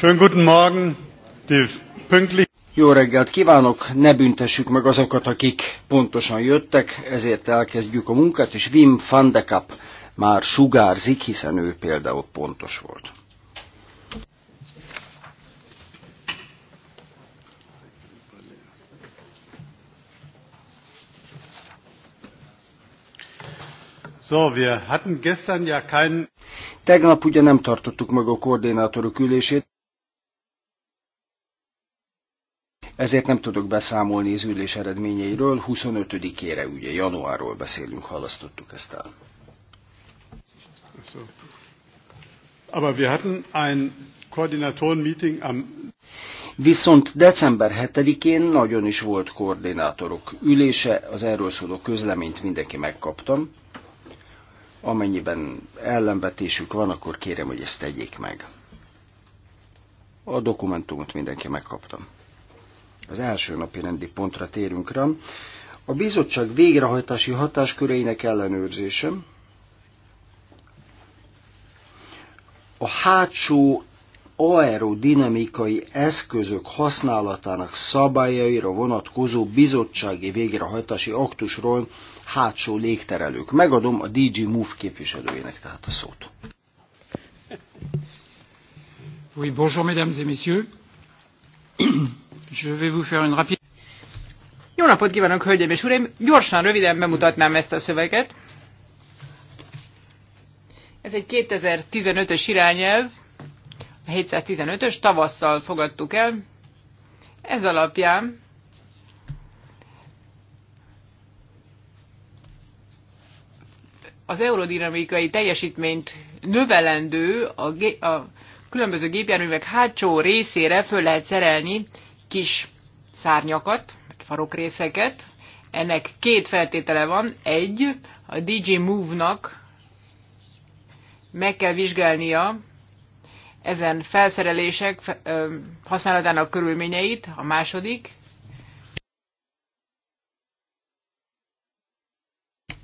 Schönen guten Morgen. Die pünktlich... Jó reggelt kívánok, ne büntessük meg azokat, akik pontosan jöttek, ezért elkezdjük a munkát, és Wim van de Kap már sugárzik, hiszen ő például pontos volt. So, wir hatten gestern ja kein... Tegnap ugye nem tartottuk meg a koordinátorok ülését, ezért nem tudok beszámolni az ülés eredményeiről. 25-ére, ugye januárról beszélünk, halasztottuk ezt el. Aber wir hatten ein am Viszont december 7-én nagyon is volt koordinátorok ülése, az erről szóló közleményt mindenki megkaptam. Amennyiben ellenvetésük van, akkor kérem, hogy ezt tegyék meg. A dokumentumot mindenki megkaptam. Az első napi rendi pontra térünk rá. A bizottság végrehajtási hatásköreinek ellenőrzése, a hátsó aerodinamikai eszközök használatának szabályaira vonatkozó bizottsági végrehajtási aktusról hátsó légterelők. Megadom a DG Move képviselőjének tehát a szót. Oui, bonjour mesdames et messieurs. Je vais vous faire une rapide... Jó napot kívánok, hölgyeim és uraim! Gyorsan, röviden bemutatnám ezt a szöveget. Ez egy 2015-ös irányelv, a 715-ös, tavasszal fogadtuk el. Ez alapján az eurodinamikai teljesítményt növelendő a, a különböző gépjárművek hátsó részére föl lehet szerelni kis szárnyakat, farokrészeket. Ennek két feltétele van. Egy, a DJ Move-nak meg kell vizsgálnia ezen felszerelések használatának körülményeit, a második.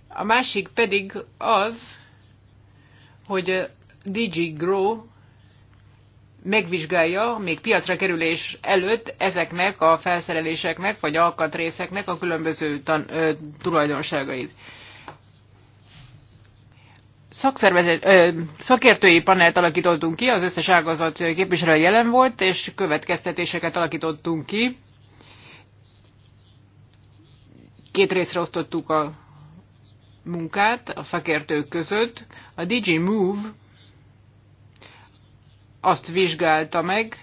A másik pedig az, hogy DJ Grow megvizsgálja még piacra kerülés előtt ezeknek a felszereléseknek vagy alkatrészeknek a különböző tan, ö, tulajdonságait. Szakszervezet, ö, szakértői panelt alakítottunk ki, az összes ágazat képviselő jelen volt, és következtetéseket alakítottunk ki. Két részre osztottuk a munkát a szakértők között. A DG Move azt vizsgálta meg,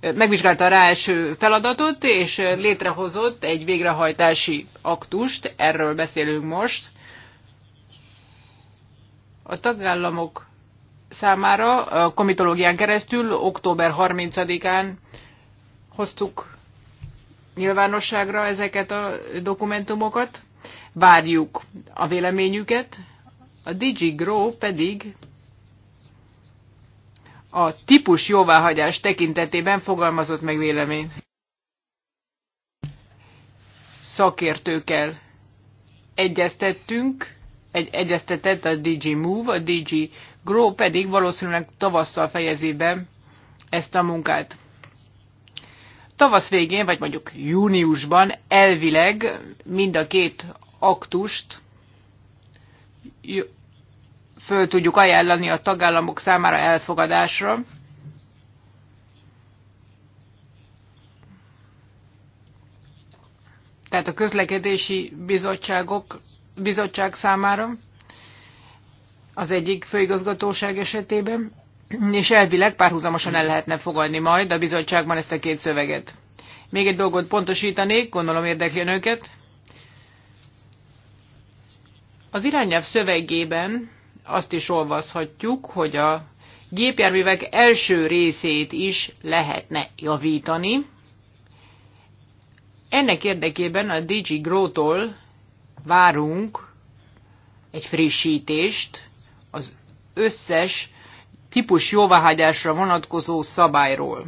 megvizsgálta rá első feladatot, és létrehozott egy végrehajtási aktust, erről beszélünk most. A tagállamok számára a komitológián keresztül október 30-án hoztuk nyilvánosságra ezeket a dokumentumokat, várjuk a véleményüket, a DigiGrow pedig a típus jóváhagyás tekintetében fogalmazott meg vélemény. Szakértőkkel egyeztettünk, egy, egyeztetett a DG Move, a DG Grow pedig valószínűleg tavasszal fejezi be ezt a munkát. Tavasz végén, vagy mondjuk júniusban elvileg mind a két aktust föl tudjuk ajánlani a tagállamok számára elfogadásra. Tehát a közlekedési bizottságok, bizottság számára az egyik főigazgatóság esetében, és elvileg párhuzamosan el lehetne fogadni majd a bizottságban ezt a két szöveget. Még egy dolgot pontosítanék, gondolom érdekli önöket. Az irányelv szövegében azt is olvashatjuk, hogy a gépjárművek első részét is lehetne javítani. Ennek érdekében a DG Grow-tól várunk egy frissítést az összes típus jóváhagyásra vonatkozó szabályról.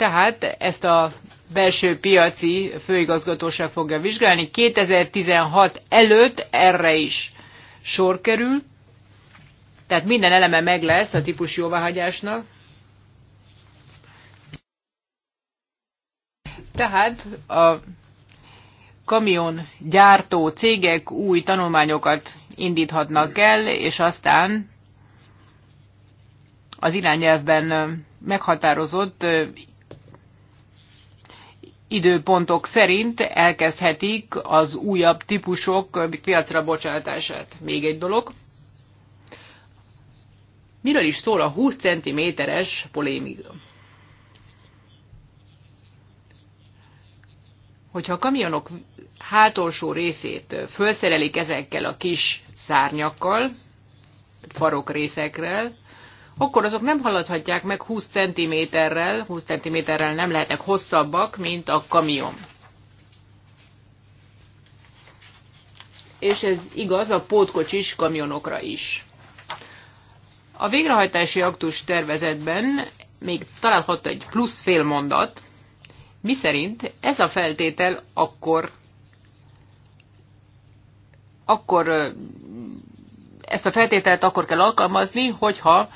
Tehát ezt a belső piaci főigazgatóság fogja vizsgálni. 2016 előtt erre is sor kerül, tehát minden eleme meg lesz a típus jóváhagyásnak. Tehát a kamion gyártó cégek új tanulmányokat indíthatnak el, és aztán az irányelvben meghatározott időpontok szerint elkezdhetik az újabb típusok piacra bocsátását. Még egy dolog. Miről is szól a 20 cm-es polémika? Hogyha a kamionok hátolsó részét felszerelik ezekkel a kis szárnyakkal, farok részekkel, akkor azok nem haladhatják meg 20 cm-rel, 20 cm-rel nem lehetnek hosszabbak, mint a kamion. És ez igaz a pótkocsis kamionokra is. A végrehajtási aktus tervezetben még található egy plusz fél mondat, szerint ez a feltétel akkor akkor ezt a feltételt akkor kell alkalmazni, hogyha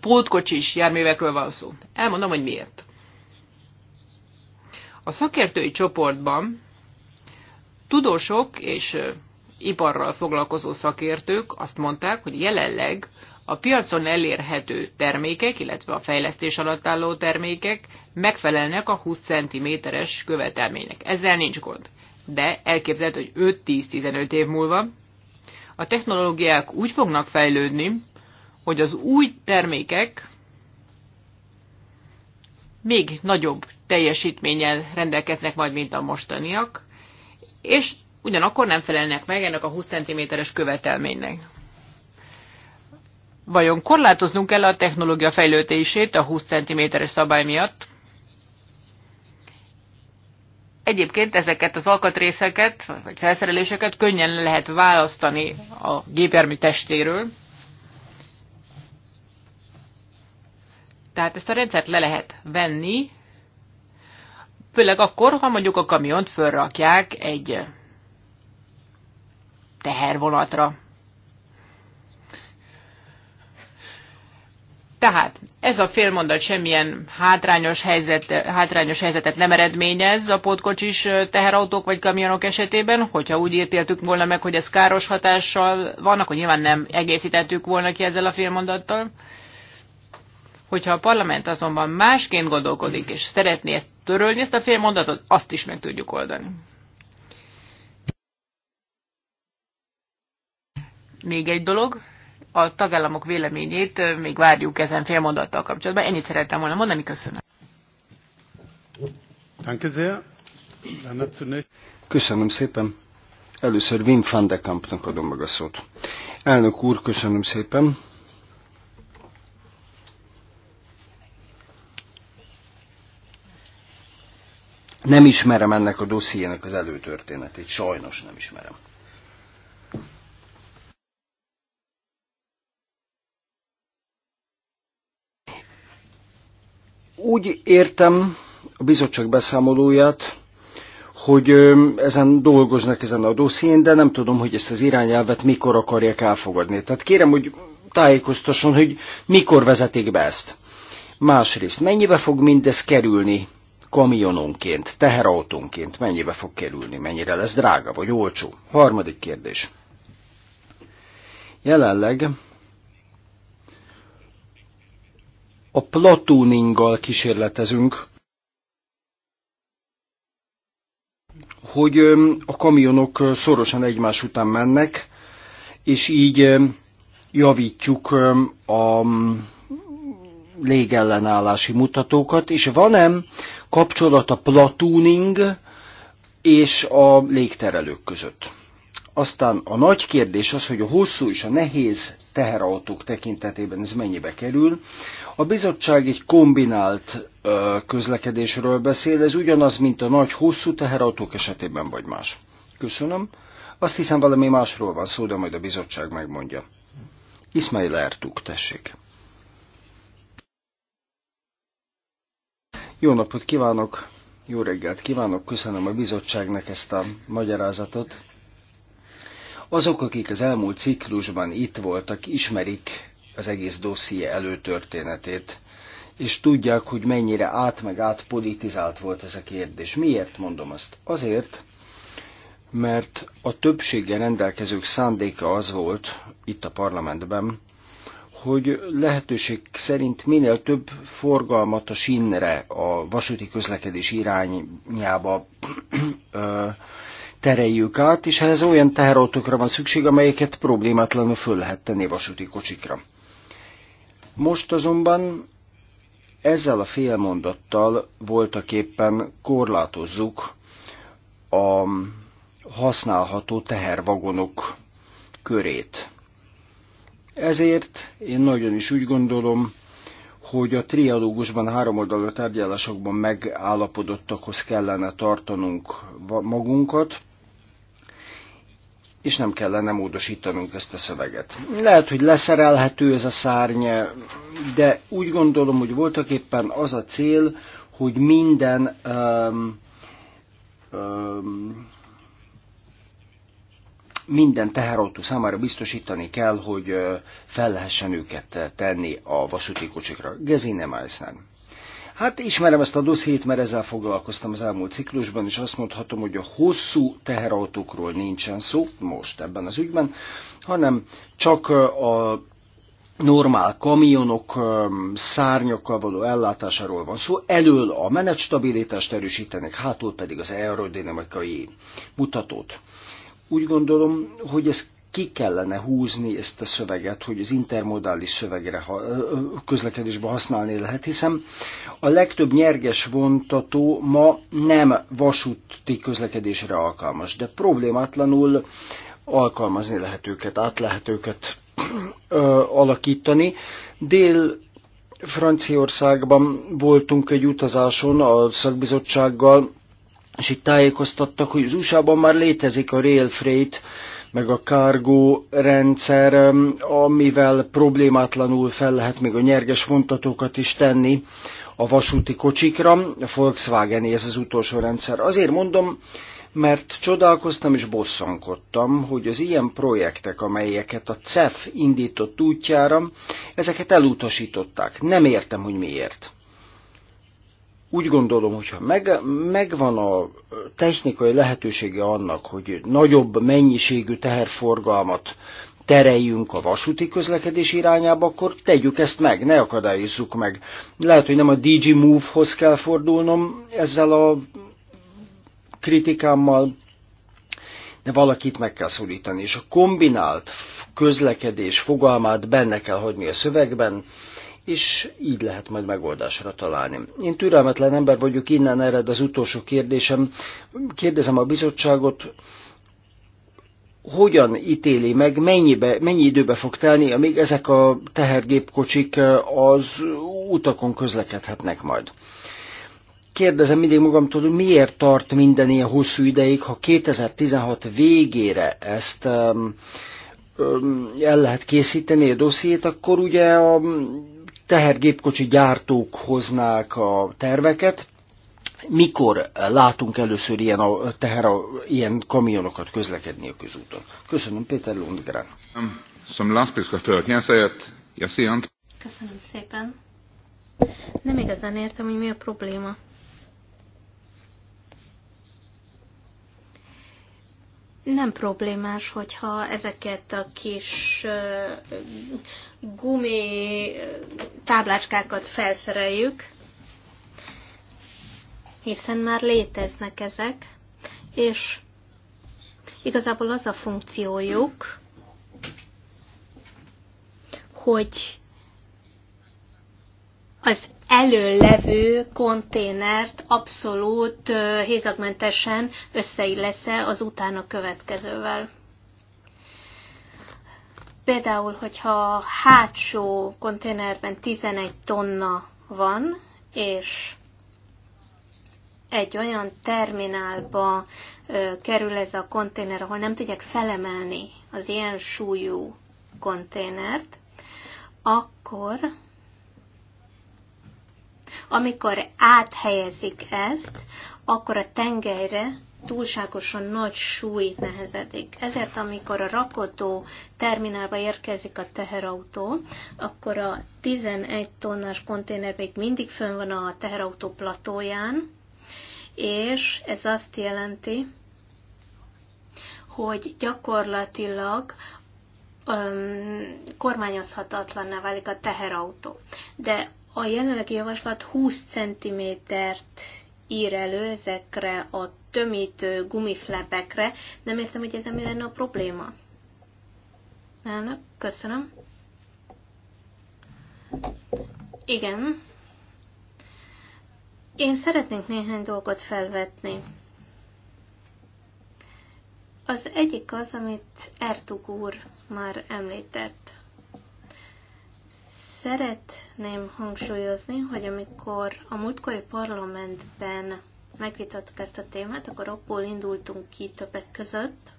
pótkocsis járművekről van szó. Elmondom, hogy miért. A szakértői csoportban tudósok és iparral foglalkozó szakértők azt mondták, hogy jelenleg a piacon elérhető termékek, illetve a fejlesztés alatt álló termékek megfelelnek a 20 cm-es követelménynek. Ezzel nincs gond. De elképzelhető, hogy 5-10-15 év múlva a technológiák úgy fognak fejlődni, hogy az új termékek még nagyobb teljesítménnyel rendelkeznek majd, mint a mostaniak, és ugyanakkor nem felelnek meg ennek a 20 cm-es követelménynek. Vajon korlátoznunk kell a technológia fejlődését a 20 cm-es szabály miatt? Egyébként ezeket az alkatrészeket, vagy felszereléseket könnyen lehet választani a gépjármű testéről. Tehát ezt a rendszert le lehet venni, főleg akkor, ha mondjuk a kamiont fölrakják egy tehervonatra. Tehát ez a félmondat semmilyen hátrányos, helyzet, hátrányos helyzetet nem eredményez a pótkocsis teherautók vagy kamionok esetében, hogyha úgy értéltük volna meg, hogy ez káros hatással van, akkor nyilván nem egészítettük volna ki ezzel a félmondattal. Hogyha a parlament azonban másként gondolkodik, és szeretné ezt törölni, ezt a félmondatot, azt is meg tudjuk oldani. Még egy dolog, a tagállamok véleményét még várjuk ezen fél kapcsolatban. Ennyit szerettem volna mondani, köszönöm. Köszönöm szépen. Először Wim van de Kampnak adom meg a szót. Elnök úr, köszönöm szépen. Nem ismerem ennek a dossziének az előtörténetét, sajnos nem ismerem. Úgy értem a bizottság beszámolóját, hogy ezen dolgoznak ezen a dosszién, de nem tudom, hogy ezt az irányelvet mikor akarják elfogadni. Tehát kérem, hogy tájékoztasson, hogy mikor vezetik be ezt. Másrészt, mennyibe fog mindez kerülni kamiononként, teherautónként, mennyibe fog kerülni, mennyire lesz drága vagy olcsó? Harmadik kérdés. Jelenleg a platóninggal kísérletezünk, hogy a kamionok szorosan egymás után mennek, és így javítjuk a légellenállási mutatókat, és van-e kapcsolat a platooning és a légterelők között. Aztán a nagy kérdés az, hogy a hosszú és a nehéz teherautók tekintetében ez mennyibe kerül. A bizottság egy kombinált ö, közlekedésről beszél, ez ugyanaz, mint a nagy hosszú teherautók esetében vagy más. Köszönöm. Azt hiszem valami másról van szó, de majd a bizottság megmondja. Ismail Ertug, tessék. Jó napot kívánok, jó reggelt kívánok, köszönöm a bizottságnak ezt a magyarázatot. Azok, akik az elmúlt ciklusban itt voltak, ismerik az egész dosszié előtörténetét, és tudják, hogy mennyire át meg át politizált volt ez a kérdés. Miért mondom azt? Azért, mert a többsége rendelkezők szándéka az volt itt a parlamentben, hogy lehetőség szerint minél több forgalmat a sinre, a vasúti közlekedés irányába tereljük át, és ehhez olyan teherautókra van szükség, amelyeket problémátlanul föl lehet tenni vasúti kocsikra. Most azonban ezzel a félmondattal voltak éppen korlátozzuk a használható tehervagonok körét. Ezért én nagyon is úgy gondolom, hogy a trialógusban, háromoldalú tárgyalásokban megállapodottakhoz kellene tartanunk magunkat, és nem kellene módosítanunk ezt a szöveget. Lehet, hogy leszerelhető ez a szárny, de úgy gondolom, hogy voltak éppen az a cél, hogy minden um, um, minden teherautó számára biztosítani kell, hogy fel lehessen őket tenni a vasúti kocsikra. Gezine Meissner. Hát ismerem ezt a doszét, mert ezzel foglalkoztam az elmúlt ciklusban, és azt mondhatom, hogy a hosszú teherautókról nincsen szó most ebben az ügyben, hanem csak a normál kamionok szárnyakkal való ellátásáról van szó, elől a menetstabilitást erősítenek, hátul pedig az aerodinamikai mutatót. Úgy gondolom, hogy ez ki kellene húzni ezt a szöveget, hogy az intermodális szövegre közlekedésbe használni lehet, hiszen a legtöbb nyerges vontató ma nem vasúti közlekedésre alkalmas, de problémátlanul alkalmazni lehet őket, át lehet őket ö, alakítani. Dél Franciaországban voltunk egy utazáson a szakbizottsággal, és itt tájékoztattak, hogy az USA-ban már létezik a rail freight, meg a kárgó rendszer, um, amivel problémátlanul fel lehet még a nyerges vontatókat is tenni a vasúti kocsikra, a volkswagen ez az utolsó rendszer. Azért mondom, mert csodálkoztam és bosszankodtam, hogy az ilyen projektek, amelyeket a CEF indított útjára, ezeket elutasították. Nem értem, hogy miért úgy gondolom, hogyha meg, megvan a technikai lehetősége annak, hogy nagyobb mennyiségű teherforgalmat tereljünk a vasúti közlekedés irányába, akkor tegyük ezt meg, ne akadályozzuk meg. Lehet, hogy nem a DG Move-hoz kell fordulnom ezzel a kritikámmal, de valakit meg kell szólítani, és a kombinált közlekedés fogalmát benne kell hagyni a szövegben, és így lehet majd megoldásra találni. Én türelmetlen ember vagyok, innen ered az utolsó kérdésem. Kérdezem a bizottságot, hogyan ítéli meg, mennyibe, mennyi időbe fog telni, amíg ezek a tehergépkocsik eh, az utakon közlekedhetnek majd. Kérdezem mindig magamtól, hogy miért tart minden ilyen hosszú ideig, ha 2016 végére ezt um, el lehet készíteni a dossziét, akkor ugye a tehergépkocsi gyártók hoznák a terveket, mikor látunk először ilyen, a, teher, a, ilyen kamionokat közlekedni a közúton. Köszönöm, Péter Lundgren. Um, Köszönöm szépen. Nem igazán értem, hogy mi a probléma. Nem problémás, hogyha ezeket a kis gumi táblácskákat felszereljük, hiszen már léteznek ezek, és igazából az a funkciójuk, hogy az előlevő konténert abszolút hézagmentesen összeillesz az utána következővel. Például, hogyha a hátsó konténerben 11 tonna van, és egy olyan terminálba ö, kerül ez a konténer, ahol nem tudják felemelni az ilyen súlyú konténert, akkor amikor áthelyezik ezt, akkor a tengelyre túlságosan nagy súly nehezedik. Ezért, amikor a rakodó terminálba érkezik a teherautó, akkor a 11 tonnás konténer még mindig fönn van a teherautó platóján, és ez azt jelenti, hogy gyakorlatilag um, kormányozhatatlanná válik a teherautó. De a jelenlegi javaslat 20 cm-t ír elő ezekre a tömítő gumiflepekre. Nem értem, hogy ez mi lenne a probléma. Elnök, köszönöm. Igen. Én szeretnék néhány dolgot felvetni. Az egyik az, amit Ertug úr már említett. Szeretném hangsúlyozni, hogy amikor a múltkori parlamentben megvitattuk ezt a témát, akkor abból indultunk ki többek között,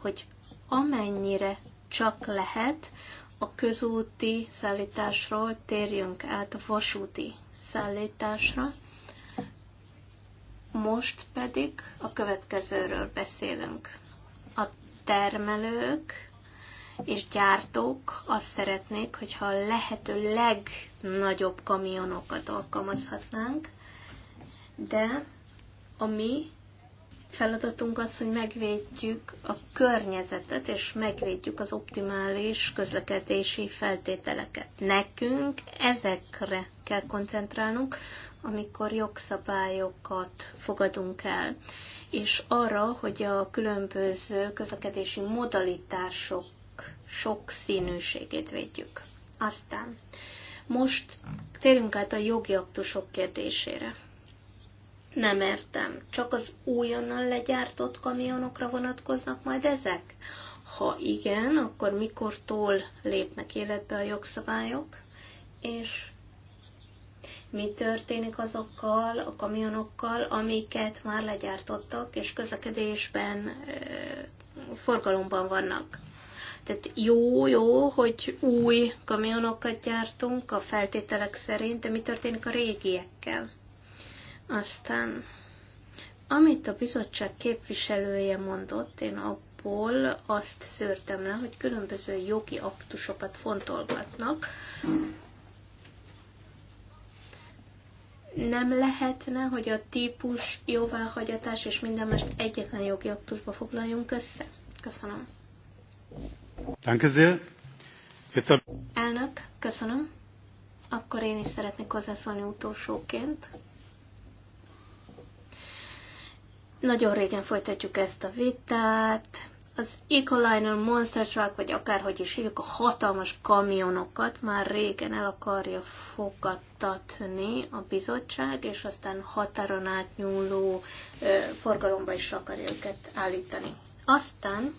hogy amennyire csak lehet, a közúti szállításról térjünk át a vasúti szállításra. Most pedig a következőről beszélünk. A termelők és gyártók azt szeretnék, hogyha a lehető legnagyobb kamionokat alkalmazhatnánk, de a mi feladatunk az, hogy megvédjük a környezetet, és megvédjük az optimális közlekedési feltételeket. Nekünk ezekre kell koncentrálnunk, amikor jogszabályokat fogadunk el, és arra, hogy a különböző közlekedési modalitások sok színűségét védjük. Aztán most térjünk át a jogi aktusok kérdésére nem értem. Csak az újonnan legyártott kamionokra vonatkoznak majd ezek? Ha igen, akkor mikortól lépnek életbe a jogszabályok? És mi történik azokkal a kamionokkal, amiket már legyártottak, és közlekedésben, forgalomban vannak? Tehát jó, jó, hogy új kamionokat gyártunk a feltételek szerint, de mi történik a régiekkel? Aztán, amit a bizottság képviselője mondott, én abból azt szőrtem le, hogy különböző jogi aktusokat fontolgatnak. Nem lehetne, hogy a típus, jóváhagyatás és minden más egyetlen jogi aktusba foglaljunk össze? Köszönöm. Danke sehr. A... Elnök, köszönöm. Akkor én is szeretnék hozzászólni utolsóként. Nagyon régen folytatjuk ezt a vitát. Az Ecoliner Monster Truck, vagy akárhogy is hívjuk, a hatalmas kamionokat már régen el akarja fogadtatni a bizottság, és aztán határon átnyúló ö, forgalomba is akarja őket állítani. Aztán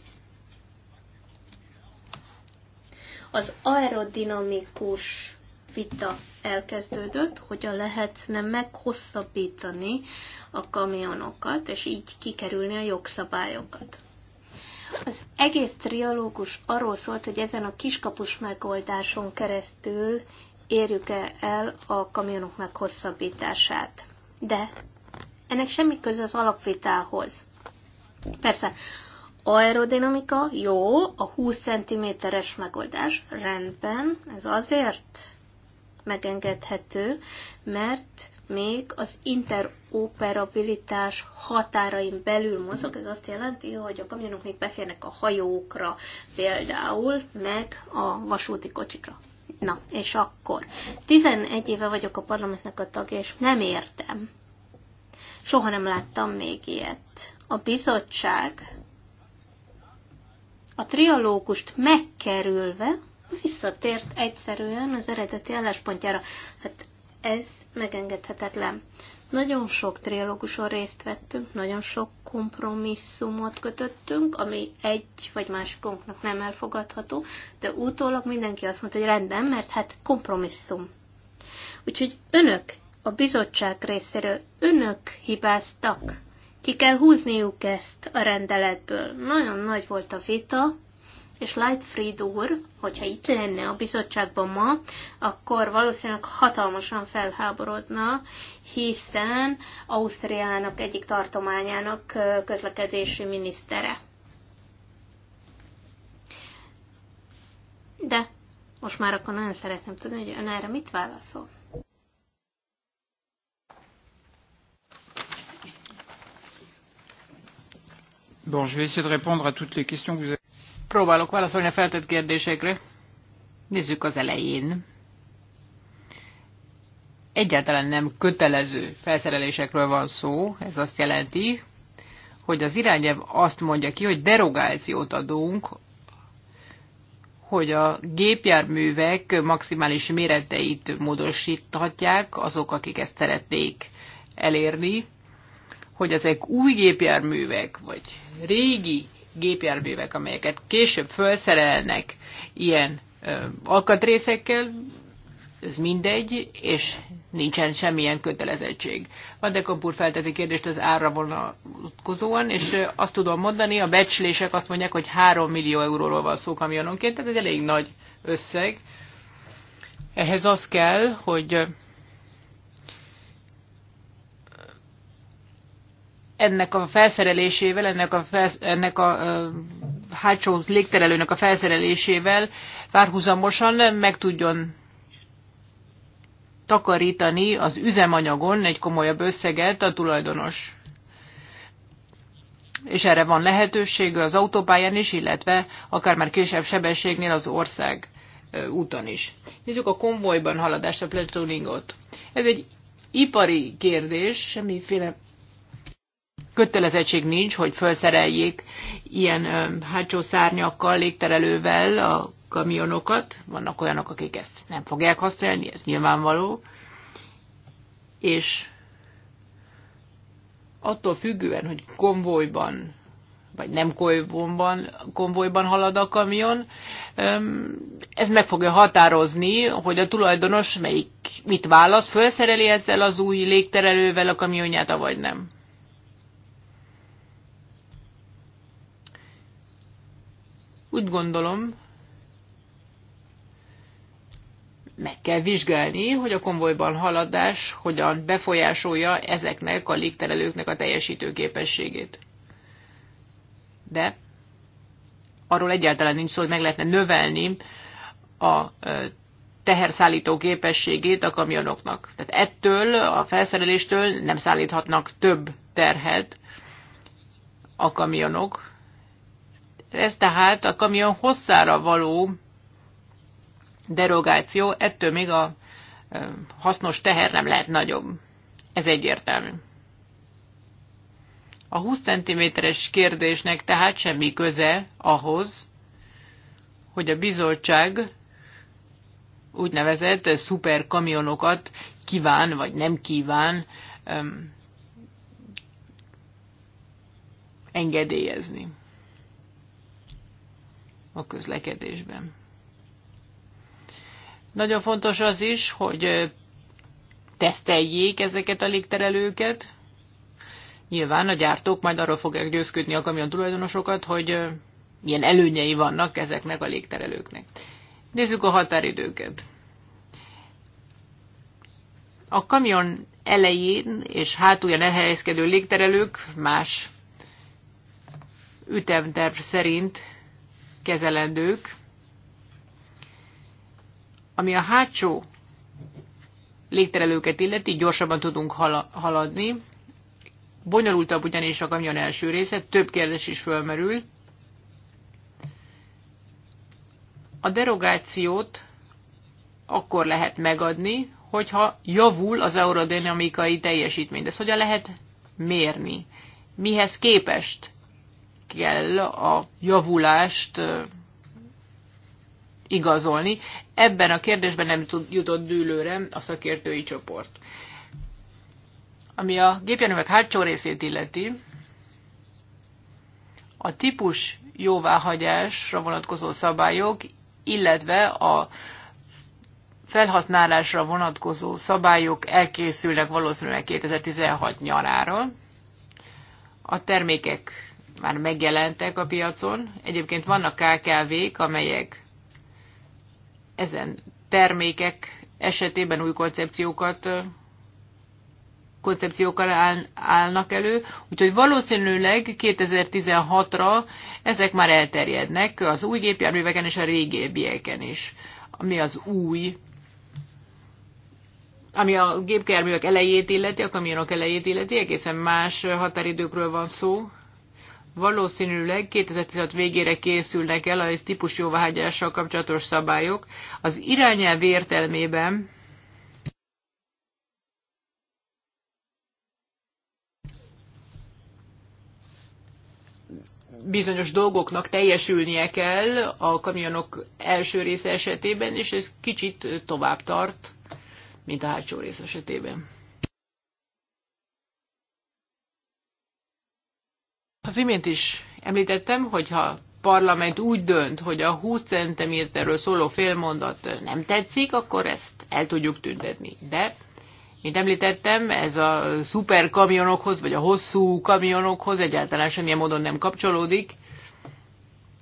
az aerodinamikus vita elkezdődött, hogyan lehetne meghosszabbítani a kamionokat, és így kikerülni a jogszabályokat. Az egész trialógus arról szólt, hogy ezen a kiskapus megoldáson keresztül érjük-e el a kamionok meghosszabbítását. De ennek semmi köze az alapvitához. Persze, aerodinamika, jó, a 20 cm-es megoldás, rendben, ez azért megengedhető, mert még az interoperabilitás határain belül mozog. Ez azt jelenti, hogy a kamionok még beférnek a hajókra például, meg a vasúti kocsikra. Na, és akkor. 11 éve vagyok a parlamentnek a tagja, és nem értem. Soha nem láttam még ilyet. A bizottság a trialógust megkerülve visszatért egyszerűen az eredeti álláspontjára. Hát ez megengedhetetlen. Nagyon sok trialóguson részt vettünk, nagyon sok kompromisszumot kötöttünk, ami egy vagy másikunknak nem elfogadható, de utólag mindenki azt mondta, hogy rendben, mert hát kompromisszum. Úgyhogy önök, a bizottság részéről, önök hibáztak. Ki kell húzniuk ezt a rendeletből. Nagyon nagy volt a vita, és Lightfried úr, hogyha itt lenne a bizottságban ma, akkor valószínűleg hatalmasan felháborodna, hiszen Ausztriának egyik tartományának közlekedési minisztere. De most már akkor nagyon szeretném tudni, hogy ön erre mit válaszol. Bon, je vais essayer de répondre à toutes les questions que vous avez. Próbálok válaszolni a feltett kérdésekre. Nézzük az elején. Egyáltalán nem kötelező felszerelésekről van szó, ez azt jelenti, hogy az irányelv azt mondja ki, hogy derogációt adunk, hogy a gépjárművek maximális méreteit módosíthatják azok, akik ezt szeretnék elérni, hogy ezek új gépjárművek, vagy régi gépjárművek, amelyeket később felszerelnek ilyen ö, alkatrészekkel, ez mindegy, és nincsen semmilyen kötelezettség. Vandekop úr felteti kérdést az árra vonatkozóan, és azt tudom mondani, a becslések azt mondják, hogy 3 millió euróról van szó kamiononként, tehát ez egy elég nagy összeg. Ehhez az kell, hogy ennek a felszerelésével, ennek a, felsz, ennek a hátsó légterelőnek a felszerelésével párhuzamosan meg tudjon takarítani az üzemanyagon egy komolyabb összeget a tulajdonos. És erre van lehetőség az autópályán is, illetve akár már kisebb sebességnél az ország úton is. Nézzük a konvojban haladást, a platooningot. Ez egy ipari kérdés, semmiféle kötelezettség nincs, hogy felszereljék ilyen hátsó szárnyakkal, légterelővel a kamionokat. Vannak olyanok, akik ezt nem fogják használni, ez nyilvánvaló. És attól függően, hogy konvojban vagy nem konvojban, konvojban halad a kamion, ez meg fogja határozni, hogy a tulajdonos melyik mit válasz, felszereli ezzel az új légterelővel a kamionját, vagy nem. Úgy gondolom, meg kell vizsgálni, hogy a konvojban haladás hogyan befolyásolja ezeknek a légterelőknek a teljesítő képességét. De arról egyáltalán nincs szó, hogy meg lehetne növelni a teherszállító képességét a kamionoknak. Tehát ettől, a felszereléstől nem szállíthatnak több terhet a kamionok, ez tehát a kamion hosszára való derogáció, ettől még a hasznos teher nem lehet nagyobb. Ez egyértelmű. A 20 cm-es kérdésnek tehát semmi köze ahhoz, hogy a bizottság úgynevezett szuperkamionokat kíván vagy nem kíván um, engedélyezni a közlekedésben. Nagyon fontos az is, hogy teszteljék ezeket a légterelőket. Nyilván a gyártók majd arról fogják győzködni a kamion tulajdonosokat, hogy milyen előnyei vannak ezeknek a légterelőknek. Nézzük a határidőket. A kamion elején és hátulján elhelyezkedő légterelők más ütemterv szerint kezelendők. Ami a hátsó légterelőket illeti, gyorsabban tudunk haladni. Bonyolultabb ugyanis a kamion első része, több kérdés is fölmerül. A derogációt akkor lehet megadni, hogyha javul az aerodinamikai teljesítmény. De ezt hogyan lehet mérni? Mihez képest kell a javulást igazolni. Ebben a kérdésben nem jutott dűlőre a szakértői csoport. Ami a gépjárművek hátsó részét illeti, a típus jóváhagyásra vonatkozó szabályok, illetve a felhasználásra vonatkozó szabályok elkészülnek valószínűleg 2016 nyarára. A termékek már megjelentek a piacon. Egyébként vannak KKV-k, amelyek ezen termékek esetében új koncepciókat koncepciókkal áll, állnak elő, úgyhogy valószínűleg 2016-ra ezek már elterjednek az új gépjárműveken és a régebbieken is. Ami az új, ami a gépjárművek elejét illeti, a kamionok elejét illeti, egészen más határidőkről van szó, valószínűleg 2016 végére készülnek el az típus jóváhagyással kapcsolatos szabályok. Az irányelv értelmében bizonyos dolgoknak teljesülnie kell a kamionok első része esetében, és ez kicsit tovább tart, mint a hátsó rész esetében. Az imént is említettem, hogyha parlament úgy dönt, hogy a 20 centiméterről szóló félmondat nem tetszik, akkor ezt el tudjuk tüntetni. De, mint említettem, ez a szuper kamionokhoz vagy a hosszú kamionokhoz egyáltalán semmilyen módon nem kapcsolódik.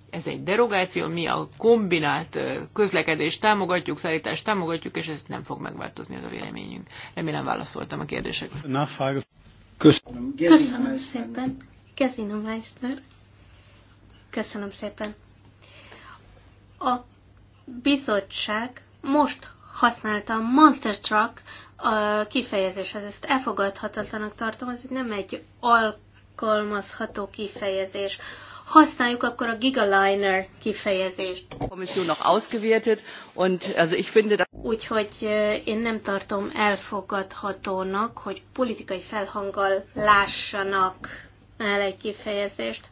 Ez egy derogáció, mi a kombinált közlekedést támogatjuk, szállítást támogatjuk, és ez nem fog megváltozni az a véleményünk. Remélem válaszoltam a kérdésekre. Köszönöm. Köszönöm szépen. Kezina Meister. Köszönöm szépen. A bizottság most használta a Monster Truck a kifejezéshez. Hát ezt elfogadhatatlanak tartom, ez nem egy alkalmazható kifejezés. Használjuk akkor a Gigaliner kifejezést. Kommission noch ausgewertet, und also ich finde, dass... Úgyhogy én nem tartom elfogadhatónak, hogy politikai felhanggal lássanak el egy kifejezést.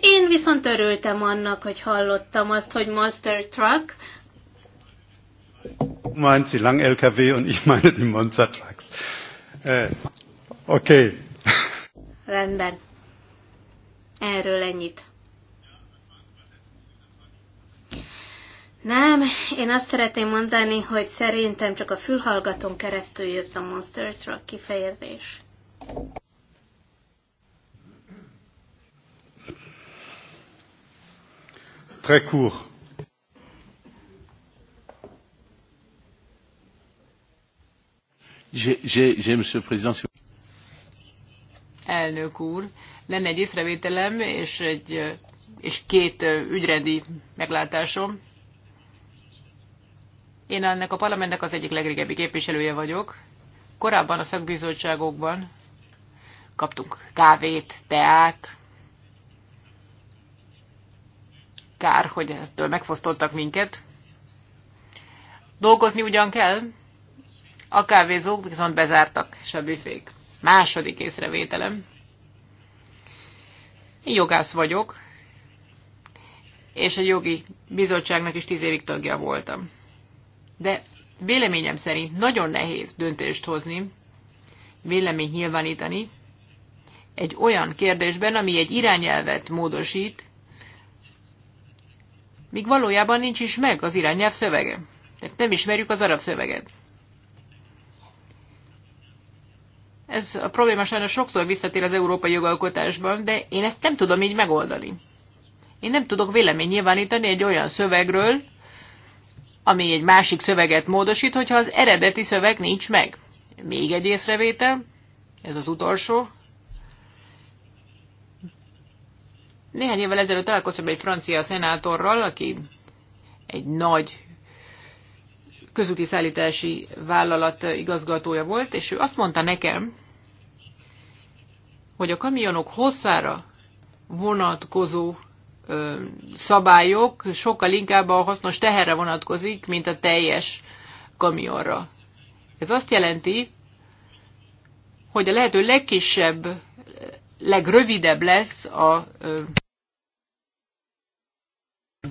Én viszont örültem annak, hogy hallottam azt, hogy Monster Truck. Meint sie lang LKW und ich meine die Monster Trucks. Oké. Okay. Rendben. Erről ennyit. Nem, én azt szeretném mondani, hogy szerintem csak a fülhallgatón keresztül jött a Monster Truck kifejezés. très court. J'ai, Monsieur le Président. Elnök úr, lenne egy észrevételem és, egy, és két ügyrendi meglátásom. Én ennek a parlamentnek az egyik legrégebbi képviselője vagyok. Korábban a szakbizottságokban kaptunk kávét, teát, Kár, hogy ettől megfosztottak minket. Dolgozni ugyan kell, a kávézók viszont bezártak, a büfék. Második észrevételem. Én jogász vagyok, és a jogi bizottságnak is tíz évig tagja voltam. De véleményem szerint nagyon nehéz döntést hozni, vélemény nyilvánítani egy olyan kérdésben, ami egy irányelvet módosít, míg valójában nincs is meg az irányelv szövege. Tehát nem ismerjük az arab szöveget. Ez a probléma sajnos sokszor visszatér az európai jogalkotásban, de én ezt nem tudom így megoldani. Én nem tudok vélemény nyilvánítani egy olyan szövegről, ami egy másik szöveget módosít, hogyha az eredeti szöveg nincs meg. Még egy észrevétel, ez az utolsó. Néhány évvel ezelőtt találkoztam egy francia szenátorral, aki egy nagy közúti szállítási vállalat igazgatója volt, és ő azt mondta nekem, hogy a kamionok hosszára vonatkozó ö, szabályok sokkal inkább a hasznos teherre vonatkozik, mint a teljes kamionra. Ez azt jelenti, hogy a lehető legkisebb, legrövidebb lesz a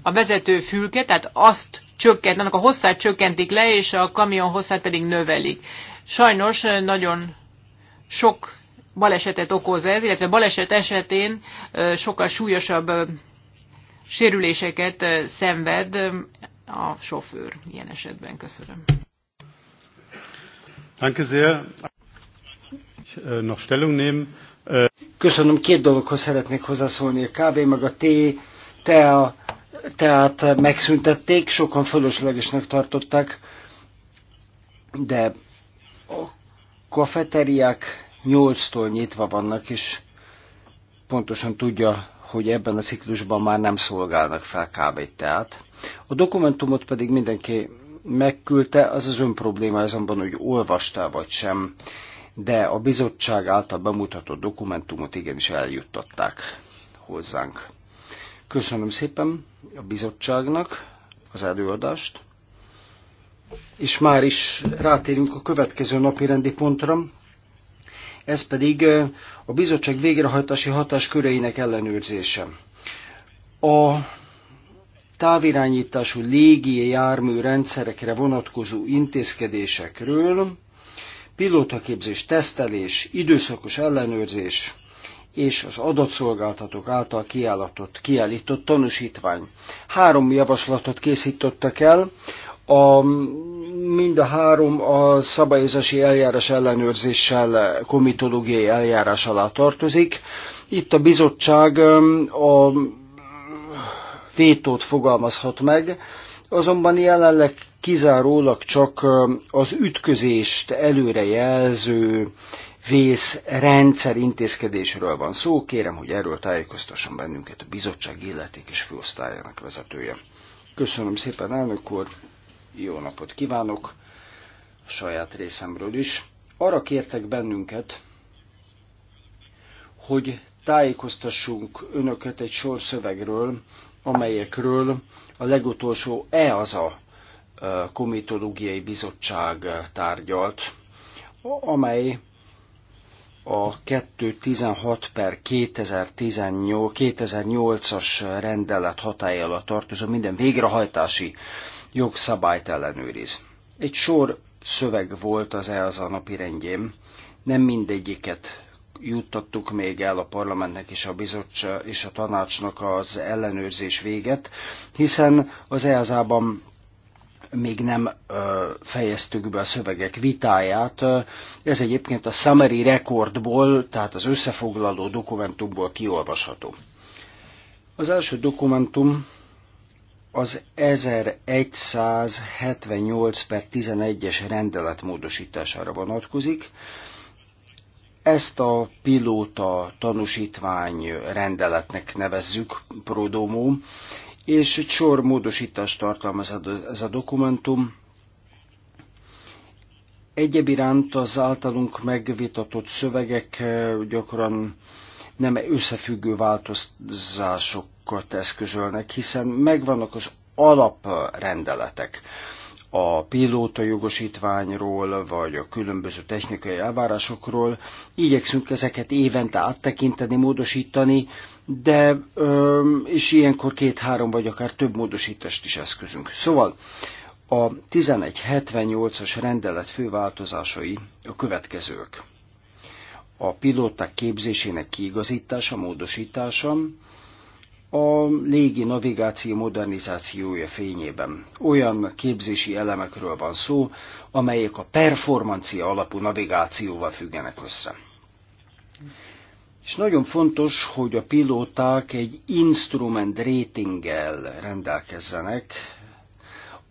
a vezető fülke, tehát azt csökkent, annak a hosszát csökkentik le, és a kamion hosszát pedig növelik. Sajnos nagyon sok balesetet okoz ez, illetve baleset esetén sokkal súlyosabb sérüléseket szenved a sofőr ilyen esetben. Köszönöm. Äh, äh, Köszönöm, két dologhoz szeretnék hozzászólni, a kávé meg a té, te a tehát megszüntették, sokan fölöslegesnek tartották, de a kafeteriák 8-tól nyitva vannak, és pontosan tudja, hogy ebben a ciklusban már nem szolgálnak fel kávét, tehát. A dokumentumot pedig mindenki megküldte, az az ön probléma azonban, hogy olvasta vagy sem, de a bizottság által bemutatott dokumentumot igenis eljuttatták hozzánk. Köszönöm szépen a bizottságnak az előadást. És már is rátérünk a következő napi rendi pontra, ez pedig eh, a bizottság végrehajtási hatás köreinek ellenőrzése. A távirányítású légi jármű rendszerekre vonatkozó intézkedésekről pilótaképzés, tesztelés, időszakos ellenőrzés, és az adatszolgáltatók által kiállított, kiállított tanúsítvány. Három javaslatot készítettek el, a, mind a három a szabályozási eljárás ellenőrzéssel komitológiai eljárás alá tartozik. Itt a bizottság a vétót fogalmazhat meg, azonban jelenleg kizárólag csak az ütközést előrejelző vészrendszer intézkedésről van szó. Kérem, hogy erről tájékoztasson bennünket a bizottság illeték és főosztályának vezetője. Köszönöm szépen, elnök úr, jó napot kívánok a saját részemről is. Arra kértek bennünket, hogy tájékoztassunk önöket egy sor szövegről, amelyekről a legutolsó e-az a e, komitológiai bizottság tárgyalt, amely a 216 per 2018-as rendelet hatája alatt tartozó minden végrehajtási jogszabályt ellenőriz. Egy sor szöveg volt az EASA napi rendjén, nem mindegyiket juttattuk még el a parlamentnek és a bizottság és a tanácsnak az ellenőrzés véget, hiszen az EASA-ban még nem fejeztük be a szövegek vitáját. Ez egyébként a summary rekordból, tehát az összefoglaló dokumentumból kiolvasható. Az első dokumentum az 1178 per 11-es rendelet módosítására vonatkozik. Ezt a pilóta tanúsítvány rendeletnek nevezzük, Prodomó, és egy sor módosítást tartalmaz ez a dokumentum. Egyéb iránt az általunk megvitatott szövegek eh, gyakran nem összefüggő változásokat eszközölnek, hiszen megvannak az alaprendeletek a pilóta jogosítványról, vagy a különböző technikai elvárásokról. Igyekszünk ezeket évente áttekinteni, módosítani, de és ilyenkor két-három vagy akár több módosítást is eszközünk. Szóval a 1178-as rendelet főváltozásai a következők. A pilóták képzésének kiigazítása, módosítása, a légi navigáció modernizációja fényében. Olyan képzési elemekről van szó, amelyek a performancia alapú navigációval függenek össze. És nagyon fontos, hogy a pilóták egy instrument ratinggel rendelkezzenek,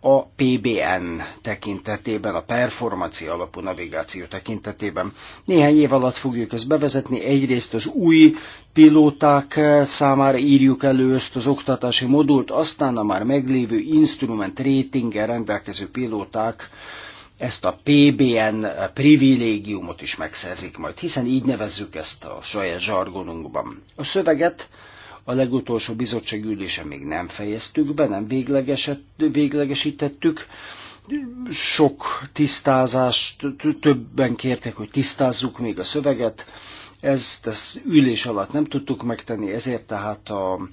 a PBN tekintetében, a performanci alapú navigáció tekintetében. Néhány év alatt fogjuk ezt bevezetni. Egyrészt az új pilóták számára írjuk elő ezt az oktatási modult, aztán a már meglévő instrument ratinggel rendelkező pilóták ezt a PBN privilégiumot is megszerzik majd, hiszen így nevezzük ezt a saját zsargonunkban. A szöveget a legutolsó bizottság ülésen még nem fejeztük be, nem véglegesítettük. Sok tisztázást, többen kértek, hogy tisztázzuk még a szöveget. Ezt az ülés alatt nem tudtuk megtenni, ezért tehát a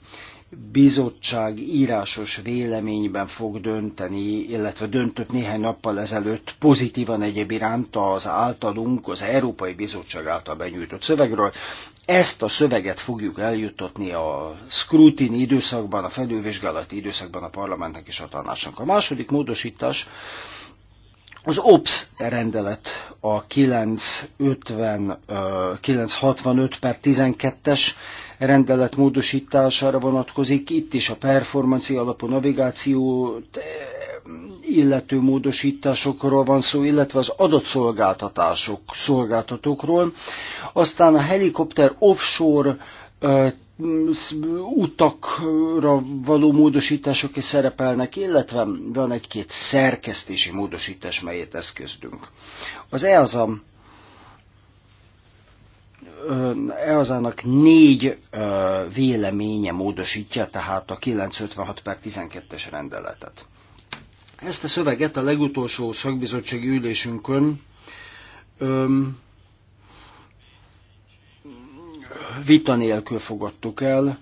bizottság írásos véleményben fog dönteni, illetve döntött néhány nappal ezelőtt pozitívan egyéb iránt az általunk, az Európai Bizottság által benyújtott szövegről. Ezt a szöveget fogjuk eljuttatni a scrutini időszakban, a felülvizsgálati időszakban a parlamentnek és a tanácsnak. A második módosítás az OPS rendelet a 950, 965 per 12-es rendelet módosítására vonatkozik. Itt is a performanci alapú navigációt eh, illető módosításokról van szó, illetve az adatszolgáltatások, szolgáltatókról. Aztán a helikopter offshore eh, utakra való módosítások is szerepelnek, illetve van egy-két szerkesztési módosítás, melyet eszköztünk. Az EASA EASA-nak négy véleménye módosítja tehát a 956 per 12-es rendeletet. Ezt a szöveget a legutolsó szakbizottsági ülésünkön öm, vita nélkül fogadtuk el,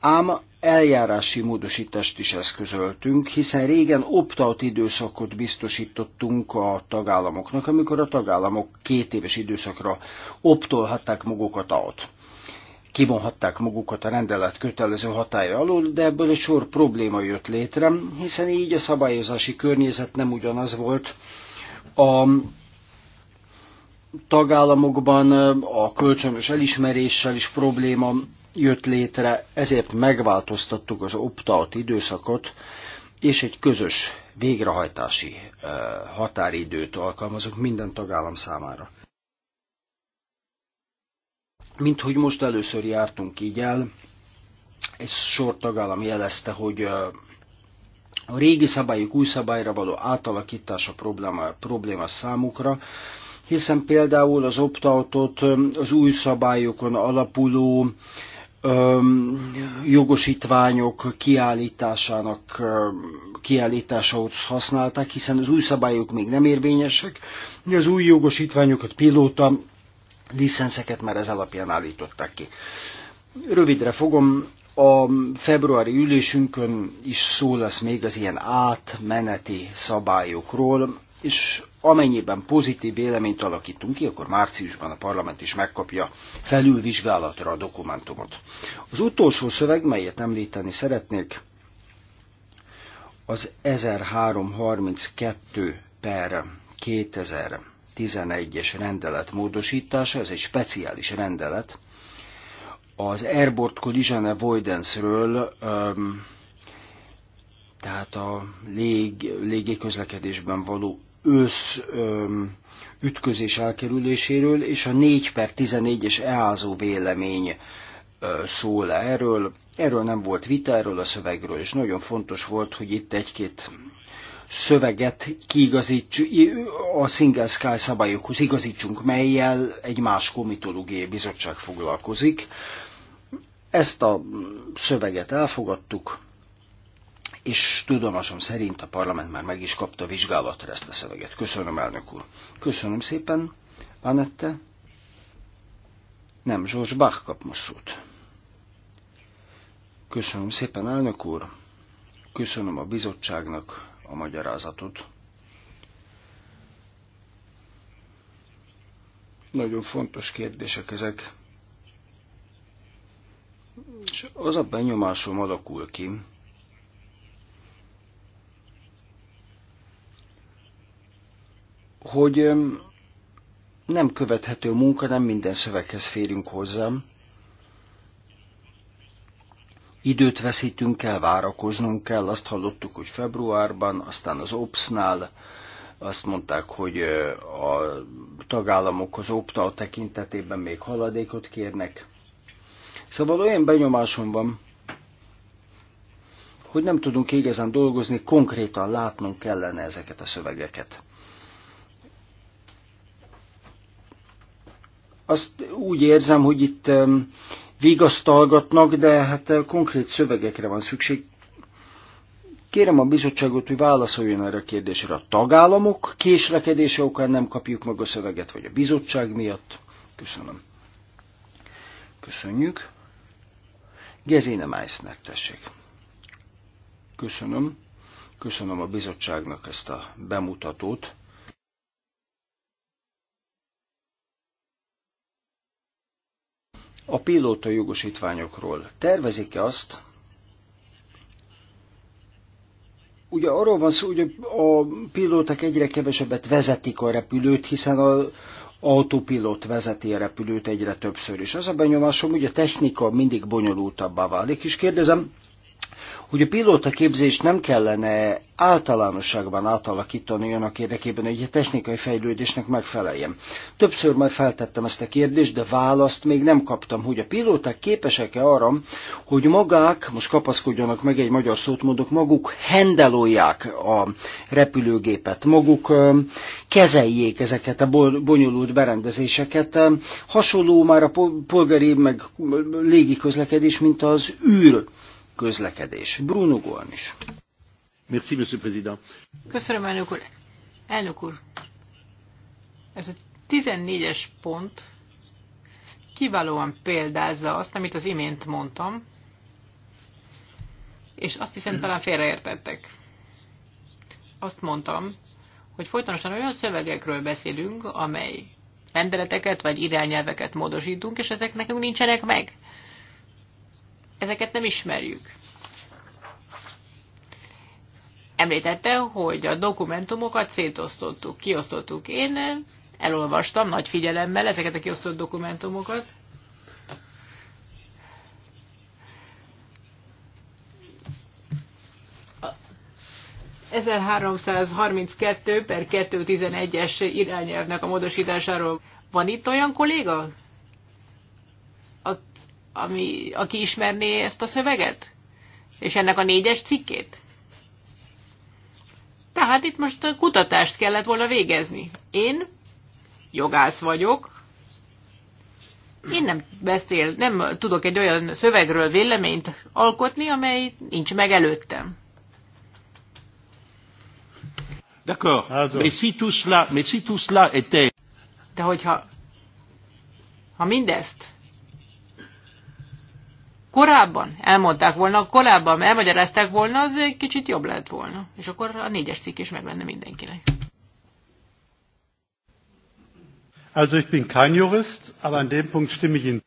ám eljárási módosítást is eszközöltünk, hiszen régen opt-out időszakot biztosítottunk a tagállamoknak, amikor a tagállamok két éves időszakra optolhatták magukat out. Kivonhatták magukat a rendelet kötelező hatája alól, de ebből egy sor probléma jött létre, hiszen így a szabályozási környezet nem ugyanaz volt. A tagállamokban a kölcsönös elismeréssel is probléma jött létre, ezért megváltoztattuk az opt-out időszakot, és egy közös végrehajtási határidőt alkalmazunk minden tagállam számára. Mint hogy most először jártunk így el, egy sor tagállam jelezte, hogy a régi szabályok új szabályra való átalakítása probléma, probléma számukra, hiszen például az opt az új szabályokon alapuló jogosítványok kiállításának kiállításához használták, hiszen az új szabályok még nem érvényesek, de az új jogosítványokat, pilóta licenszeket már ez alapján állították ki. Rövidre fogom, a februári ülésünkön is szó lesz még az ilyen átmeneti szabályokról, és amennyiben pozitív véleményt alakítunk ki, akkor márciusban a parlament is megkapja felülvizsgálatra a dokumentumot. Az utolsó szöveg, melyet említeni szeretnék, az 1332 per 2011-es rendelet módosítása, ez egy speciális rendelet, az Airborne Collision Avoidance-ről um, tehát a lég, közlekedésben való ősz ütközés elkerüléséről, és a 4 per 14-es EASO vélemény ö, szól erről. Erről nem volt vita, erről a szövegről, és nagyon fontos volt, hogy itt egy-két szöveget kiigazítsuk, a Single Sky szabályokhoz igazítsunk, melyel egy más komitológiai bizottság foglalkozik. Ezt a szöveget elfogadtuk, és tudomásom szerint a parlament már meg is kapta vizsgálatra ezt a szöveget. Köszönöm, elnök úr. Köszönöm szépen, Anette. Nem, Zsors Bach kap most szót. Köszönöm szépen, elnök úr. Köszönöm a bizottságnak a magyarázatot. Nagyon fontos kérdések ezek. És az a benyomásom alakul ki, hogy nem követhető munka, nem minden szöveghez férünk hozzám. Időt veszítünk el, várakoznunk kell, azt hallottuk, hogy februárban, aztán az OPS-nál azt mondták, hogy a tagállamok az opta tekintetében még haladékot kérnek. Szóval olyan benyomásom van, hogy nem tudunk igazán dolgozni, konkrétan látnunk kellene ezeket a szövegeket. Azt úgy érzem, hogy itt vigasztalgatnak, de hát konkrét szövegekre van szükség. Kérem a bizottságot, hogy válaszoljon erre a kérdésre. A tagállamok késlekedése okán nem kapjuk meg a szöveget, vagy a bizottság miatt. Köszönöm. Köszönjük. Gezine Meissner, tessék. Köszönöm. Köszönöm a bizottságnak ezt a bemutatót. a pilóta jogosítványokról. Tervezik-e azt, Ugye arról van szó, hogy a pilóták egyre kevesebbet vezetik a repülőt, hiszen a, autopilot vezeti a repülőt egyre többször is. Az a benyomásom, hogy a technika mindig bonyolultabbá válik, és kérdezem, hogy a pilótaképzést nem kellene általánosságban átalakítani annak érdekében, hogy a technikai fejlődésnek megfeleljen. Többször már feltettem ezt a kérdést, de választ még nem kaptam, hogy a pilóták képesek-e arra, hogy magák, most kapaszkodjanak meg egy magyar szót mondok, maguk hendelolják a repülőgépet, maguk kezeljék ezeket a bonyolult berendezéseket. Hasonló már a polgári meg légiközlekedés, mint az űr közlekedés. Bruno Gornis. Merci, Monsieur Président. Köszönöm, elnök úr. Elnök úr, ez a 14-es pont kiválóan példázza azt, amit az imént mondtam, és azt hiszem talán félreértettek. Azt mondtam, hogy folytonosan olyan szövegekről beszélünk, amely rendeleteket vagy irányelveket módosítunk, és ezek nekünk nincsenek meg ezeket nem ismerjük. Említette, hogy a dokumentumokat szétosztottuk, kiosztottuk. Én elolvastam nagy figyelemmel ezeket a kiosztott dokumentumokat. A 1332 per 211-es irányelvnek a módosításáról. Van itt olyan kolléga, ami, aki ismerné ezt a szöveget? És ennek a négyes cikkét? Tehát itt most a kutatást kellett volna végezni. Én jogász vagyok, én nem beszél, nem tudok egy olyan szövegről véleményt alkotni, amely nincs meg előttem. D'accord. Mais si tout cela, mais si tout cela était... De hogyha ha mindezt korábban elmondták volna, korábban elmagyarázták volna, az egy kicsit jobb lett volna. És akkor a négyes cikk is meg lenne mindenkinek. Also ich bin kein Jurist, aber an dem Punkt stimme ich Ihnen.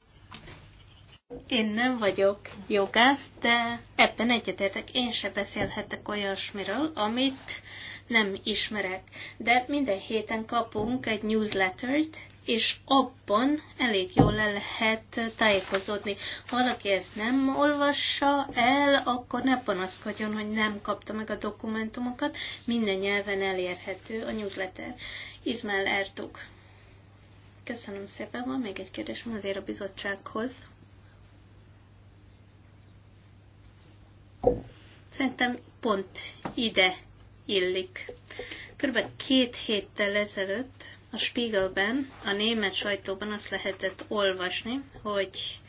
Én nem vagyok jogász, de ebben egyetértek. Én se beszélhetek olyasmiről, amit nem ismerek, de minden héten kapunk egy newslettert, és abban elég jól le lehet tájékozódni. Ha valaki ezt nem olvassa el, akkor ne panaszkodjon, hogy nem kapta meg a dokumentumokat, minden nyelven elérhető a newsletter. Izmel Ertug. Köszönöm szépen, van még egy kérdésem azért a bizottsághoz. Szerintem pont ide illik. Körülbelül két héttel ezelőtt a Spiegelben, a német sajtóban azt lehetett olvasni, hogy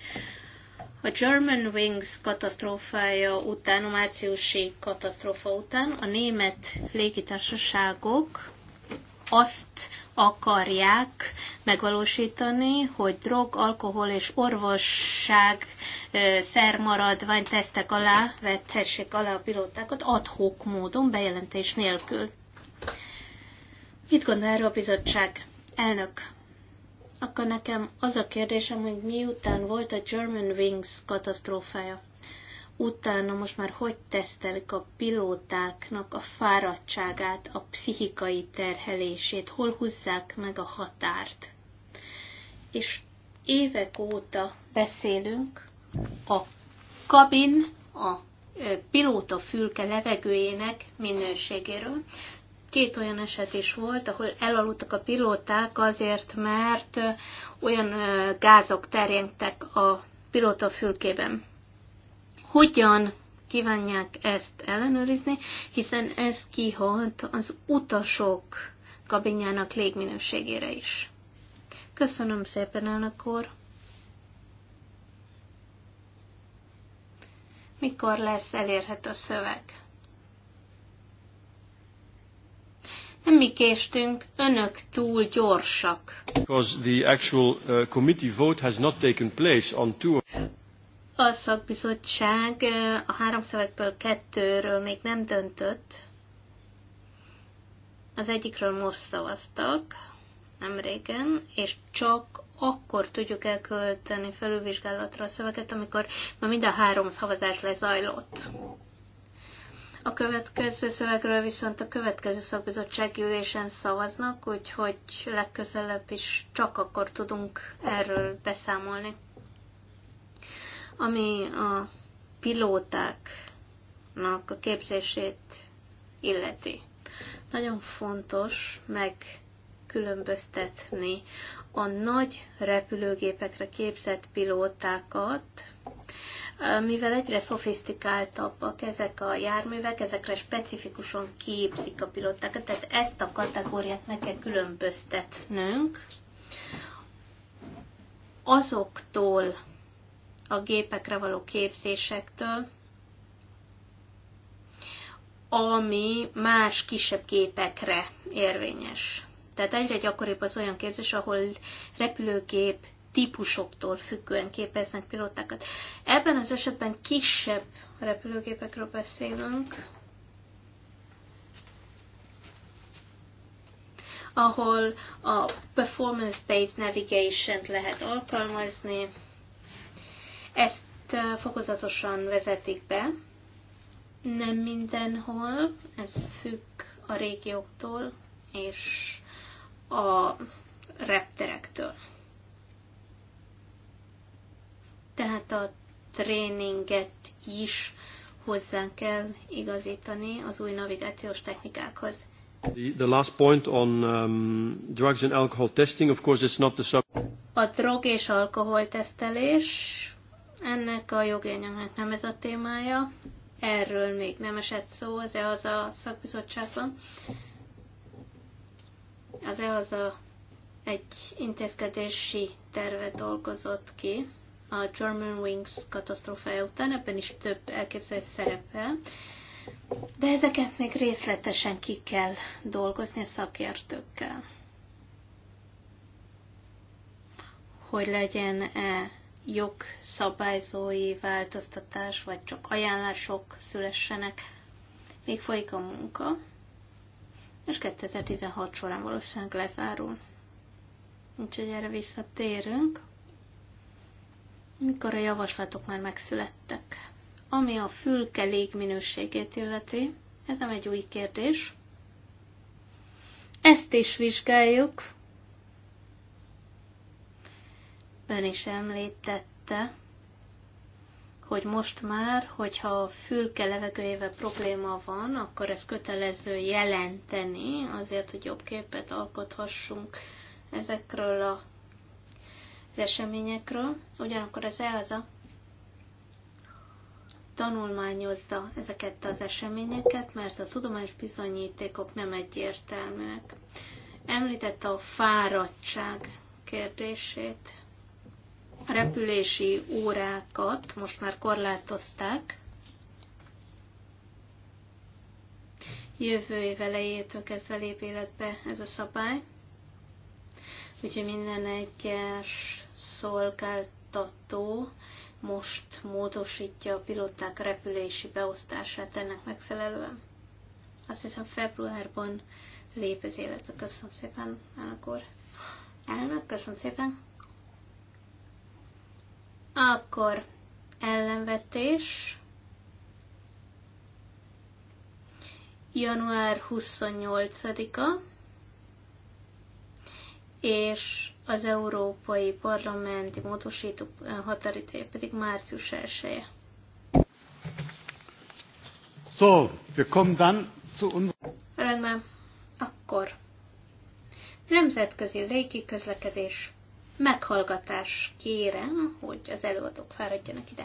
a German Wings katasztrófája után, a márciusi katasztrófa után a német légitársaságok azt akarják megvalósítani, hogy drog, alkohol és orvosság szermaradvány tesztek alá, vethessék alá a pilótákat adhok módon, bejelentés nélkül. Mit gondol erről a bizottság? Elnök, akkor nekem az a kérdésem, hogy miután volt a German Wings katasztrófája, utána most már hogy tesztelik a pilótáknak a fáradtságát, a pszichikai terhelését, hol húzzák meg a határt. És évek óta beszélünk a kabin, a pilóta fülke levegőjének minőségéről. Két olyan eset is volt, ahol elaludtak a pilóták azért, mert olyan gázok terjedtek a pilóta fülkében hogyan kívánják ezt ellenőrizni, hiszen ez kihalt az utasok kabinjának légminőségére is. Köszönöm szépen, elnök úr! Mikor lesz elérhető a szöveg? Nem mi késtünk, önök túl gyorsak. Because the actual uh, committee vote has not taken place on two a szakbizottság a három szövegből kettőről még nem döntött. Az egyikről most szavaztak, nem régen, és csak akkor tudjuk elkölteni felülvizsgálatra a szöveget, amikor már mind a három szavazás lezajlott. A következő szövegről viszont a következő szakbizottság ülésen szavaznak, úgyhogy legközelebb is csak akkor tudunk erről beszámolni. Ami a pilótáknak a képzését illeti. Nagyon fontos megkülönböztetni a nagy repülőgépekre képzett pilótákat, mivel egyre szofisztikáltabbak ezek a járművek, ezekre specifikusan képzik a pilótákat, tehát ezt a kategóriát meg kell különböztetnünk azoktól, a gépekre való képzésektől, ami más kisebb gépekre érvényes. Tehát egyre gyakoribb az olyan képzés, ahol repülőgép típusoktól függően képeznek pilótákat. Ebben az esetben kisebb repülőgépekről beszélünk, ahol a performance-based navigation lehet alkalmazni, ezt fokozatosan vezetik be, nem mindenhol, ez függ a régióktól és a repterektől. Tehát a tréninget is hozzá kell igazítani az új navigációs technikákhoz. The, the last point on um, drugs and alcohol testing, of course, it's not the sub. A drog és alkohol tesztelés ennek a jogényemnek nem ez a témája. Erről még nem esett szó az EHAZA szakbizottságban. Az EHAZA egy intézkedési tervet dolgozott ki a German Wings katasztrófája után, ebben is több elképzelés szerepel, de ezeket még részletesen ki kell dolgozni a szakértőkkel. Hogy legyen-e jogszabályzói változtatás, vagy csak ajánlások szülessenek. Még folyik a munka, és 2016 során valószínűleg lezárul. Úgyhogy erre visszatérünk, mikor a javaslatok már megszülettek. Ami a fülke légminőségét illeti, ez nem egy új kérdés. Ezt is vizsgáljuk, ön is említette, hogy most már, hogyha a fülke levegőjével probléma van, akkor ez kötelező jelenteni, azért, hogy jobb képet alkothassunk ezekről a, az eseményekről. Ugyanakkor az EASA tanulmányozza ezeket az eseményeket, mert a tudományos bizonyítékok nem egyértelműek. Említette a fáradtság kérdését. A repülési órákat most már korlátozták. Jövő év elejétől kezdve lép életbe ez a szabály. Úgyhogy minden egyes szolgáltató most módosítja a pilóták repülési beosztását ennek megfelelően. Azt hiszem februárban lép az életbe. Köszönöm szépen, elnök úr. Elnök, köszönöm szépen. Akkor ellenvetés. Január 28-a, és az Európai Parlamenti módosító határideje pedig március 1 -e. So, wir kommen dann zu uns. Rendben, akkor. Nemzetközi légi közlekedés meghallgatás kérem, hogy az előadók fáradjanak ide.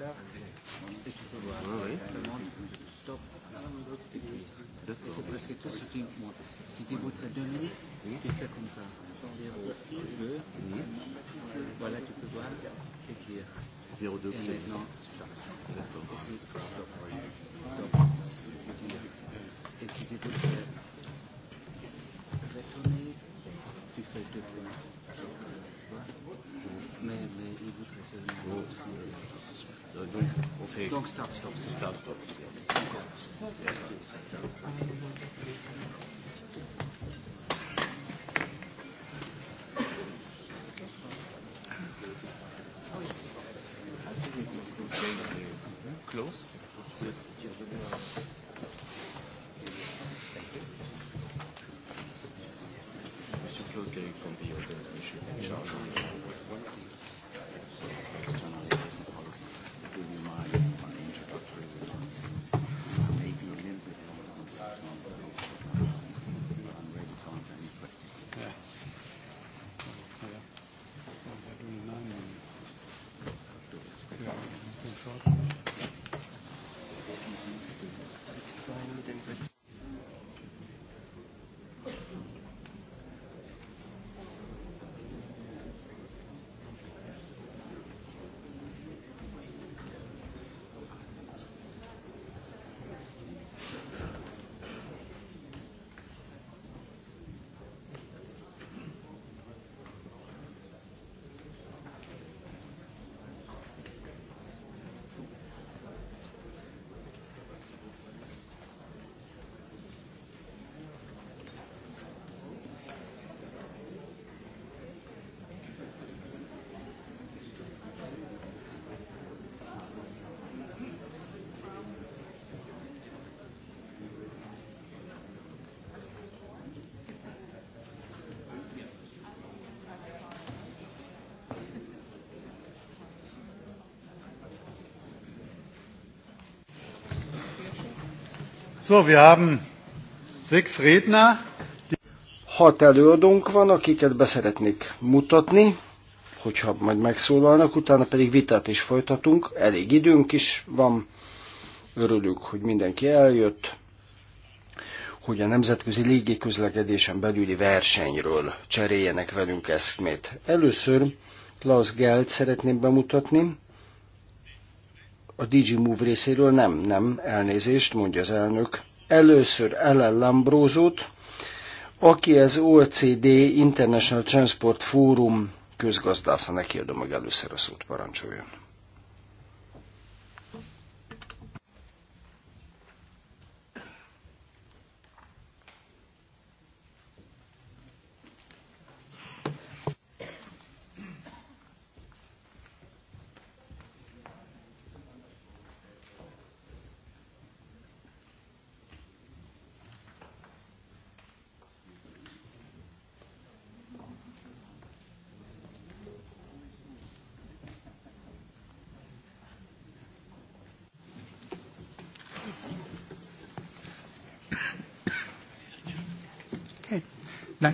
ça, et tu peux c'est presque tout ce qui monte. Si tu voudrais deux minutes, oui. tu fais comme ça. Zéro, deux. Oui. Voilà, tu peux voir, écrire. 02 Et euh, maintenant, stop. D'accord. Stop. Stop. So, wir haben sechs Redner. Hat előadónk van, akiket beszeretnék mutatni, hogyha majd megszólalnak, utána pedig vitát is folytatunk. Elég időnk is van. Örülök, hogy mindenki eljött, hogy a nemzetközi légiközlekedésen belüli versenyről cseréljenek velünk eszmét. Először Klaus Gelt szeretném bemutatni, a DigiMove részéről nem, nem, elnézést, mondja az elnök. Először Ellen Lambrózót, aki az OCD International Transport Forum közgazdásza, neki adom meg először a szót, parancsoljon.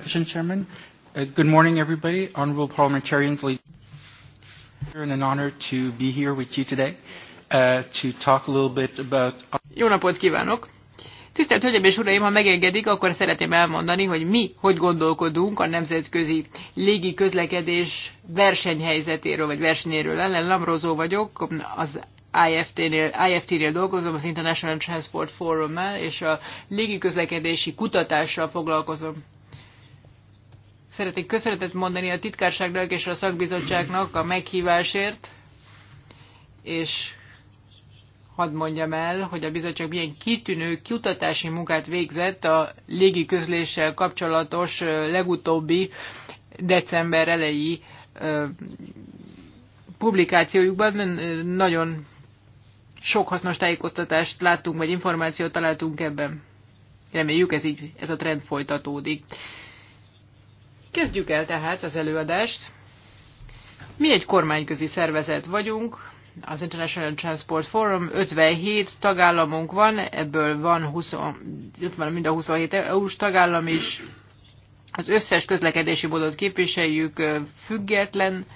Commission Chairman. Uh, good morning, everybody. Honorable parliamentarians, ladies and an honor to be here with you today uh, to talk a little bit about... Jó napot kívánok! Tisztelt Hölgyeim és Uraim, ha megengedik, akkor szeretném elmondani, hogy mi hogy gondolkodunk a nemzetközi légi közlekedés versenyhelyzetéről, vagy versenyéről ellen. Lamrozó vagyok, az IFT-nél, IFT-nél dolgozom, az International Transport Forum-mel, és a légi közlekedési kutatással foglalkozom. Szeretnék köszönetet mondani a titkárságnak és a szakbizottságnak a meghívásért, és hadd mondjam el, hogy a bizottság milyen kitűnő kutatási munkát végzett a légi közléssel kapcsolatos legutóbbi december elejé publikációjukban. Nagyon sok hasznos tájékoztatást láttunk, vagy információt találtunk ebben. Reméljük ez így, ez a trend folytatódik. Kezdjük el tehát az előadást. Mi egy kormányközi szervezet vagyunk, az International Transport Forum, 57 tagállamunk van, ebből van 20, ott van mind a 27 EU-s tagállam is, az összes közlekedési módot képviseljük, független,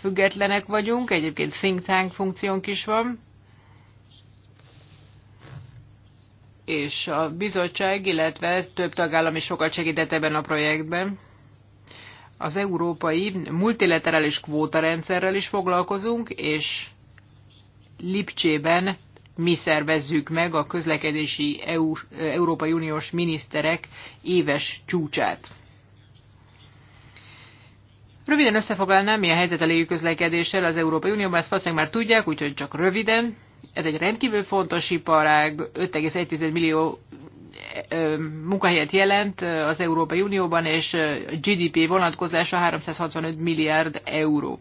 függetlenek vagyunk, egyébként think tank funkciónk is van, és a bizottság, illetve több tagállam is sokat segített ebben a projektben az európai multilaterális kvótarendszerrel is foglalkozunk, és Lipcsében mi szervezzük meg a közlekedési EU, Európai Uniós miniszterek éves csúcsát. Röviden összefoglalnám, mi a helyzet a légiközlekedéssel az Európai Unióban, ezt valószínűleg már tudják, úgyhogy csak röviden. Ez egy rendkívül fontos iparág, 5,1 millió munkahelyet jelent az Európai Unióban, és GDP vonatkozása 365 milliárd euró.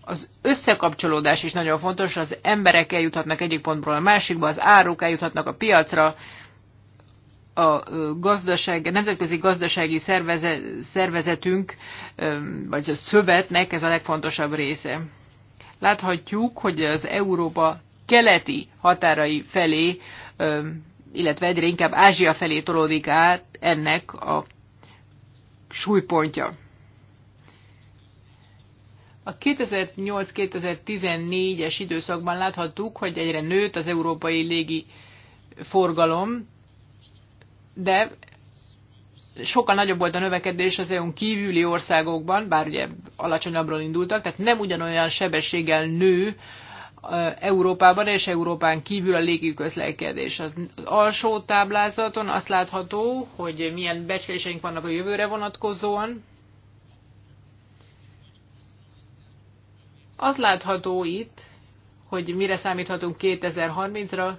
Az összekapcsolódás is nagyon fontos, az emberek eljuthatnak egyik pontból a másikba, az áruk eljuthatnak a piacra, a gazdaság, a nemzetközi gazdasági szerveze, szervezetünk, vagy a szövetnek ez a legfontosabb része. Láthatjuk, hogy az Európa keleti határai felé illetve egyre inkább Ázsia felé tolódik át ennek a súlypontja. A 2008-2014-es időszakban láthattuk, hogy egyre nőtt az európai légi forgalom, de sokkal nagyobb volt a növekedés az EU-n kívüli országokban, bár ugye alacsonyabbról indultak, tehát nem ugyanolyan sebességgel nő Európában és Európán kívül a légiközlekedés. Az alsó táblázaton azt látható, hogy milyen becsléseink vannak a jövőre vonatkozóan. Az látható itt, hogy mire számíthatunk 2030-ra.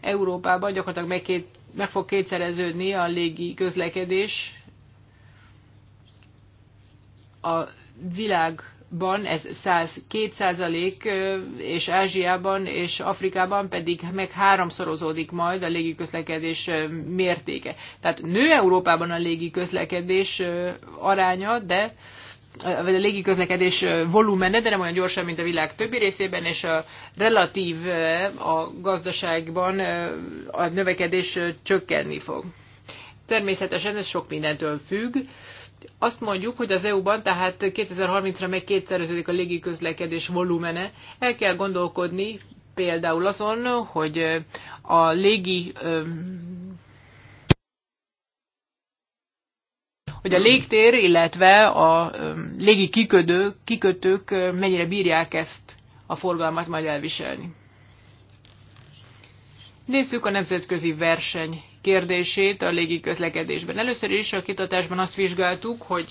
Európában gyakorlatilag meg, két, meg fog kétszereződni a légi közlekedés. A világ Ban ez 102 százalék, és Ázsiában és Afrikában pedig meg háromszorozódik majd a légiközlekedés mértéke. Tehát nő Európában a légiközlekedés aránya, de vagy a légiközlekedés volumene, de nem olyan gyorsan, mint a világ többi részében, és a relatív a gazdaságban a növekedés csökkenni fog. Természetesen ez sok mindentől függ, azt mondjuk, hogy az EU-ban, tehát 2030-ra meg kétszereződik a légiközlekedés volumene. El kell gondolkodni például azon, hogy a légi hogy a légtér, illetve a légi kiködő, kikötők mennyire bírják ezt a forgalmat majd elviselni. Nézzük a nemzetközi verseny kérdését a légi közlekedésben. Először is a kitatásban azt vizsgáltuk, hogy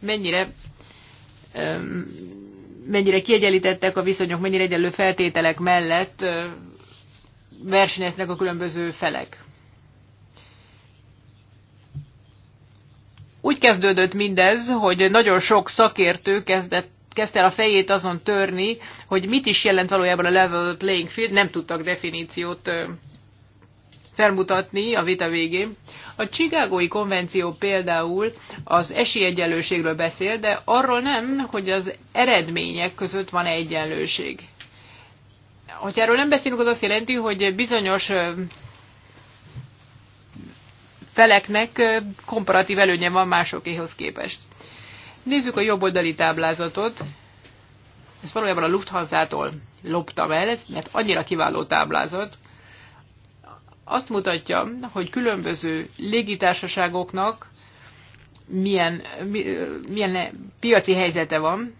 mennyire mennyire kiegyenlítettek a viszonyok, mennyire egyenlő feltételek mellett versenyeznek a különböző felek. Úgy kezdődött mindez, hogy nagyon sok szakértő kezdett kezdte el a fejét azon törni, hogy mit is jelent valójában a level playing field, nem tudtak definíciót felmutatni a vita végén. A Csigágói konvenció például az esélyegyenlőségről beszél, de arról nem, hogy az eredmények között van -e egyenlőség. Hogyha erről nem beszélünk, az azt jelenti, hogy bizonyos feleknek komparatív előnye van másokéhoz képest. Nézzük a jobboldali táblázatot. Ezt valójában a Lufthansa-tól loptam el, mert annyira kiváló táblázat azt mutatja, hogy különböző légitársaságoknak milyen, milyen piaci helyzete van.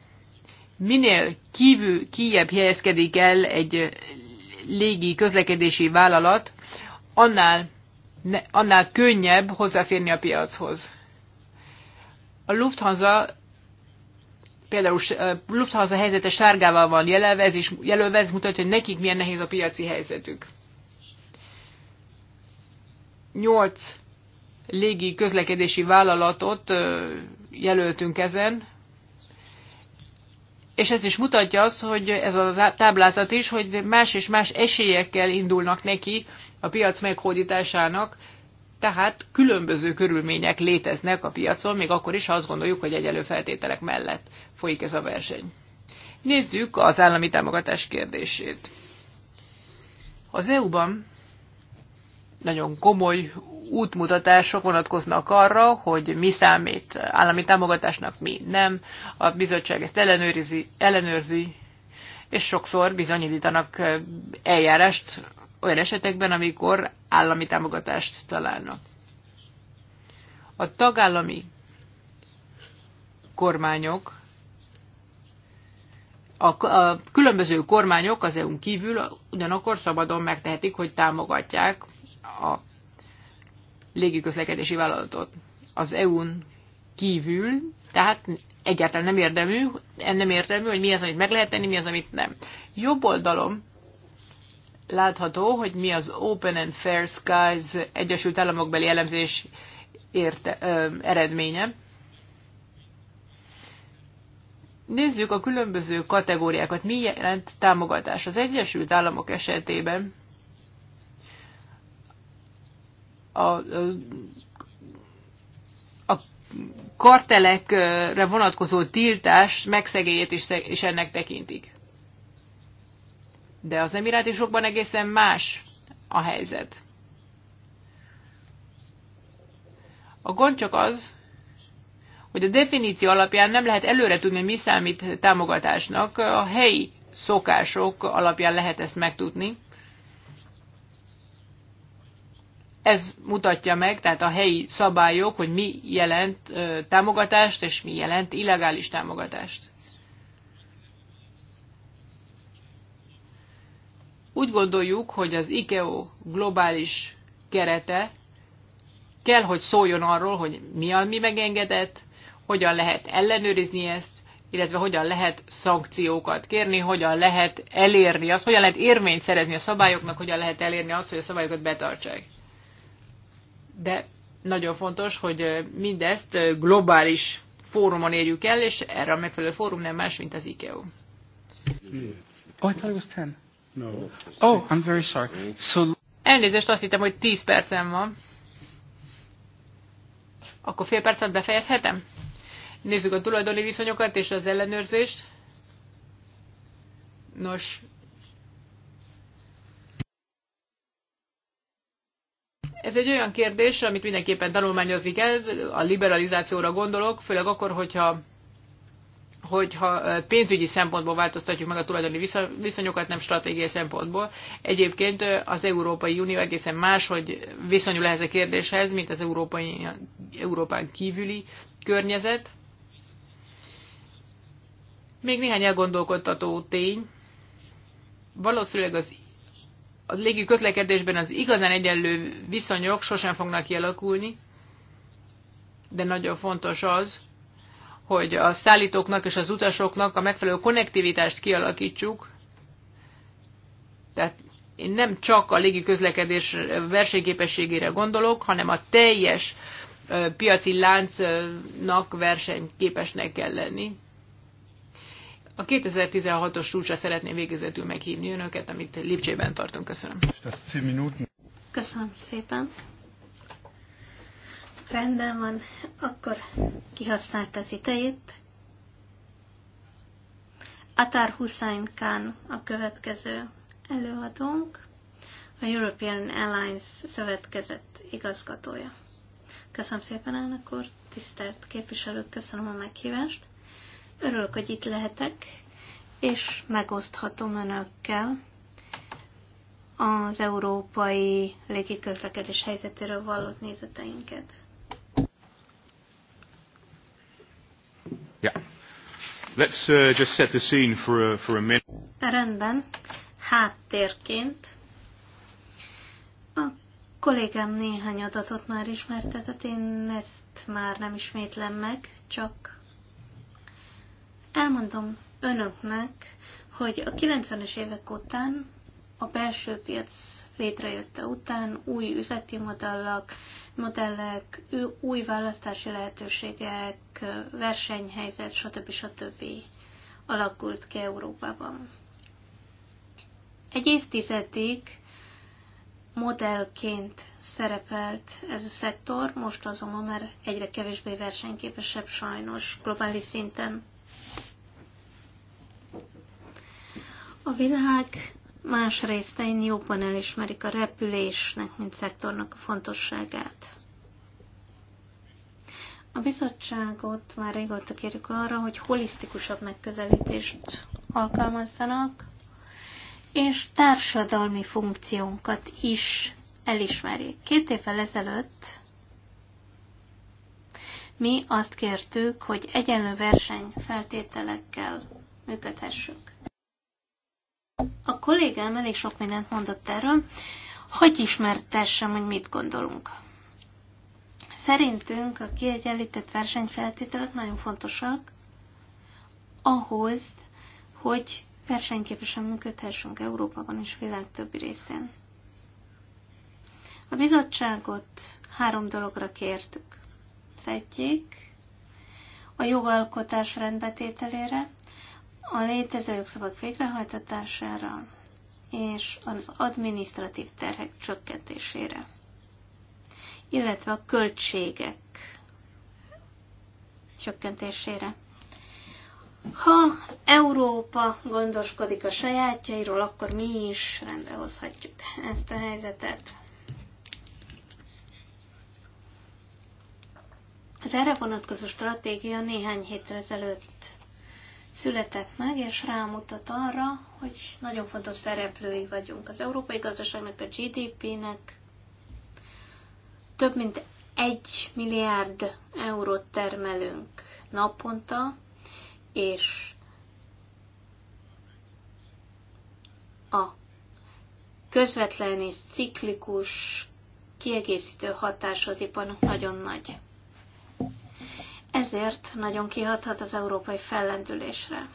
Minél kívül, kíjebb helyezkedik el egy légi közlekedési vállalat, annál, annál könnyebb hozzáférni a piachoz. A Lufthansa például Lufthansa helyzete sárgával van jelölve, ez is jelölve, ez mutatja, hogy nekik milyen nehéz a piaci helyzetük. 8 légi közlekedési vállalatot jelöltünk ezen, és ez is mutatja azt, hogy ez a táblázat is, hogy más és más esélyekkel indulnak neki a piac meghódításának, tehát különböző körülmények léteznek a piacon, még akkor is, ha azt gondoljuk, hogy egyelő feltételek mellett folyik ez a verseny. Nézzük az állami támogatás kérdését. Az EU-ban nagyon komoly útmutatások vonatkoznak arra, hogy mi számít állami támogatásnak, mi nem. A bizottság ezt ellenőrzi, ellenőrzi és sokszor bizonyítanak eljárást olyan esetekben, amikor állami támogatást találnak. A tagállami kormányok, a, a különböző kormányok az EU-n kívül ugyanakkor szabadon megtehetik, hogy támogatják a légiközlekedési vállalatot az EU-n kívül, tehát egyáltalán nem érdemű, nem érdemű, hogy mi az, amit meg lehet tenni, mi az, amit nem. Jobb oldalom látható, hogy mi az Open and Fair Skies Egyesült Államok beli elemzés érte, ö, eredménye. Nézzük a különböző kategóriákat. Mi jelent támogatás? Az Egyesült Államok esetében a, a kartelekre vonatkozó tiltás megszegélyét is, is ennek tekintik. De az emirátisokban egészen más a helyzet. A gond csak az, hogy a definíció alapján nem lehet előre tudni, mi számít támogatásnak, a helyi szokások alapján lehet ezt megtudni. ez mutatja meg, tehát a helyi szabályok, hogy mi jelent támogatást, és mi jelent illegális támogatást. Úgy gondoljuk, hogy az IKEO globális kerete kell, hogy szóljon arról, hogy mi a mi megengedett, hogyan lehet ellenőrizni ezt, illetve hogyan lehet szankciókat kérni, hogyan lehet elérni azt, hogyan lehet érvényt szerezni a szabályoknak, hogyan lehet elérni azt, hogy a szabályokat betartsák de nagyon fontos, hogy mindezt globális fórumon érjük el, és erre a megfelelő fórum nem más, mint az IKEA. Oh, I thought it was 10. No. Oh, I'm very sorry. So... Elnézést, azt hittem, hogy 10 percem van. Akkor fél percet befejezhetem? Nézzük a tulajdoni viszonyokat és az ellenőrzést. Nos, Ez egy olyan kérdés, amit mindenképpen tanulmányozni kell, a liberalizációra gondolok, főleg akkor, hogyha hogyha pénzügyi szempontból változtatjuk meg a tulajdoni viszonyokat, nem stratégiai szempontból. Egyébként az Európai Unió egészen máshogy viszonyul ehhez a kérdéshez, mint az Európai, Európán kívüli környezet. Még néhány elgondolkodtató tény. Valószínűleg az a légi közlekedésben az igazán egyenlő viszonyok sosem fognak kialakulni, de nagyon fontos az, hogy a szállítóknak és az utasoknak a megfelelő konnektivitást kialakítsuk. Tehát én nem csak a légi közlekedés versenyképességére gondolok, hanem a teljes piaci láncnak versenyképesnek kell lenni. A 2016-os csúcsra szeretném végezetül meghívni önöket, amit Lipcsében tartunk. Köszönöm. Köszönöm szépen. Rendben van, akkor kihasznált az idejét. Atar Hussein Khan a következő előadónk, a European Airlines szövetkezet igazgatója. Köszönöm szépen, elnök úr, tisztelt képviselők, köszönöm a meghívást. Örülök, hogy itt lehetek, és megoszthatom önökkel az európai légiközlekedés helyzetéről vallott nézeteinket. Yeah. Let's uh, just set the scene for a, for a minute. Rendben, háttérként a kollégám néhány adatot már ismertetett, én ezt már nem ismétlem meg, csak Elmondom önöknek, hogy a 90-es évek után, a belső piac létrejötte után új üzleti modellek, modellek új választási lehetőségek, versenyhelyzet, stb. stb. alakult ki Európában. Egy évtizedig modellként szerepelt ez a szektor, most azonban már egyre kevésbé versenyképesebb sajnos globális szinten. A világ más részein jobban elismerik a repülésnek, mint szektornak a fontosságát. A bizottságot már régóta kérjük arra, hogy holisztikusabb megközelítést alkalmazzanak, és társadalmi funkciónkat is elismerjék. Két évvel ezelőtt mi azt kértük, hogy egyenlő versenyfeltételekkel működhessünk. A kollégám elég sok mindent mondott erről. Hogy ismertessem, hogy mit gondolunk? Szerintünk a kiegyenlített versenyfeltételek nagyon fontosak ahhoz, hogy versenyképesen működhessünk Európában és világ többi részén. A bizottságot három dologra kértük. Az egyik a jogalkotás rendbetételére, a létező jogszabak végrehajtatására és az adminisztratív terhek csökkentésére, illetve a költségek csökkentésére. Ha Európa gondoskodik a sajátjairól, akkor mi is rendbehozhatjuk ezt a helyzetet. Az erre vonatkozó stratégia néhány héttel ezelőtt született meg, és rámutat arra, hogy nagyon fontos szereplői vagyunk. Az európai gazdaságnak, a GDP-nek több mint egy milliárd eurót termelünk naponta, és a közvetlen és ciklikus kiegészítő hatás az iparnak nagyon nagy. Ezért nagyon kihathat az európai fellendülésre.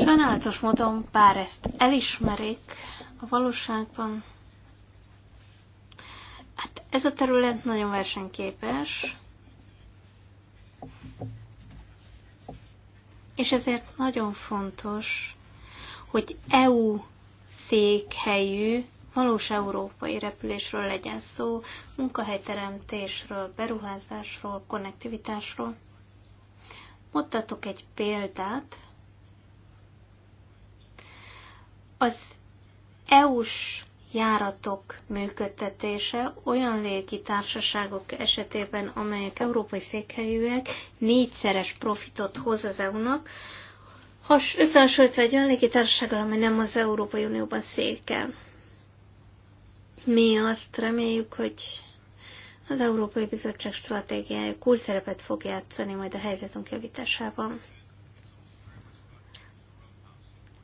Sajnálatos módon, bár ezt elismerik a valóságban, hát ez a terület nagyon versenyképes, és ezért nagyon fontos, hogy EU székhelyű valós európai repülésről legyen szó, munkahelyteremtésről, beruházásról, konnektivitásról. Mutatok egy példát. Az EU-s járatok működtetése olyan légi társaságok esetében, amelyek európai székhelyűek, négyszeres profitot hoz az EU-nak, ha összehasonlítva egy olyan légitársasággal, amely nem az Európai Unióban székel. Mi azt reméljük, hogy az Európai Bizottság stratégiája szerepet fog játszani majd a helyzetünk javításában.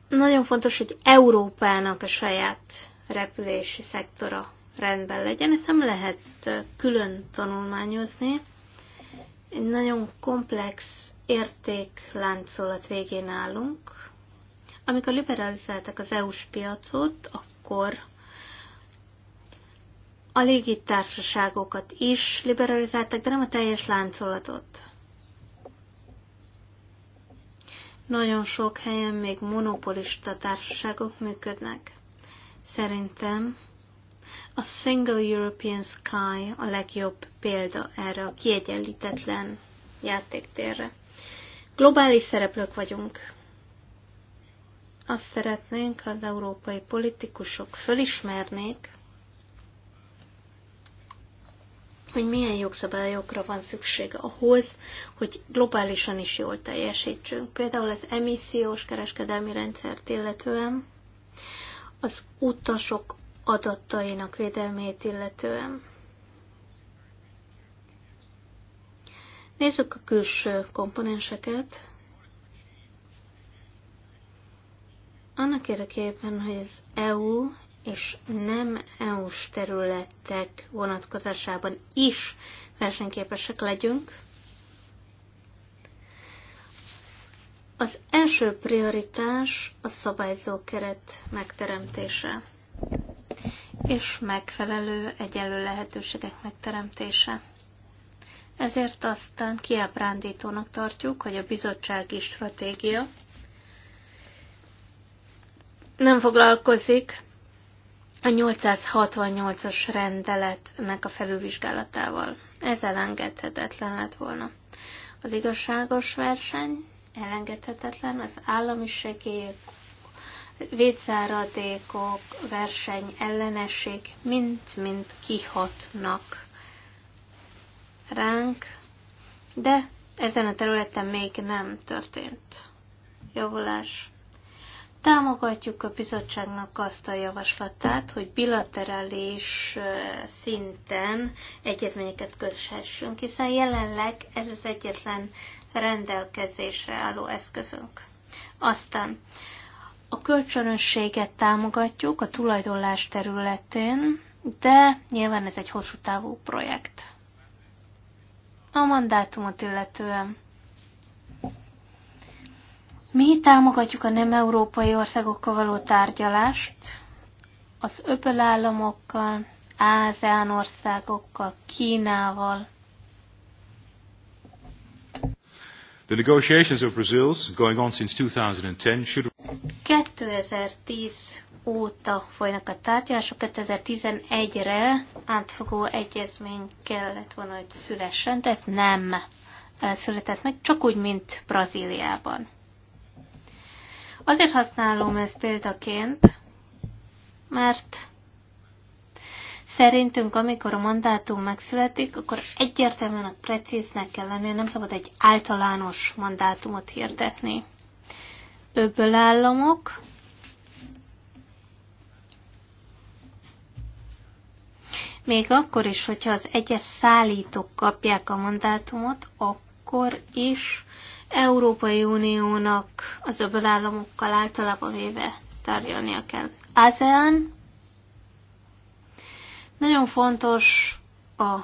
Nagyon fontos, hogy Európának a saját repülési szektora rendben legyen. Ezt nem lehet külön tanulmányozni. Egy nagyon komplex értékláncolat végén állunk. Amikor liberalizálták az EU-s piacot, akkor a légitársaságokat is liberalizálták, de nem a teljes láncolatot. Nagyon sok helyen még monopolista társaságok működnek. Szerintem a Single European Sky a legjobb példa erre a kiegyenlítetlen játéktérre. Globális szereplők vagyunk. Azt szeretnénk, ha az európai politikusok fölismernék, hogy milyen jogszabályokra van szükség ahhoz, hogy globálisan is jól teljesítsünk. Például az emissziós kereskedelmi rendszert illetően, az utasok adatainak védelmét illetően. Nézzük a külső komponenseket. Annak érdekében, hogy az EU és nem EU-s területek vonatkozásában is versenyképesek legyünk, az első prioritás a szabályzó keret megteremtése és megfelelő egyenlő lehetőségek megteremtése. Ezért aztán kiábrándítónak tartjuk, hogy a bizottsági stratégia nem foglalkozik a 868-as rendeletnek a felülvizsgálatával. Ez elengedhetetlen lett volna. Az igazságos verseny elengedhetetlen, az állami segélyek, védszáradékok, verseny, ellenesség mind-mind kihatnak ránk, de ezen a területen még nem történt javulás. Támogatjuk a bizottságnak azt a javaslatát, hogy bilaterális szinten egyezményeket köthessünk, hiszen jelenleg ez az egyetlen rendelkezésre álló eszközünk. Aztán a kölcsönösséget támogatjuk a tulajdonlás területén, de nyilván ez egy hosszú távú projekt. A mandátumot illetően mi támogatjuk a nem európai országokkal való tárgyalást, az öböl államokkal, ASEAN országokkal, Kínával. The negotiations of Brazil's going on since 2010 should 2010 óta folynak a tárgyalások, 2011-re átfogó egyezmény kellett volna, hogy szülessen, de ez nem eh, született meg, csak úgy, mint Brazíliában. Azért használom ezt példaként, mert szerintünk, amikor a mandátum megszületik, akkor egyértelműen a precíznek kell lenni, nem szabad egy általános mandátumot hirdetni. Öbből államok, még akkor is, hogyha az egyes szállítók kapják a mandátumot, akkor is Európai Uniónak az öböl államokkal általában véve tárgyalnia kell. ASEAN nagyon fontos a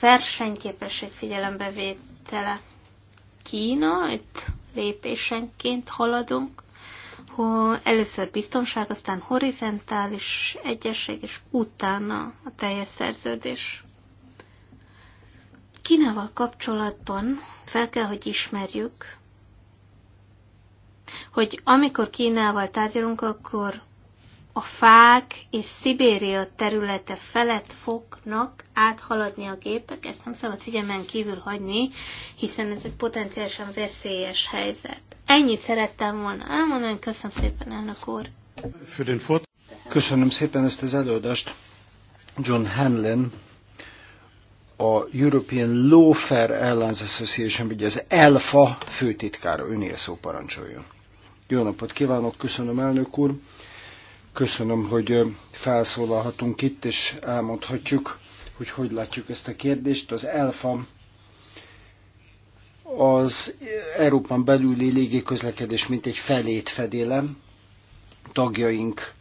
versenyképesség figyelembevétele. Kína, itt lépésenként haladunk, hogy először biztonság, aztán horizontális egyesség, és utána a teljes szerződés. Kínával kapcsolatban fel kell, hogy ismerjük, hogy amikor Kínával tárgyalunk, akkor a fák és Szibéria területe felett fognak áthaladni a gépek, ezt nem szabad figyelmen kívül hagyni, hiszen ez egy potenciálisan veszélyes helyzet. Ennyit szerettem volna elmondani, köszönöm szépen, elnök úr. Köszönöm szépen ezt az előadást. John Hanlon a European Lawfare Airlines Association, vagy az ELFA főtitkára, önél szó parancsoljon. Jó napot kívánok, köszönöm elnök úr, köszönöm, hogy felszólalhatunk itt, és elmondhatjuk, hogy hogy látjuk ezt a kérdést. Az ELFA az Európán belüli légiközlekedés mintegy felét fedélem, tagjaink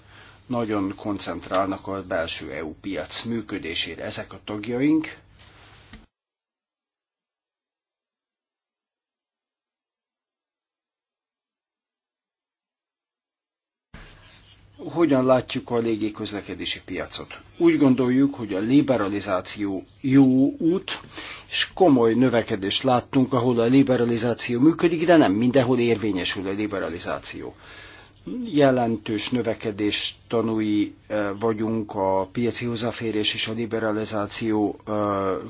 nagyon koncentrálnak a belső EU piac működésére. Ezek a tagjaink hogyan látjuk a légiközlekedési piacot. Úgy gondoljuk, hogy a liberalizáció jó út, és komoly növekedést láttunk, ahol a liberalizáció működik, de nem mindenhol érvényesül a liberalizáció. Jelentős növekedés tanúi eh, vagyunk a piaci hozzáférés és a liberalizáció eh,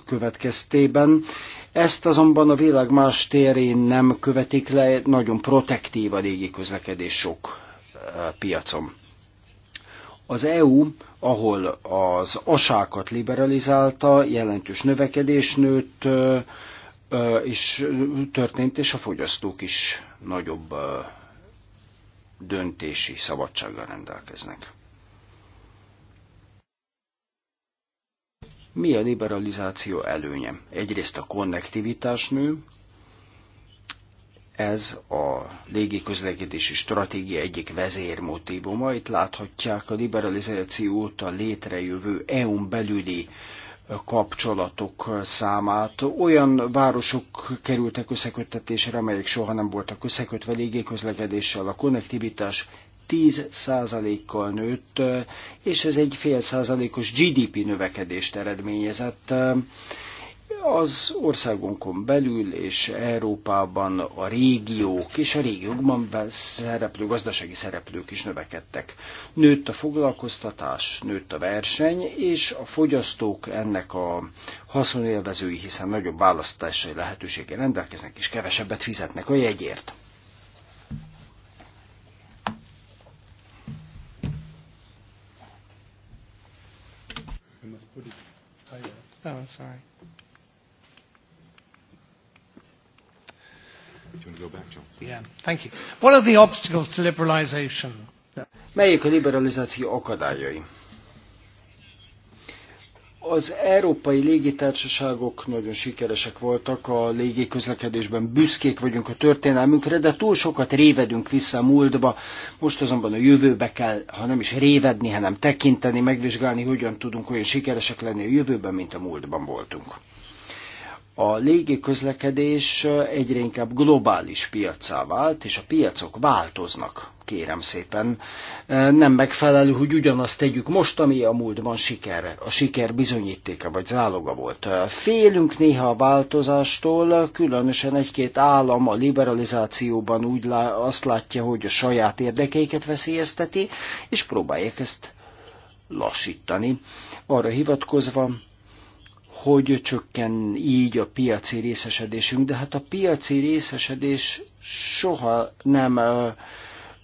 következtében. Ezt azonban a világ más térén nem követik le, nagyon protektív a közlekedés sok eh, piacom. Az EU, ahol az asákat liberalizálta, jelentős növekedés nőtt, és történt, és a fogyasztók is nagyobb döntési szabadsággal rendelkeznek. Mi a liberalizáció előnye? Egyrészt a konnektivitás nő, ez a légiközlekedési stratégia egyik vezérmotívuma. Itt láthatják a liberalizáció óta létrejövő EU-n belüli kapcsolatok számát. Olyan városok kerültek összeköttetésre, amelyek soha nem voltak összekötve légiközlekedéssel. A konnektivitás 10%-kal nőtt, és ez egy fél százalékos GDP növekedést eredményezett az országunkon belül és Európában a régiók és a régiókban szereplő gazdasági szereplők is növekedtek. Nőtt a foglalkoztatás, nőtt a verseny, és a fogyasztók ennek a haszonélvezői, hiszen nagyobb választási lehetőséggel rendelkeznek, és kevesebbet fizetnek a jegyért. Oh, sorry. you want to go back, John? Yeah, thank you. What are the obstacles to liberalization? Melyek a liberalizáció akadályai? Az európai légitársaságok nagyon sikeresek voltak a légiközlekedésben, büszkék vagyunk a történelmünkre, de túl sokat révedünk vissza a múltba, most azonban a jövőbe kell, ha nem is révedni, hanem tekinteni, megvizsgálni, hogyan tudunk olyan sikeresek lenni a jövőben, mint a múltban voltunk a légiközlekedés egyre inkább globális piacá vált, és a piacok változnak, kérem szépen. Nem megfelelő, hogy ugyanazt tegyük most, ami a múltban siker, a siker bizonyítéka vagy záloga volt. Félünk néha a változástól, különösen egy-két állam a liberalizációban úgy lá, azt látja, hogy a saját érdekeiket veszélyezteti, és próbálják ezt lassítani. Arra hivatkozva, hogy csökken így a piaci részesedésünk, de hát a piaci részesedés soha nem ö,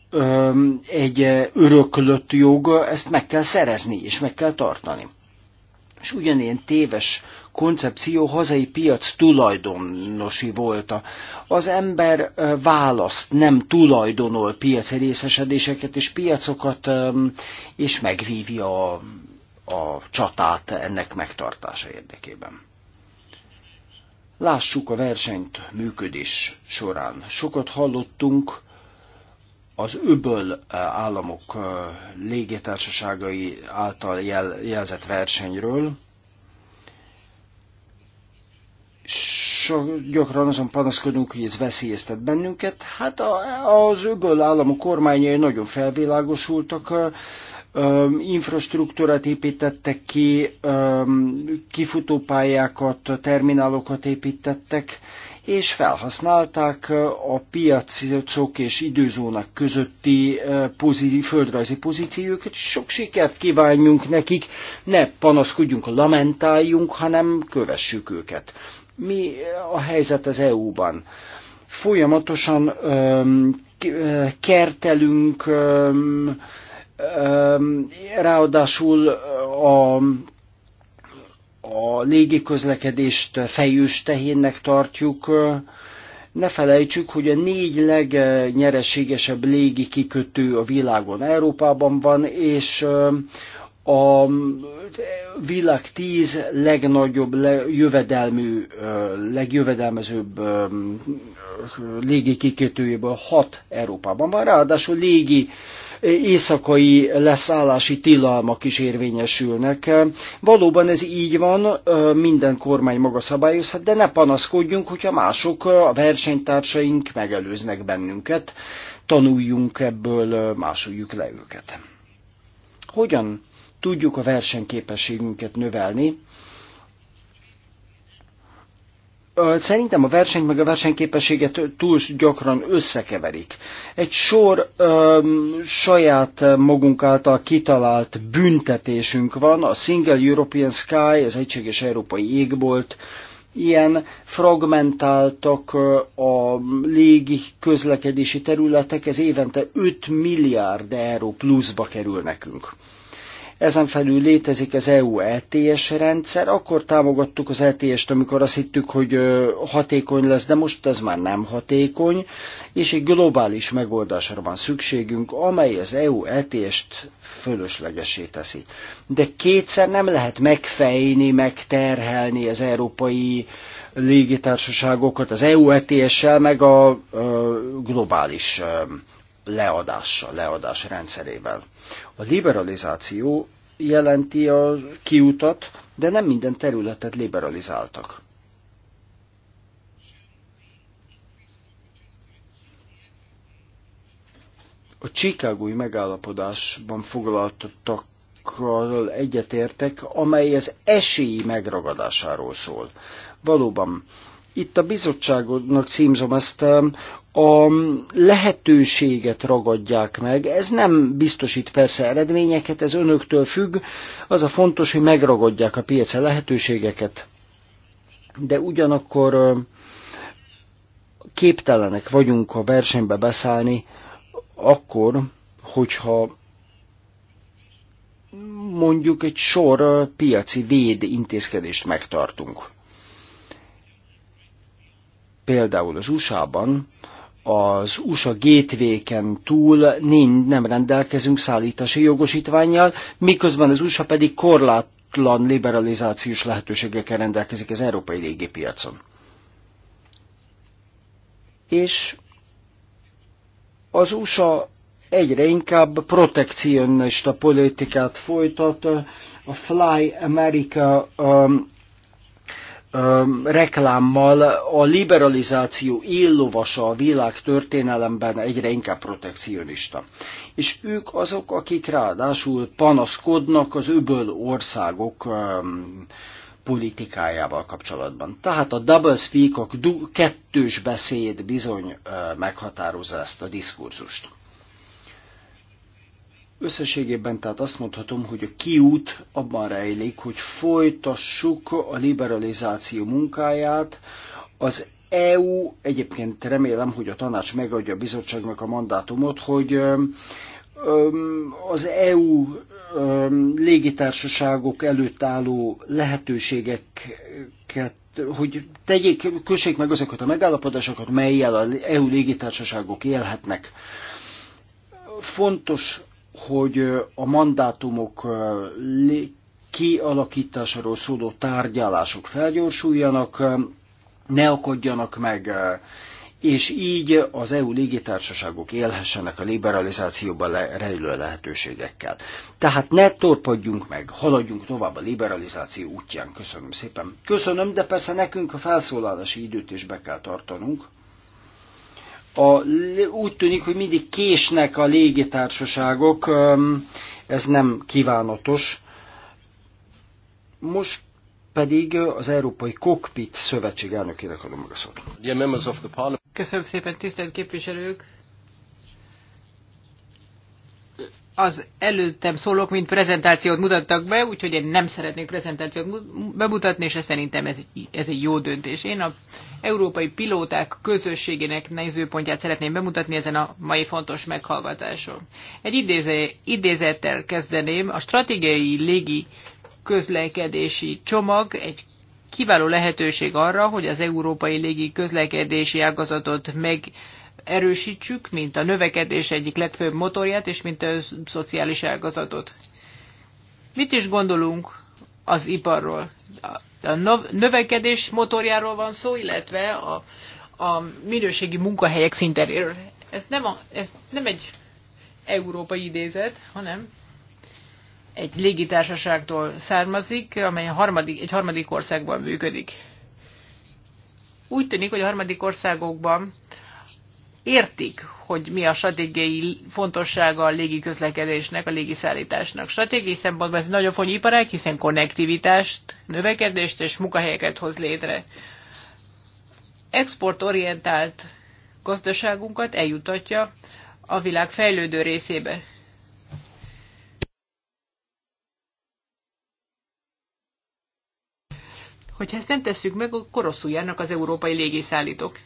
ö, egy öröklött jog, ezt meg kell szerezni és meg kell tartani. És ugyanilyen téves koncepció hazai piac tulajdonosi volt. Az ember választ, nem tulajdonol piaci részesedéseket és piacokat, és megvívja a a csatát ennek megtartása érdekében. Lássuk a versenyt működés során. Sokat hallottunk az öböl eh, államok eh, légitársaságai által jel, jelzett versenyről. So, gyakran azon panaszkodunk, hogy ez veszélyeztet bennünket. Hát a, az öböl államok kormányai nagyon felvilágosultak, eh, infrastruktúrát építettek ki, kifutópályákat, terminálokat építettek, és felhasználták a piacok és időzónak közötti pozí- földrajzi pozíciókat. Sok sikert kívánjunk nekik, ne panaszkodjunk, lamentáljunk, hanem kövessük őket. Mi a helyzet az EU-ban? Folyamatosan öm, kertelünk, öm, Ráadásul a, a légiközlekedést fejős tehénnek tartjuk. Ne felejtsük, hogy a négy legnyereségesebb légi kikötő a világon Európában van, és a világ tíz legnagyobb, jövedelmű, legjövedelmezőbb légi kikötőjéből hat Európában van, ráadásul légi éjszakai leszállási tilalmak is érvényesülnek. Valóban ez így van, minden kormány maga szabályozhat, de ne panaszkodjunk, hogyha mások, a versenytársaink megelőznek bennünket. Tanuljunk ebből, másoljuk le őket. Hogyan tudjuk a versenyképességünket növelni? Szerintem a versenyt meg a versenyképességet túl gyakran összekeverik. Egy sor ö, saját magunk által kitalált büntetésünk van, a Single European Sky, az Egységes Európai Égbolt, ilyen fragmentáltak a légi közlekedési területek, ez évente 5 milliárd euró pluszba kerül nekünk. Ezen felül létezik az EU LTS e rendszer, akkor támogattuk az lts e t amikor azt hittük, hogy hatékony lesz, de most ez már nem hatékony, és egy globális megoldásra van szükségünk, amely az EU lts e t fölöslegesé teszi. De kétszer nem lehet megfejni, megterhelni az európai légitársaságokat az EU ETS-sel, meg a ö, globális ö, leadással, leadás rendszerével. A liberalizáció jelenti a kiutat, de nem minden területet liberalizáltak. A Csikágói megállapodásban foglaltakkal egyetértek, amely az esélyi megragadásáról szól. Valóban, itt a bizottságodnak címzom ezt, a lehetőséget ragadják meg. Ez nem biztosít persze eredményeket, ez önöktől függ. Az a fontos, hogy megragadják a piac lehetőségeket, de ugyanakkor képtelenek vagyunk a versenybe beszállni akkor, hogyha mondjuk egy sor piaci véd intézkedést megtartunk. Például az USA-ban az USA gétvéken túl nem rendelkezünk szállítási jogosítványjal, miközben az USA pedig korlátlan liberalizációs lehetőségekkel rendelkezik az európai légipiacon. És az USA egyre inkább protekcionista politikát folytat, a Fly America um, reklámmal a liberalizáció illovasa a világ történelemben egyre inkább protekcionista. És ők azok, akik ráadásul panaszkodnak az öböl országok politikájával kapcsolatban. Tehát a double speak, a kettős beszéd bizony meghatározza ezt a diskurzust. Összességében tehát azt mondhatom, hogy a kiút abban rejlik, hogy folytassuk a liberalizáció munkáját, az EU egyébként remélem, hogy a tanács megadja a bizottságnak a mandátumot, hogy az EU légitársaságok előtt álló lehetőségeket, hogy tegyék, kössék meg azokat a megállapodásokat, melyel az EU légitársaságok élhetnek. Fontos hogy a mandátumok kialakításáról szóló tárgyalások felgyorsuljanak, ne akadjanak meg, és így az EU légitársaságok élhessenek a liberalizációban rejlő lehetőségekkel. Tehát ne torpadjunk meg, haladjunk tovább a liberalizáció útján. Köszönöm szépen. Köszönöm, de persze nekünk a felszólalási időt is be kell tartanunk a, úgy tűnik, hogy mindig késnek a légitársaságok, ez nem kívánatos. Most pedig az Európai Kokpit Szövetség elnökének adom meg a szót. Köszönöm szépen, tisztelt képviselők! az előttem szólók mint prezentációt mutattak be, úgyhogy én nem szeretnék prezentációt bemutatni, és ez szerintem ez egy, ez egy jó döntés. Én a európai pilóták közösségének nézőpontját szeretném bemutatni ezen a mai fontos meghallgatáson. Egy idéze, idézettel kezdeném. A stratégiai légi közlekedési csomag egy kiváló lehetőség arra, hogy az európai légi közlekedési ágazatot meg erősítsük, mint a növekedés egyik legfőbb motorját, és mint a szociális ágazatot. Mit is gondolunk az iparról? A növekedés motorjáról van szó, illetve a, a minőségi munkahelyek szinteréről. Ez nem, a, ez nem egy európai idézet, hanem egy légitársaságtól származik, amely a harmadik, egy harmadik országban működik. Úgy tűnik, hogy a harmadik országokban értik, hogy mi a stratégiai fontossága a légiközlekedésnek, a légiszállításnak. Stratégiai szempontból ez nagyon fontos iparág, hiszen konnektivitást, növekedést és munkahelyeket hoz létre. Exportorientált gazdaságunkat eljutatja a világ fejlődő részébe. Hogyha ezt nem tesszük meg, akkor rosszul járnak az európai légiszállítók.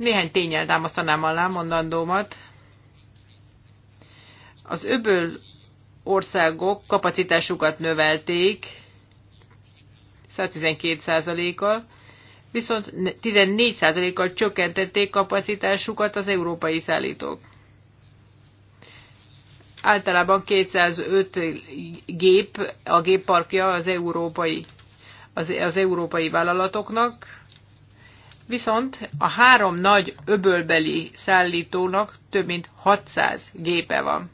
Néhány tényel támasztanám alá mondandómat. Az öböl országok kapacitásukat növelték 112%-kal, viszont 14%-kal csökkentették kapacitásukat az európai szállítók. Általában 205 gép, a gépparkja az európai, az, az európai vállalatoknak, Viszont a három nagy öbölbeli szállítónak több mint 600 gépe van.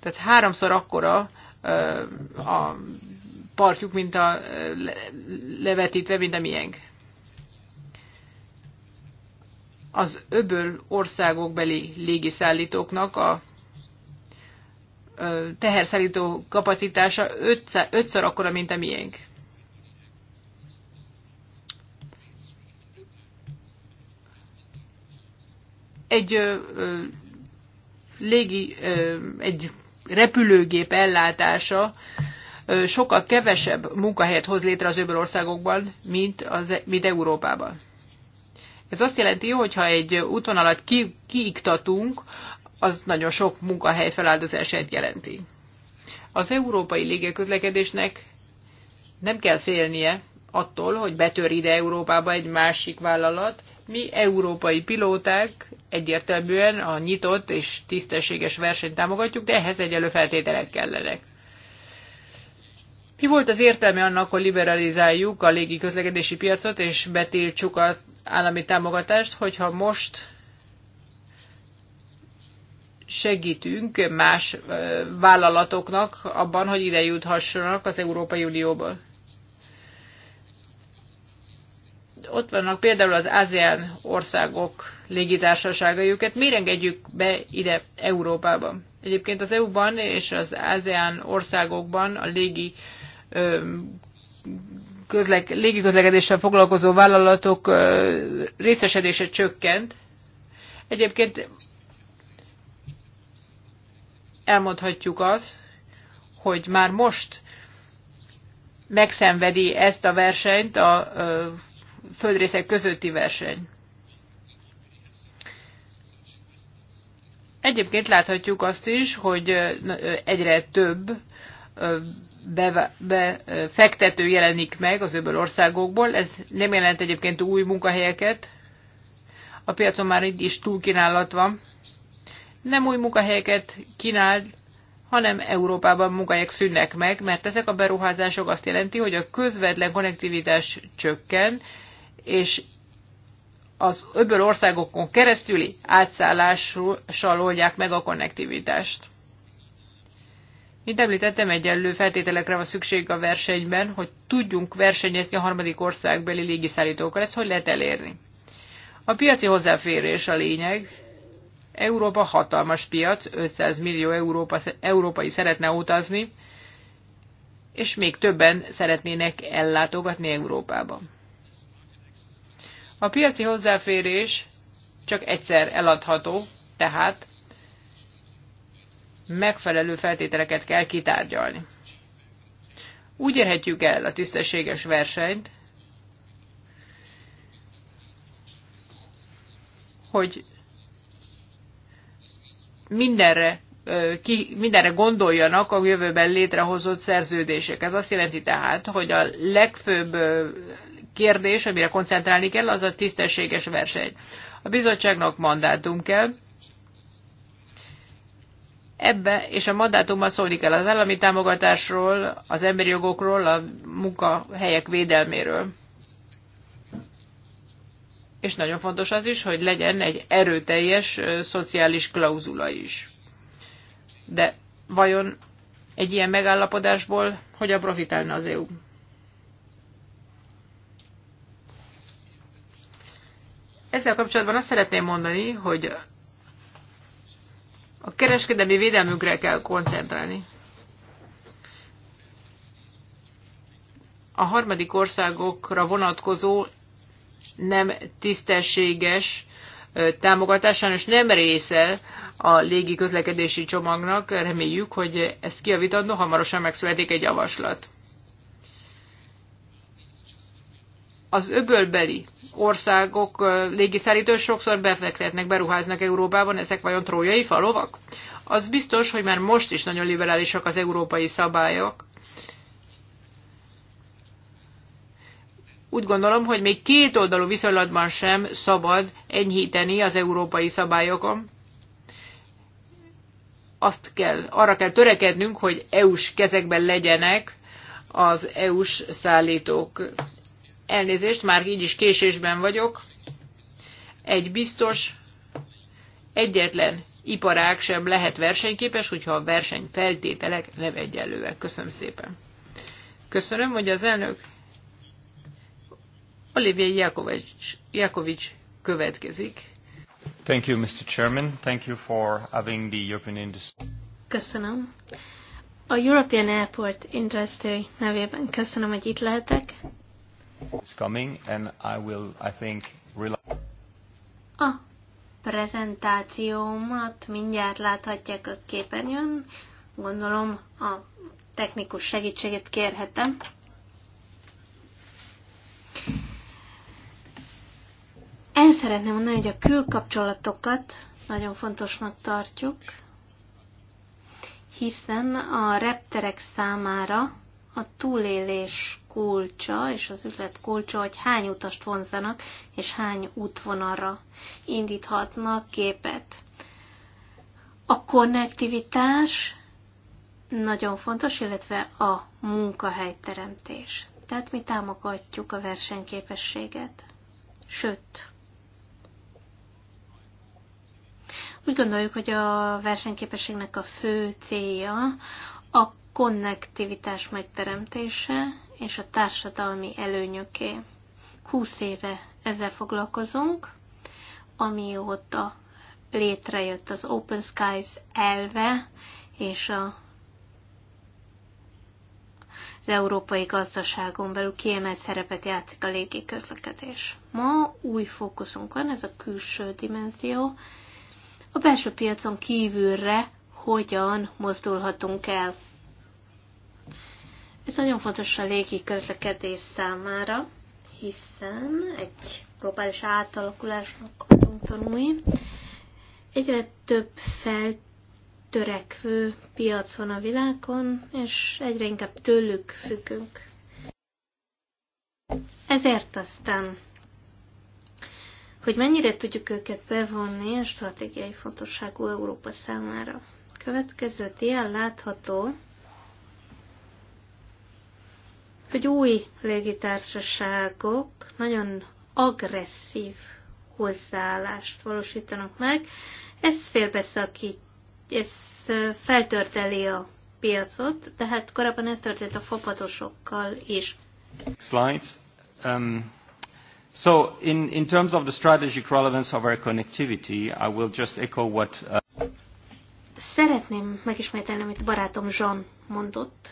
Tehát háromszor akkora a parkjuk, mint a levetítve, mint a miénk. Az öböl országokbeli légiszállítóknak a teherszállító kapacitása ötször akkora, mint a miénk. egy ö, ö, légi, ö, egy repülőgép ellátása ö, sokkal kevesebb munkahelyet hoz létre az öböl országokban, mint, az, mint Európában. Ez azt jelenti, hogy ha egy útvonalat ki, kiiktatunk, az nagyon sok munkahely feláldozását jelenti. Az európai légiközlekedésnek nem kell félnie attól, hogy betör ide Európába egy másik vállalat, mi európai pilóták egyértelműen a nyitott és tisztességes versenyt támogatjuk, de ehhez egyelő feltételek kellenek. Mi volt az értelme annak, hogy liberalizáljuk a légi közlekedési piacot és betiltsuk az állami támogatást, hogyha most segítünk más vállalatoknak abban, hogy ide juthassanak az Európai Unióba? ott vannak például az ASEAN országok légitársaságai, őket miért engedjük be ide Európába? Egyébként az EU-ban és az ASEAN országokban a légi közlek, közlekedéssel foglalkozó vállalatok részesedése csökkent. Egyébként elmondhatjuk azt, hogy már most megszenvedi ezt a versenyt a földrészek közötti verseny. Egyébként láthatjuk azt is, hogy egyre több befektető jelenik meg az öböl országokból. Ez nem jelent egyébként új munkahelyeket. A piacon már itt is túlkínálat van. Nem új munkahelyeket kínál, hanem Európában munkahelyek szűnnek meg, mert ezek a beruházások azt jelenti, hogy a közvetlen konnektivitás csökken, és az öböl országokon keresztüli átszállással oldják meg a konnektivitást. Mint említettem, egyenlő feltételekre van szükség a versenyben, hogy tudjunk versenyezni a harmadik országbeli légiszállítókkal. Ezt hogy lehet elérni? A piaci hozzáférés a lényeg. Európa hatalmas piac, 500 millió Európa, európai szeretne utazni, és még többen szeretnének ellátogatni Európában. A piaci hozzáférés csak egyszer eladható, tehát megfelelő feltételeket kell kitárgyalni. Úgy érhetjük el a tisztességes versenyt, hogy mindenre, ki, mindenre gondoljanak a jövőben létrehozott szerződések. Ez azt jelenti tehát, hogy a legfőbb kérdés, amire koncentrálni kell, az a tisztességes verseny. A bizottságnak mandátum kell, Ebbe és a mandátumban szólni kell az állami támogatásról, az emberi jogokról, a munkahelyek védelméről. És nagyon fontos az is, hogy legyen egy erőteljes szociális klauzula is. De vajon egy ilyen megállapodásból hogyan profitálna az EU? Ezzel kapcsolatban azt szeretném mondani, hogy a kereskedelmi védelmünkre kell koncentrálni. A harmadik országokra vonatkozó nem tisztességes támogatásán, és nem része a légi közlekedési csomagnak. Reméljük, hogy ezt kiavítandó, hamarosan megszületik egy javaslat. az öbölbeli országok légiszállító sokszor befektetnek, beruháznak Európában, ezek vajon trójai falovak? Az biztos, hogy már most is nagyon liberálisak az európai szabályok. Úgy gondolom, hogy még két oldalú viszonylatban sem szabad enyhíteni az európai szabályokon. Azt kell, arra kell törekednünk, hogy EU-s kezekben legyenek az EU-s szállítók. Elnézést, már így is késésben vagyok. Egy biztos, egyetlen iparág sem lehet versenyképes, hogyha a verseny nem egyenlőek. Köszönöm szépen. Köszönöm, hogy az elnök Olivier Jakovics, Jakovics következik. Thank you, Mr. Chairman. Thank you for having the European Industry. Köszönöm. A European Airport Industry nevében köszönöm, hogy itt lehetek. A prezentációmat mindjárt láthatják a képernyőn. Gondolom a technikus segítséget kérhetem. El szeretném mondani, hogy a külkapcsolatokat nagyon fontosnak tartjuk, hiszen a repterek számára a túlélés kulcsa és az üzlet kulcsa, hogy hány utast vonzanak, és hány útvonalra indíthatnak képet. A konnektivitás nagyon fontos, illetve a munkahelyteremtés. Tehát mi támogatjuk a versenyképességet. Sőt, úgy gondoljuk, hogy a versenyképességnek a fő célja a konnektivitás megteremtése és a társadalmi előnyöké. Húsz éve ezzel foglalkozunk, amióta létrejött az Open Skies elve és a az európai gazdaságon belül kiemelt szerepet játszik a légi közlekedés. Ma új fókuszunk van, ez a külső dimenzió. A belső piacon kívülre hogyan mozdulhatunk el. Ez nagyon fontos a légi közlekedés számára, hiszen egy globális átalakulásnak adunk tanulni. Egyre több feltörekvő piac van a világon, és egyre inkább tőlük függünk. Ezért aztán, hogy mennyire tudjuk őket bevonni a stratégiai fontosságú Európa számára. Következő dián látható, hogy új légitársaságok nagyon agresszív hozzáállást valósítanak meg. Ez félbeszakít, ez feltörteli a piacot, de hát korábban ez történt a fapadosokkal is. Slides. Um, so in, in terms of the strategic relevance of our connectivity, I will just echo what... Uh... Szeretném megismételni, amit barátom Jean mondott,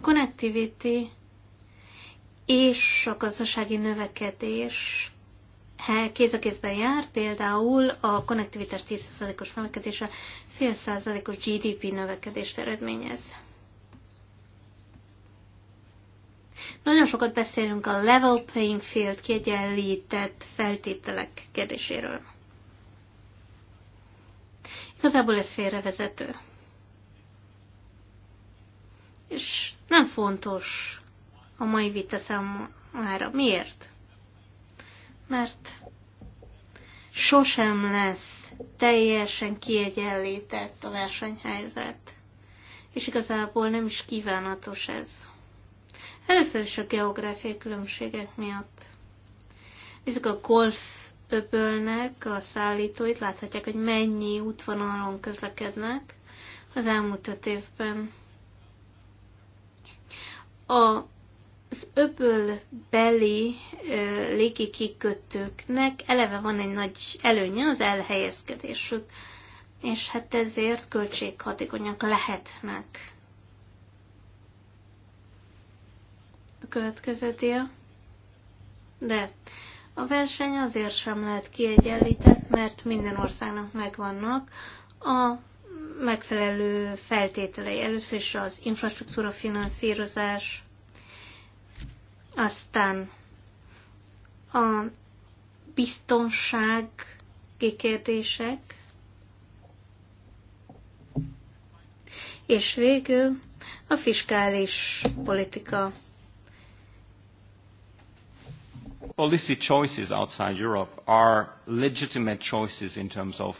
connectivity és a gazdasági növekedés kéz a kézben jár, például a konnektivitás 10%-os növekedése fél százalékos GDP növekedést eredményez. Nagyon sokat beszélünk a level playing field kiegyenlített feltételek kérdéséről. Igazából ez félrevezető. nem fontos a mai vita számára. Miért? Mert sosem lesz teljesen kiegyenlített a versenyhelyzet. És igazából nem is kívánatos ez. Először is a geográfiai különbségek miatt. Nézzük a golf öbölnek a szállítóit, láthatják, hogy mennyi útvonalon közlekednek az elmúlt öt évben. A az beli légi kikötőknek eleve van egy nagy előnye az elhelyezkedésük, és hát ezért költséghatékonyak lehetnek. A következő dia. De a verseny azért sem lehet kiegyenlített, mert minden országnak megvannak a megfelelő feltételei. Először is az infrastruktúra finanszírozás, aztán a biztonság kérdések, és végül a fiskális politika. Policy choices outside Europe are legitimate choices in terms of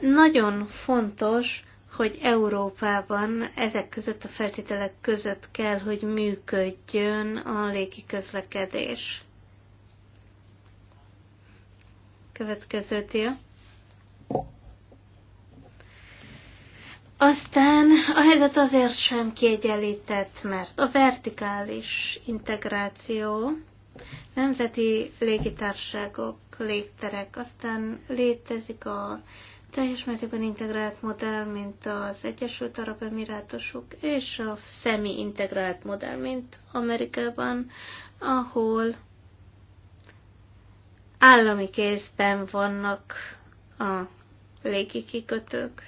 nagyon fontos, hogy Európában ezek között a feltételek között kell, hogy működjön a légi közlekedés. Következő tia. Aztán a helyzet azért sem kiegyenlített, mert a vertikális integráció, nemzeti légitárságok, légterek, aztán létezik a teljes mértékben integrált modell, mint az Egyesült Arab Emirátusok, és a szemi-integrált modell, mint Amerikában, ahol állami kézben vannak a légi kikötők.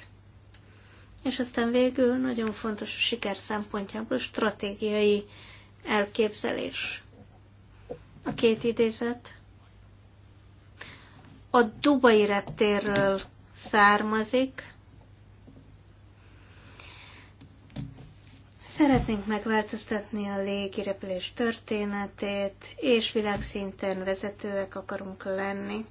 És aztán végül nagyon fontos a siker szempontjából a stratégiai elképzelés. A két idézet. A Dubai reptérről származik. Szeretnénk megváltoztatni a légirepülés történetét, és világszinten vezetőek akarunk lenni,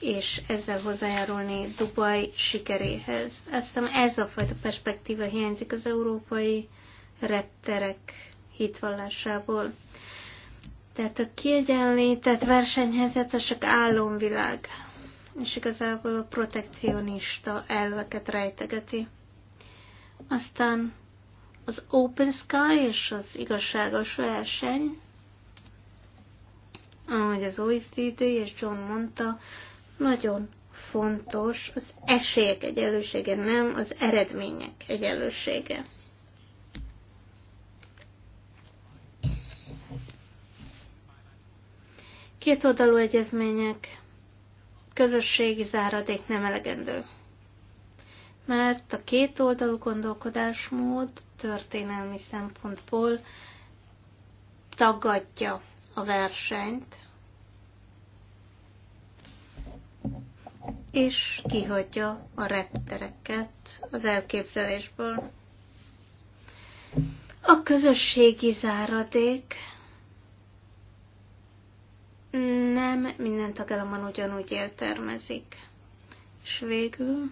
és ezzel hozzájárulni Dubaj sikeréhez. Azt hiszem ez a fajta perspektíva hiányzik az európai repterek hitvallásából. Tehát a kiegyenlített versenyhelyzet a csak álomvilág és igazából a protekcionista elveket rejtegeti. Aztán az Open Sky és az igazságos verseny, ahogy az OECD és John mondta, nagyon fontos az esélyek egyenlősége, nem az eredmények egyenlősége. Két oldalú egyezmények közösségi záradék nem elegendő. Mert a két oldalú gondolkodásmód történelmi szempontból tagadja a versenyt, és kihagyja a reptereket az elképzelésből. A közösségi záradék nem minden tagállamban ugyanúgy értelmezik. És végül,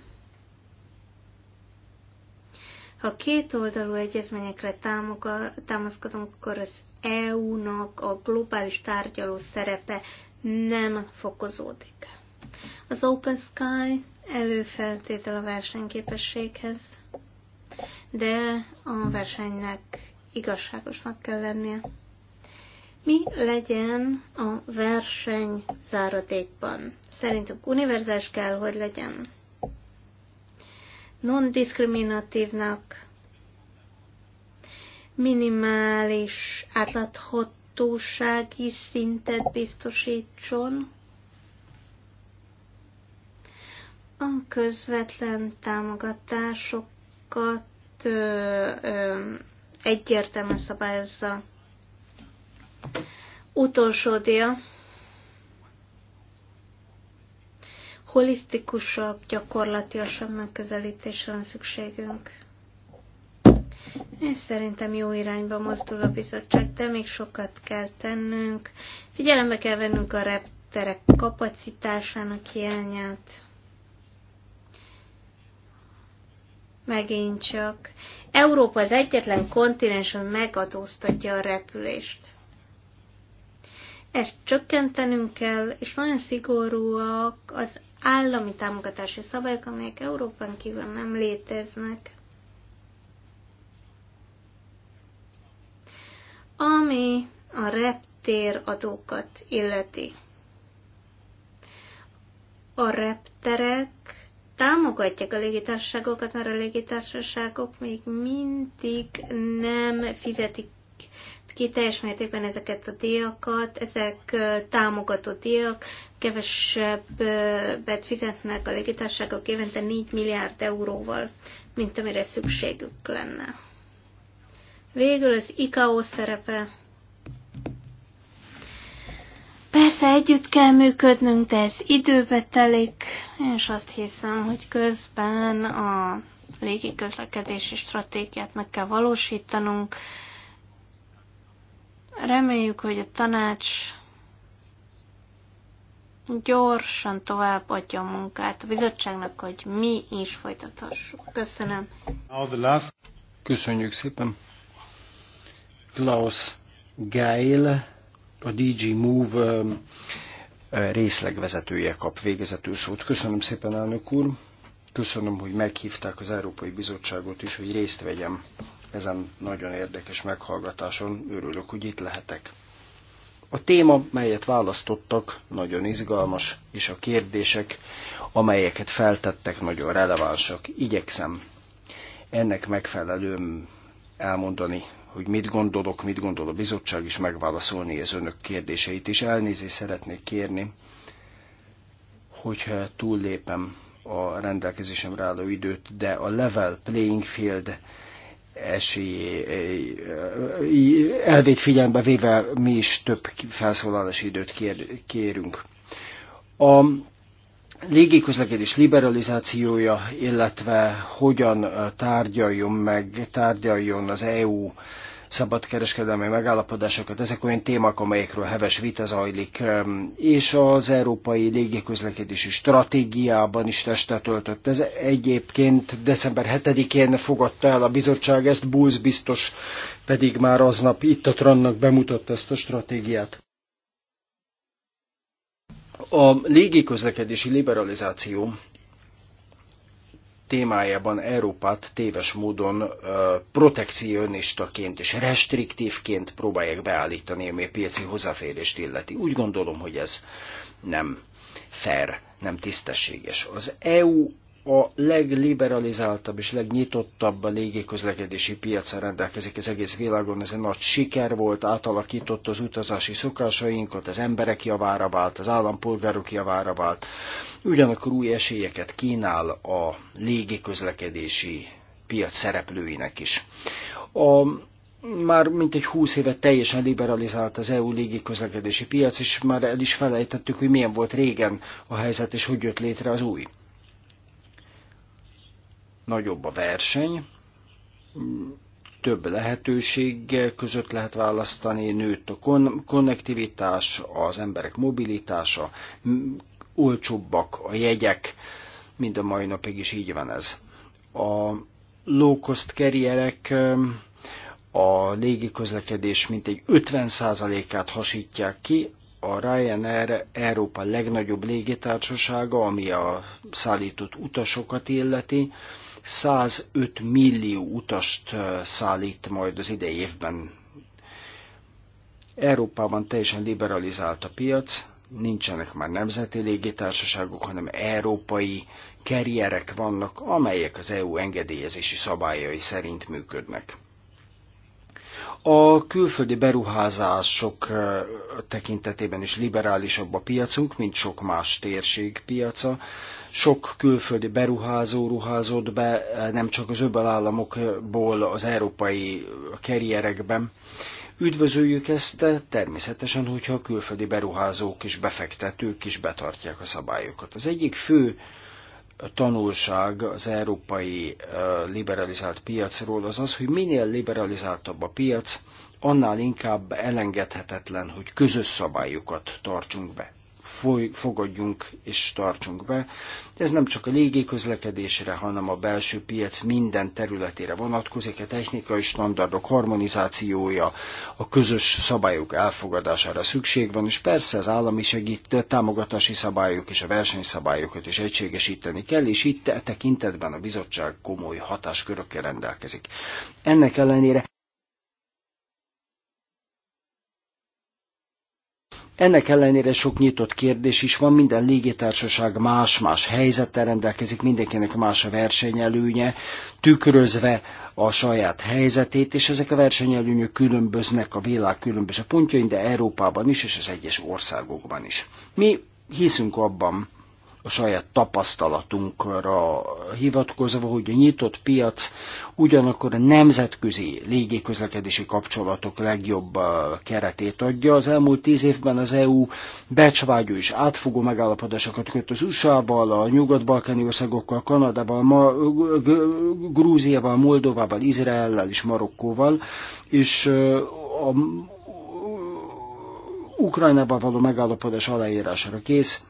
ha két oldalú egyezményekre támaszkodunk, akkor az EU-nak a globális tárgyaló szerepe nem fokozódik. Az Open Sky előfeltétel a versenyképességhez, de a versenynek igazságosnak kell lennie. Mi legyen a verseny záradékban? Szerintünk univerzális kell, hogy legyen. non diskriminatívnak minimális átláthatósági szintet biztosítson, a közvetlen támogatásokat ö, ö, egyértelműen szabályozza utolsó dia. Holisztikusabb, gyakorlatilag megközelítésre van szükségünk. És szerintem jó irányba mozdul a bizottság, de még sokat kell tennünk. Figyelembe kell vennünk a repterek kapacitásának hiányát. Megint csak. Európa az egyetlen kontinens, ami megadóztatja a repülést. Ezt csökkentenünk kell, és nagyon szigorúak az állami támogatási szabályok, amelyek Európán kívül nem léteznek. Ami a reptéradókat illeti. A repterek támogatják a légitársaságokat, mert a légitársaságok még mindig nem fizetik ki teljes mértékben ezeket a díjakat. Ezek támogató díjak, kevesebbet fizetnek a légitársaságok évente 4 milliárd euróval, mint amire szükségük lenne. Végül az ICAO szerepe. Persze együtt kell működnünk, de ez időbe telik, és azt hiszem, hogy közben a légiközlekedési stratégiát meg kell valósítanunk, Reméljük, hogy a tanács gyorsan továbbadja a munkát a bizottságnak, hogy mi is folytathassuk. Köszönöm. Köszönjük szépen. Klaus Geil, a DG Move um, részlegvezetője kap végezető szót. Köszönöm szépen, elnök úr. Köszönöm, hogy meghívták az Európai Bizottságot is, hogy részt vegyem ezen nagyon érdekes meghallgatáson. Örülök, hogy itt lehetek. A téma, melyet választottak, nagyon izgalmas, és a kérdések, amelyeket feltettek, nagyon relevánsak. Igyekszem ennek megfelelően elmondani, hogy mit gondolok, mit gondol a bizottság, és megválaszolni az önök kérdéseit is. Elnézést szeretnék kérni, hogyha túllépem a rendelkezésemre álló időt, de a level playing field Eh, elvét figyelembe véve mi is több felszólalási időt kér, kérünk. A légiközlekedés liberalizációja, illetve hogyan eh, tárgyaljon meg, tárgyaljon az EU szabadkereskedelmi megállapodásokat, ezek olyan témák, amelyekről heves vita zajlik, és az európai légiközlekedési stratégiában is testet töltött. Ez egyébként december 7-én fogadta el a bizottság ezt, Bulls biztos pedig már aznap itt a Trannak bemutatta ezt a stratégiát. A légiközlekedési liberalizáció témájában Európát téves módon protekcionistaként és restriktívként próbálják beállítani, ami a piaci hozzáférést illeti. Úgy gondolom, hogy ez nem fair, nem tisztességes. Az EU a legliberalizáltabb és legnyitottabb a légiközlekedési piacra rendelkezik az egész világon. Ez egy nagy siker volt, átalakított az utazási szokásainkat, az emberek javára vált, az állampolgárok javára vált. Ugyanakkor új esélyeket kínál a légiközlekedési piac szereplőinek is. A már mintegy 20 éve teljesen liberalizált az EU légiközlekedési piac, és már el is felejtettük, hogy milyen volt régen a helyzet, és hogy jött létre az új nagyobb a verseny, több lehetőség között lehet választani, nőtt a kon- konnektivitás, az emberek mobilitása, olcsóbbak a jegyek, mind a mai napig is így van ez. A low-cost carrierek a légiközlekedés mintegy 50%-át hasítják ki, a Ryanair Európa legnagyobb légitársasága, ami a szállított utasokat illeti, 105 millió utast szállít majd az idei évben. Európában teljesen liberalizált a piac, nincsenek már nemzeti légitársaságok, hanem európai kerjerek vannak, amelyek az EU engedélyezési szabályai szerint működnek. A külföldi beruházások tekintetében is liberálisabb a piacunk, mint sok más térség piaca, sok külföldi beruházó ruházott be, eh, nem csak az öböl államokból az európai karrierekben. Üdvözöljük ezt, eh, természetesen, hogyha a külföldi beruházók és befektetők is betartják a szabályokat. Az egyik fő eh, tanulság az európai liberalizált piacról az az, hogy minél liberalizáltabb a piac, annál inkább elengedhetetlen, hogy közös szabályokat tartsunk be foly, fogadjunk és tartsunk be. Ez nem csak a légiközlekedésre, hanem a belső piac minden területére vonatkozik, a technikai standardok harmonizációja, a közös szabályok elfogadására szükség van, és persze az állami segít, támogatási szabályok és a versenyszabályokat is egységesíteni kell, és itt e tekintetben a bizottság komoly hatáskörökkel rendelkezik. Ennek ellenére Ennek ellenére sok nyitott kérdés is van, minden légitársaság más-más helyzettel rendelkezik, mindenkinek más a versenyelőnye, tükrözve a saját helyzetét, és ezek a versenyelőnyök különböznek a világ különböző pontjain, de Európában is, és az egyes országokban is. Mi hiszünk abban, a saját tapasztalatunkra hivatkozva, hogy a nyitott piac ugyanakkor a nemzetközi légiközlekedési kapcsolatok legjobb uh, keretét adja. Az elmúlt tíz évben az EU becsvágyó és átfogó megállapodásokat köt az USA-val, a nyugat-balkáni országokkal, Kanadával, Ma- Grúziával, Moldovával, Izraellel és Marokkóval, és uh, a Ukrajnában való megállapodás aláírására kész,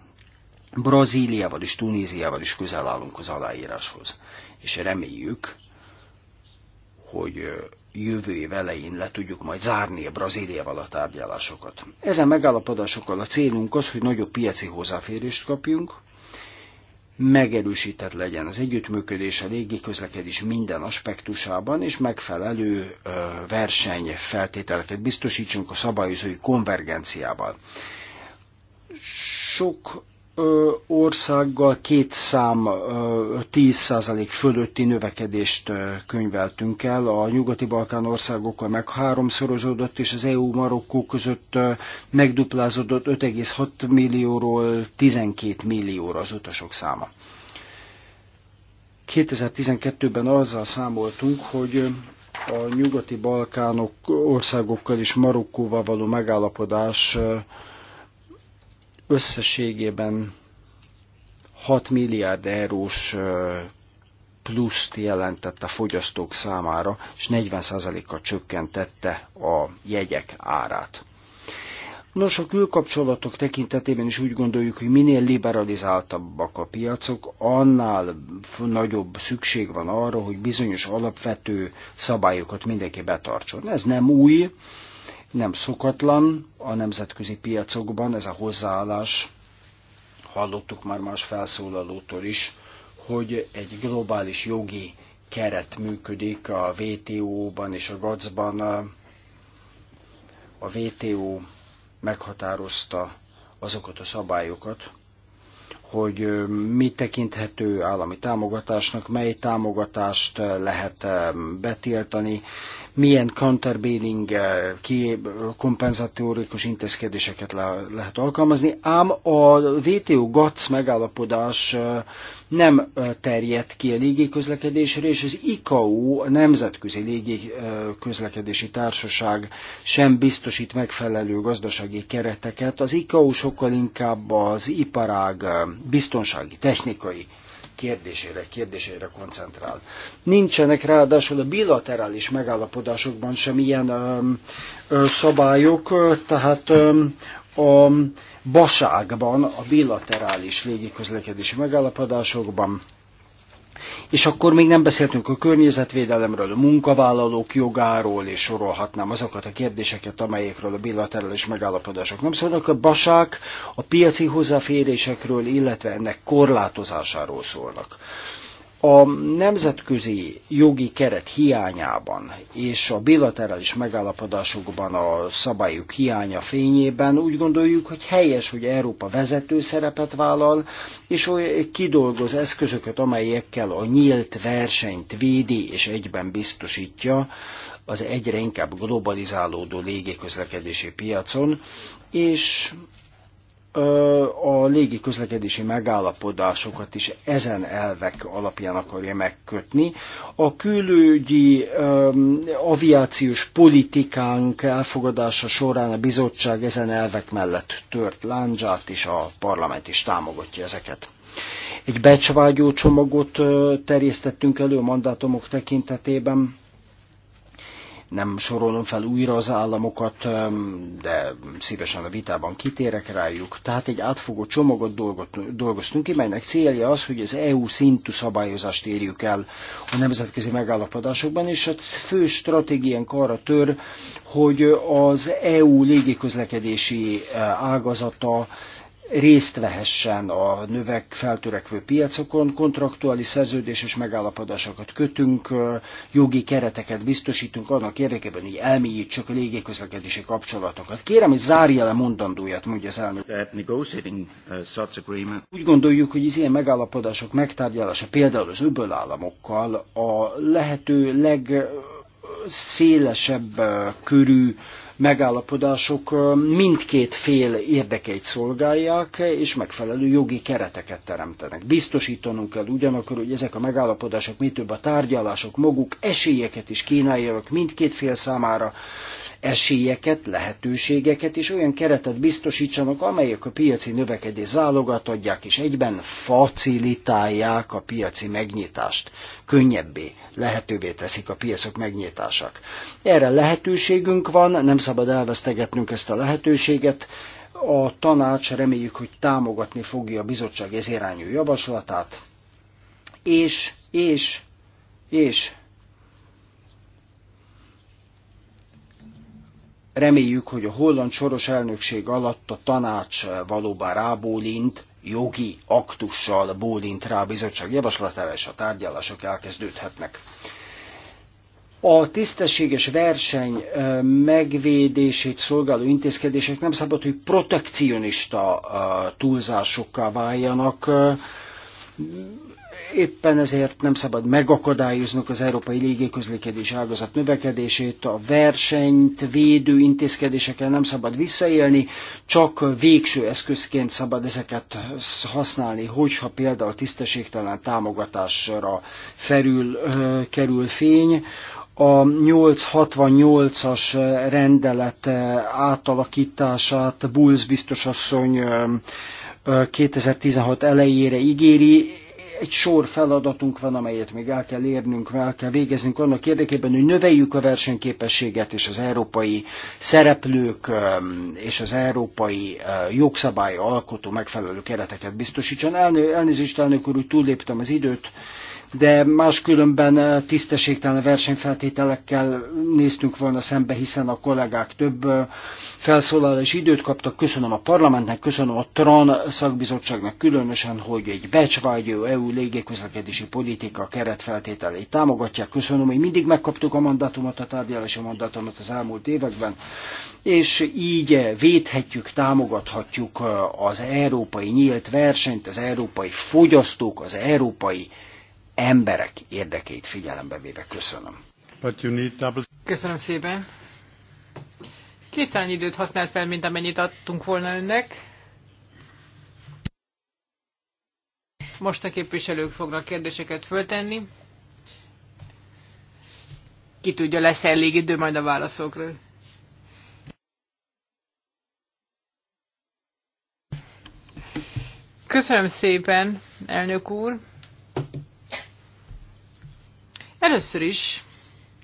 Brazíliával és Tunéziával is közel állunk az aláíráshoz. És reméljük, hogy jövő év elején le tudjuk majd zárni a Brazíliával a tárgyalásokat. Ezen megállapodásokkal a célunk az, hogy nagyobb piaci hozzáférést kapjunk, megerősített legyen az együttműködés a légiközlekedés minden aspektusában, és megfelelő versenyfeltételeket biztosítsunk a szabályozói konvergenciával. Sok országgal két szám 10% fölötti növekedést könyveltünk el. A nyugati-balkán országokkal meg háromszorozódott, és az EU-Marokkó között megduplázódott 5,6 millióról 12 millióra az utasok száma. 2012-ben azzal számoltunk, hogy a nyugati-balkánok országokkal és Marokkóval való megállapodás Összességében 6 milliárd eurós pluszt jelentett a fogyasztók számára, és 40%-kal csökkentette a jegyek árát. Nos, a külkapcsolatok tekintetében is úgy gondoljuk, hogy minél liberalizáltabbak a piacok, annál nagyobb szükség van arra, hogy bizonyos alapvető szabályokat mindenki betartson. Ez nem új, nem szokatlan a nemzetközi piacokban ez a hozzáállás, hallottuk már más felszólalótól is, hogy egy globális jogi keret működik a WTO-ban és a GATS-ban. A WTO meghatározta azokat a szabályokat, hogy mi tekinthető állami támogatásnak, mely támogatást lehet betiltani, milyen counterbailing eh, kompenzatórikus intézkedéseket le, lehet alkalmazni, ám a WTO GATS megállapodás eh, nem eh, terjed ki a légiközlekedésre, és az ICAO, a Nemzetközi Légiközlekedési Társaság sem biztosít megfelelő gazdasági kereteket. Az ICAO sokkal inkább az iparág biztonsági, technikai kérdésére, kérdésére koncentrál. Nincsenek ráadásul a bilaterális megállapodásokban sem ilyen ö, ö, szabályok, tehát ö, a baságban, a bilaterális légiközlekedési megállapodásokban és akkor még nem beszéltünk a környezetvédelemről, a munkavállalók jogáról, és sorolhatnám azokat a kérdéseket, amelyekről a bilaterális megállapodások nem szólnak. A basák a piaci hozzáférésekről, illetve ennek korlátozásáról szólnak. A nemzetközi jogi keret hiányában és a bilaterális megállapodásokban a szabályok hiánya fényében úgy gondoljuk, hogy helyes, hogy Európa vezető szerepet vállal, és hogy kidolgoz eszközöket, amelyekkel a nyílt versenyt védi és egyben biztosítja az egyre inkább globalizálódó légiközlekedési piacon, és a légi közlekedési megállapodásokat is ezen elvek alapján akarja megkötni. A külügyi um, aviációs politikánk elfogadása során a bizottság ezen elvek mellett tört láncsát, és a parlament is támogatja ezeket. Egy becsvágyó csomagot terjesztettünk elő a mandátumok tekintetében nem sorolom fel újra az államokat, de szívesen a vitában kitérek rájuk. Tehát egy átfogó csomagot dolgoztunk ki, melynek célja az, hogy az EU szintű szabályozást érjük el a nemzetközi megállapodásokban, és a fő stratégiánk arra tör, hogy az EU légiközlekedési ágazata részt vehessen a növek feltörekvő piacokon, kontraktuális szerződéses megállapodásokat kötünk, jogi kereteket biztosítunk annak érdekében, hogy elmélyítsük a légiközlekedési kapcsolatokat. Kérem, hogy zárja le mondandóját, mondja az elnök. Uh, Úgy gondoljuk, hogy az ilyen megállapodások megtárgyalása például az öböl államokkal a lehető legszélesebb körű megállapodások mindkét fél érdekeit szolgálják, és megfelelő jogi kereteket teremtenek. Biztosítanunk kell ugyanakkor, hogy ezek a megállapodások, mi több a tárgyalások maguk esélyeket is kínáljanak mindkét fél számára, esélyeket, lehetőségeket és olyan keretet biztosítsanak, amelyek a piaci növekedés zálogat adják, és egyben facilitálják a piaci megnyitást. Könnyebbé, lehetővé teszik a piacok megnyitását. Erre lehetőségünk van, nem szabad elvesztegetnünk ezt a lehetőséget, a tanács reméljük, hogy támogatni fogja a bizottság ez irányú javaslatát, és, és, és Reméljük, hogy a holland soros elnökség alatt a tanács valóban rábólint, jogi aktussal bólint rá a bizottság javaslatára, és a tárgyalások elkezdődhetnek. A tisztességes verseny megvédését szolgáló intézkedések nem szabad, hogy protekcionista túlzásokká váljanak éppen ezért nem szabad megakadályoznunk az európai légiközlekedés ágazat növekedését, a versenyt védő intézkedésekkel nem szabad visszaélni, csak végső eszközként szabad ezeket használni, hogyha például tisztességtelen támogatásra felül, kerül fény, a 868-as rendelet átalakítását Bulls biztosasszony 2016 elejére ígéri, egy sor feladatunk van, amelyet még el kell érnünk, el kell végeznünk annak érdekében, hogy növeljük a versenyképességet és az európai szereplők és az európai jogszabály alkotó megfelelő kereteket biztosítson. Elnézést, elnök úr, hogy túlléptem az időt, de máskülönben eh, tisztességtelen versenyfeltételekkel néztünk volna szembe, hiszen a kollégák több eh, felszólalás időt kaptak. Köszönöm a parlamentnek, köszönöm a TRAN szakbizottságnak különösen, hogy egy becsvágyó EU légiközlekedési politika keretfeltételeit támogatják. Köszönöm, hogy mindig megkaptuk a mandátumot, a tárgyalási mandátumot az elmúlt években, és így eh, védhetjük, támogathatjuk az európai nyílt versenyt, az európai fogyasztók, az európai emberek érdekeit figyelembe véve. Köszönöm. Köszönöm szépen. Kétszer annyi időt használt fel, mint amennyit adtunk volna önnek. Most a képviselők fognak kérdéseket föltenni. Ki tudja, lesz -e elég idő majd a válaszokról. Köszönöm szépen, elnök úr. Először is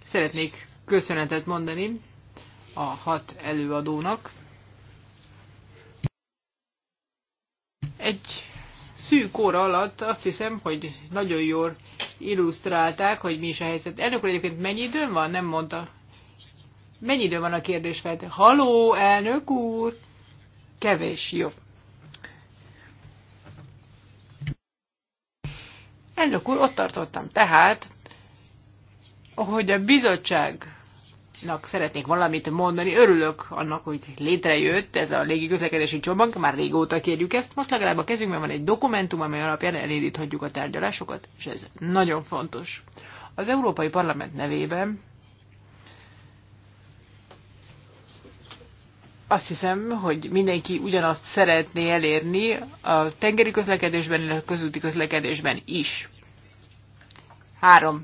szeretnék köszönetet mondani a hat előadónak. Egy szűk óra alatt azt hiszem, hogy nagyon jól illusztrálták, hogy mi is a helyzet. Elnök úr, egyébként mennyi időn van? Nem mondta. Mennyi idő van a kérdés felté? Haló, elnök úr! Kevés, jó. Elnök úr, ott tartottam. Tehát hogy a bizottságnak szeretnék valamit mondani. Örülök annak, hogy létrejött ez a közlekedési csomag, már régóta kérjük ezt. Most legalább a kezünkben van egy dokumentum, amely alapján elindíthatjuk a tárgyalásokat, és ez nagyon fontos. Az Európai Parlament nevében azt hiszem, hogy mindenki ugyanazt szeretné elérni a tengeri közlekedésben, illetve a közúti közlekedésben is. Három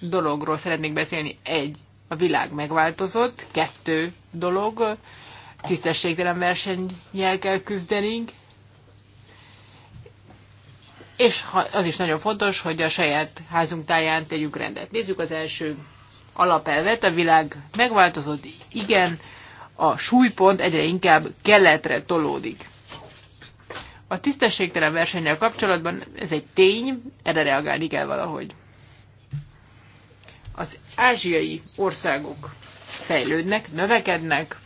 dologról szeretnék beszélni. Egy, a világ megváltozott, kettő dolog, tisztességtelen versenyjel kell küzdenünk, és az is nagyon fontos, hogy a saját házunk táján tegyük rendet. Nézzük az első alapelvet, a világ megváltozott, igen, a súlypont egyre inkább keletre tolódik. A tisztességtelen versennyel kapcsolatban ez egy tény, erre reagálni kell valahogy. Az ázsiai országok fejlődnek, növekednek,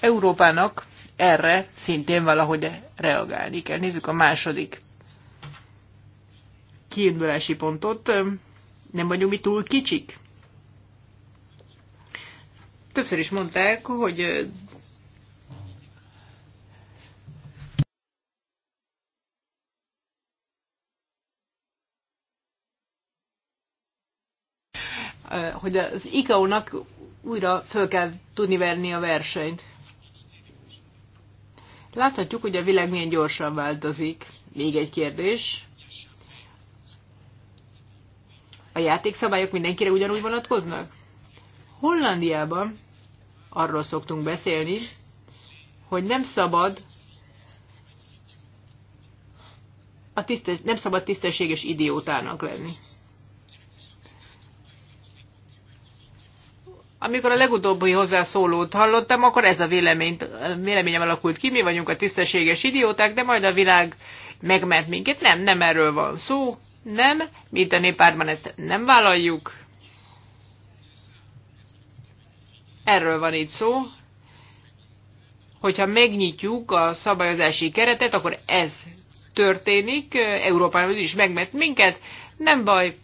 Európának erre szintén valahogy reagálni kell. Nézzük a második kiindulási pontot. Nem vagyunk mi túl kicsik? Többször is mondták, hogy hogy az ICAO-nak újra föl kell tudni verni a versenyt. Láthatjuk, hogy a világ milyen gyorsan változik. Még egy kérdés. A játékszabályok mindenkire ugyanúgy vonatkoznak? Hollandiában arról szoktunk beszélni, hogy nem szabad a tisztes, nem szabad tisztességes idiótának lenni. Amikor a legutóbbi hozzászólót hallottam, akkor ez a véleményt, véleményem alakult ki, mi vagyunk a tisztességes idióták, de majd a világ megment minket. Nem, nem erről van szó, nem, mi itt a néppárban ezt nem vállaljuk. Erről van itt szó. Hogyha megnyitjuk a szabályozási keretet, akkor ez történik. Európában is megment minket. Nem baj,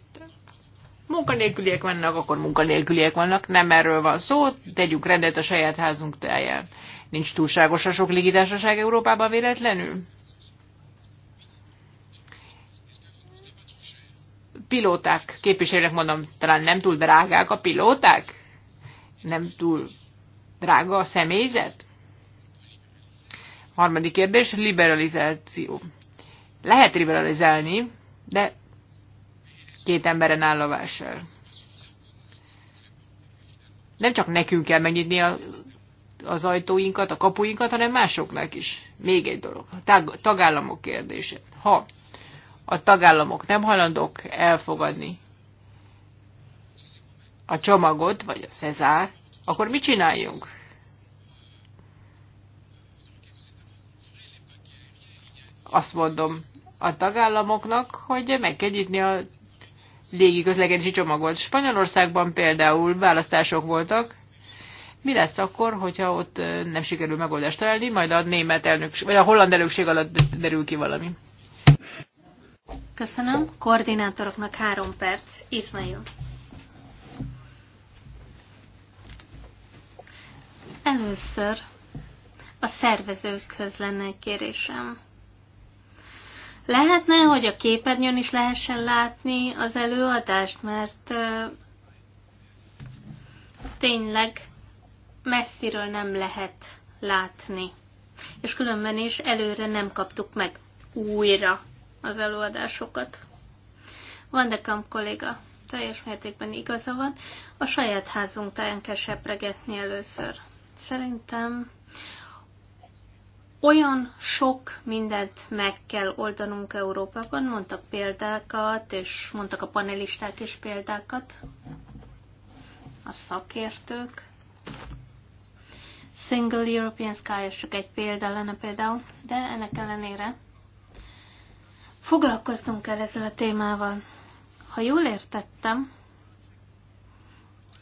munkanélküliek vannak, akkor munkanélküliek vannak, nem erről van szó, tegyük rendet a saját házunk teljel. Nincs túlságosan sok légitársaság Európában véletlenül? Pilóták, képviselőnek mondom, talán nem túl drágák a pilóták? Nem túl drága a személyzet? Harmadik kérdés, liberalizáció. Lehet liberalizálni, de két emberen áll a vásár. Nem csak nekünk kell megnyitni a, az ajtóinkat, a kapuinkat, hanem másoknak is. Még egy dolog, a tag, tagállamok kérdése. Ha a tagállamok nem hajlandók elfogadni a csomagot, vagy a szezár, akkor mit csináljunk? Azt mondom a tagállamoknak, hogy meg kell nyitni a légi közlekedési csomagot. Spanyolországban például választások voltak, mi lesz akkor, hogyha ott nem sikerül megoldást találni, majd a német elnökség, vagy a holland elnökség alatt derül ki valami. Köszönöm. Koordinátoroknak három perc. Izmail. Először a szervezőkhöz lenne egy kérésem. Lehetne, hogy a képernyőn is lehessen látni az előadást, mert tényleg messziről nem lehet látni. És különben is előre nem kaptuk meg újra az előadásokat. Van de Kamp kolléga, teljes mértékben igaza van, a saját házunk táján kell sepregetni először. Szerintem olyan sok mindent meg kell oldanunk Európában, mondtak példákat, és mondtak a panelisták is példákat, a szakértők. Single European Sky, ez csak egy példa lenne például, de ennek ellenére foglalkoznunk kell ezzel a témával. Ha jól értettem,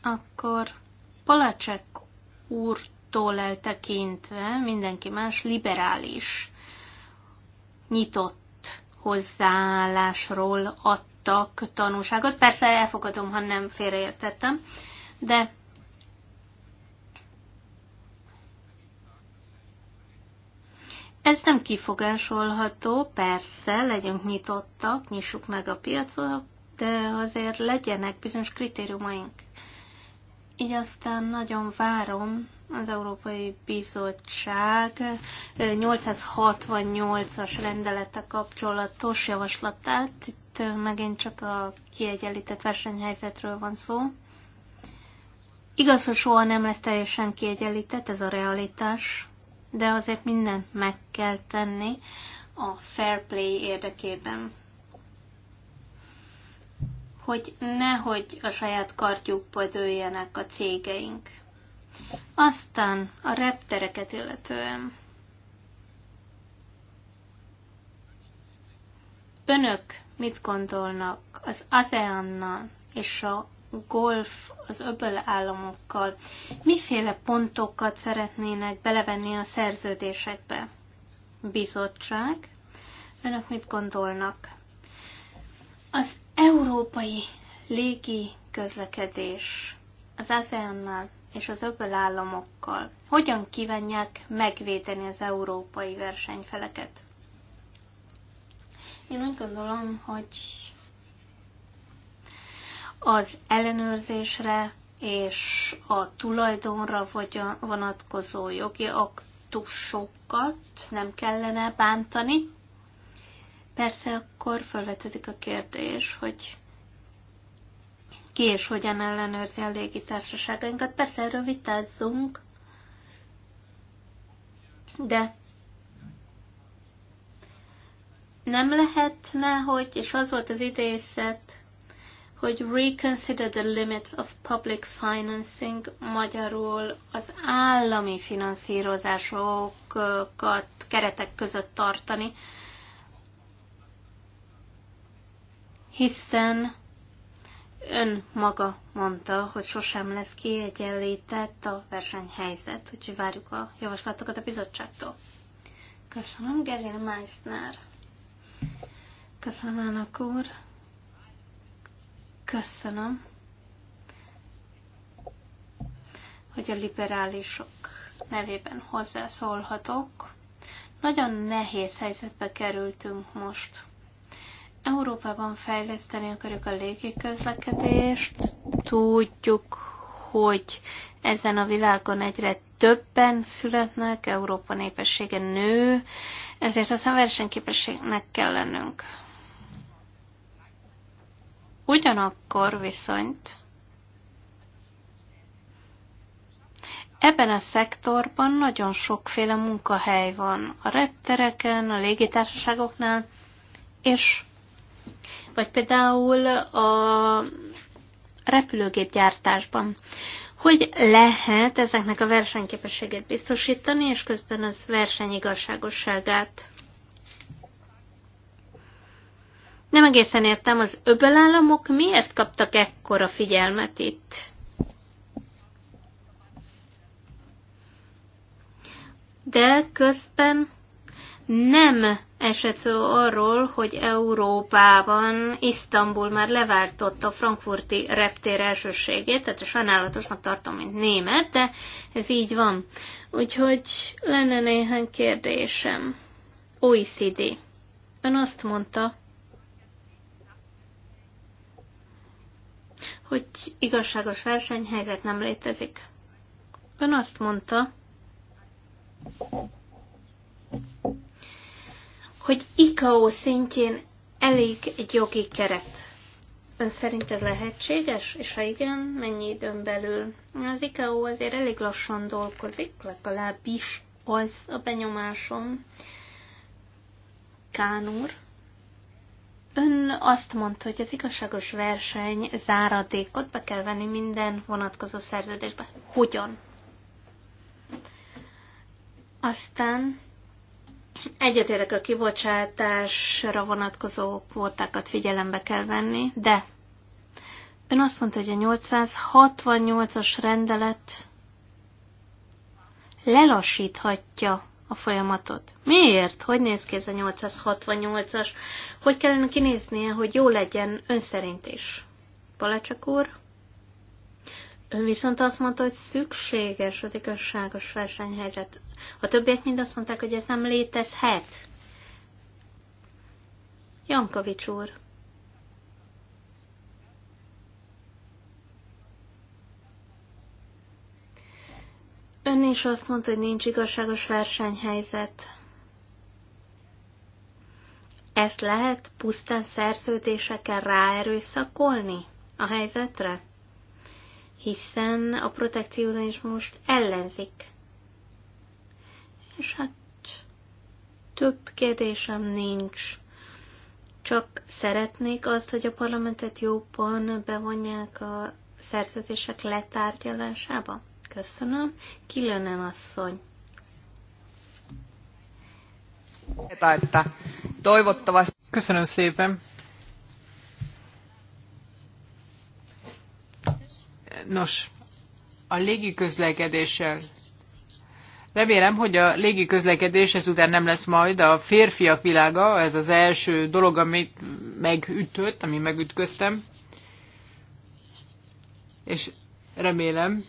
akkor Palacsek úr Trumptól eltekintve mindenki más liberális, nyitott hozzáállásról adtak tanúságot. Persze elfogadom, ha nem félreértettem, de Ez nem kifogásolható, persze, legyünk nyitottak, nyissuk meg a piacot, de azért legyenek bizonyos kritériumaink. Így aztán nagyon várom az Európai Bizottság 868-as rendelete kapcsolatos javaslatát. Itt megint csak a kiegyenlített versenyhelyzetről van szó. Igaz, hogy soha nem lesz teljesen kiegyenlített, ez a realitás, de azért mindent meg kell tenni a fair play érdekében hogy nehogy a saját kartjukba dőljenek a cégeink. Aztán a reptereket illetően. Önök mit gondolnak az ASEAN-nal és a golf az öböl államokkal? Miféle pontokat szeretnének belevenni a szerződésekbe? Bizottság, önök mit gondolnak? Az európai légi közlekedés az ASEAN-nal és az öböl államokkal hogyan kívánják megvédeni az európai versenyfeleket? Én úgy gondolom, hogy az ellenőrzésre és a tulajdonra vonatkozó jogi aktusokat nem kellene bántani, Persze akkor felvetődik a kérdés, hogy ki és hogyan ellenőrzi a légitársaságainkat. Persze erről vitázzunk, de nem lehetne, hogy, és az volt az idézet, hogy reconsider the limits of public financing, magyarul az állami finanszírozásokat keretek között tartani, hiszen ön maga mondta, hogy sosem lesz kiegyenlített a versenyhelyzet, úgyhogy várjuk a javaslatokat a bizottságtól. Köszönöm, Gerin Meissner. Köszönöm, Ának úr. Köszönöm, hogy a liberálisok nevében hozzászólhatok. Nagyon nehéz helyzetbe kerültünk most. Európában fejleszteni akarjuk a közlekedést. Tudjuk, hogy ezen a világon egyre többen születnek, Európa népessége nő, ezért a versenyképességnek kell lennünk. Ugyanakkor viszont Ebben a szektorban nagyon sokféle munkahely van a reptereken, a légitársaságoknál, és vagy például a repülőgépgyártásban. Hogy lehet ezeknek a versenyképességet biztosítani, és közben az versenyigazságosságát? Nem egészen értem, az öbölállamok miért kaptak ekkora figyelmet itt? De közben nem esett szó arról, hogy Európában Isztambul már leváltotta a frankfurti reptér elsőségét, tehát sajnálatosnak tartom, mint német, de ez így van. Úgyhogy lenne néhány kérdésem. OECD. Ön azt mondta, hogy igazságos versenyhelyzet nem létezik. Ön azt mondta, hogy ICAO szintjén elég egy jogi keret. Ön szerint ez lehetséges? És ha igen, mennyi időn belül? Az ICAO azért elég lassan dolgozik, legalábbis az a benyomásom. Kán úr, ön azt mondta, hogy az igazságos verseny záradékot be kell venni minden vonatkozó szerződésbe. Hogyan? Aztán Egyetérek a kibocsátásra vonatkozó kvótákat figyelembe kell venni, de ön azt mondta, hogy a 868-as rendelet lelassíthatja a folyamatot. Miért? Hogy néz ki ez a 868-as? Hogy kellene kinéznie, hogy jó legyen ön szerint is? Palacsak úr? Ön viszont azt mondta, hogy szükséges az igazságos versenyhelyzet. A többiek mind azt mondták, hogy ez nem létezhet. Jankovics úr. Ön is azt mondta, hogy nincs igazságos versenyhelyzet. Ezt lehet pusztán szerződésekkel ráerőszakolni a helyzetre? hiszen a protekcionizmus most ellenzik. És hát több kérdésem nincs. Csak szeretnék azt, hogy a parlamentet jobban bevonják a szerződések letárgyalásába. Köszönöm. Kilönen asszony. Toivottavasti. Köszönöm szépen. Nos, a légiközlekedéssel Remélem, hogy a légiközlekedés ezután nem lesz majd a férfiak világa, ez az első dolog, amit megütött, ami megütköztem. És remélem,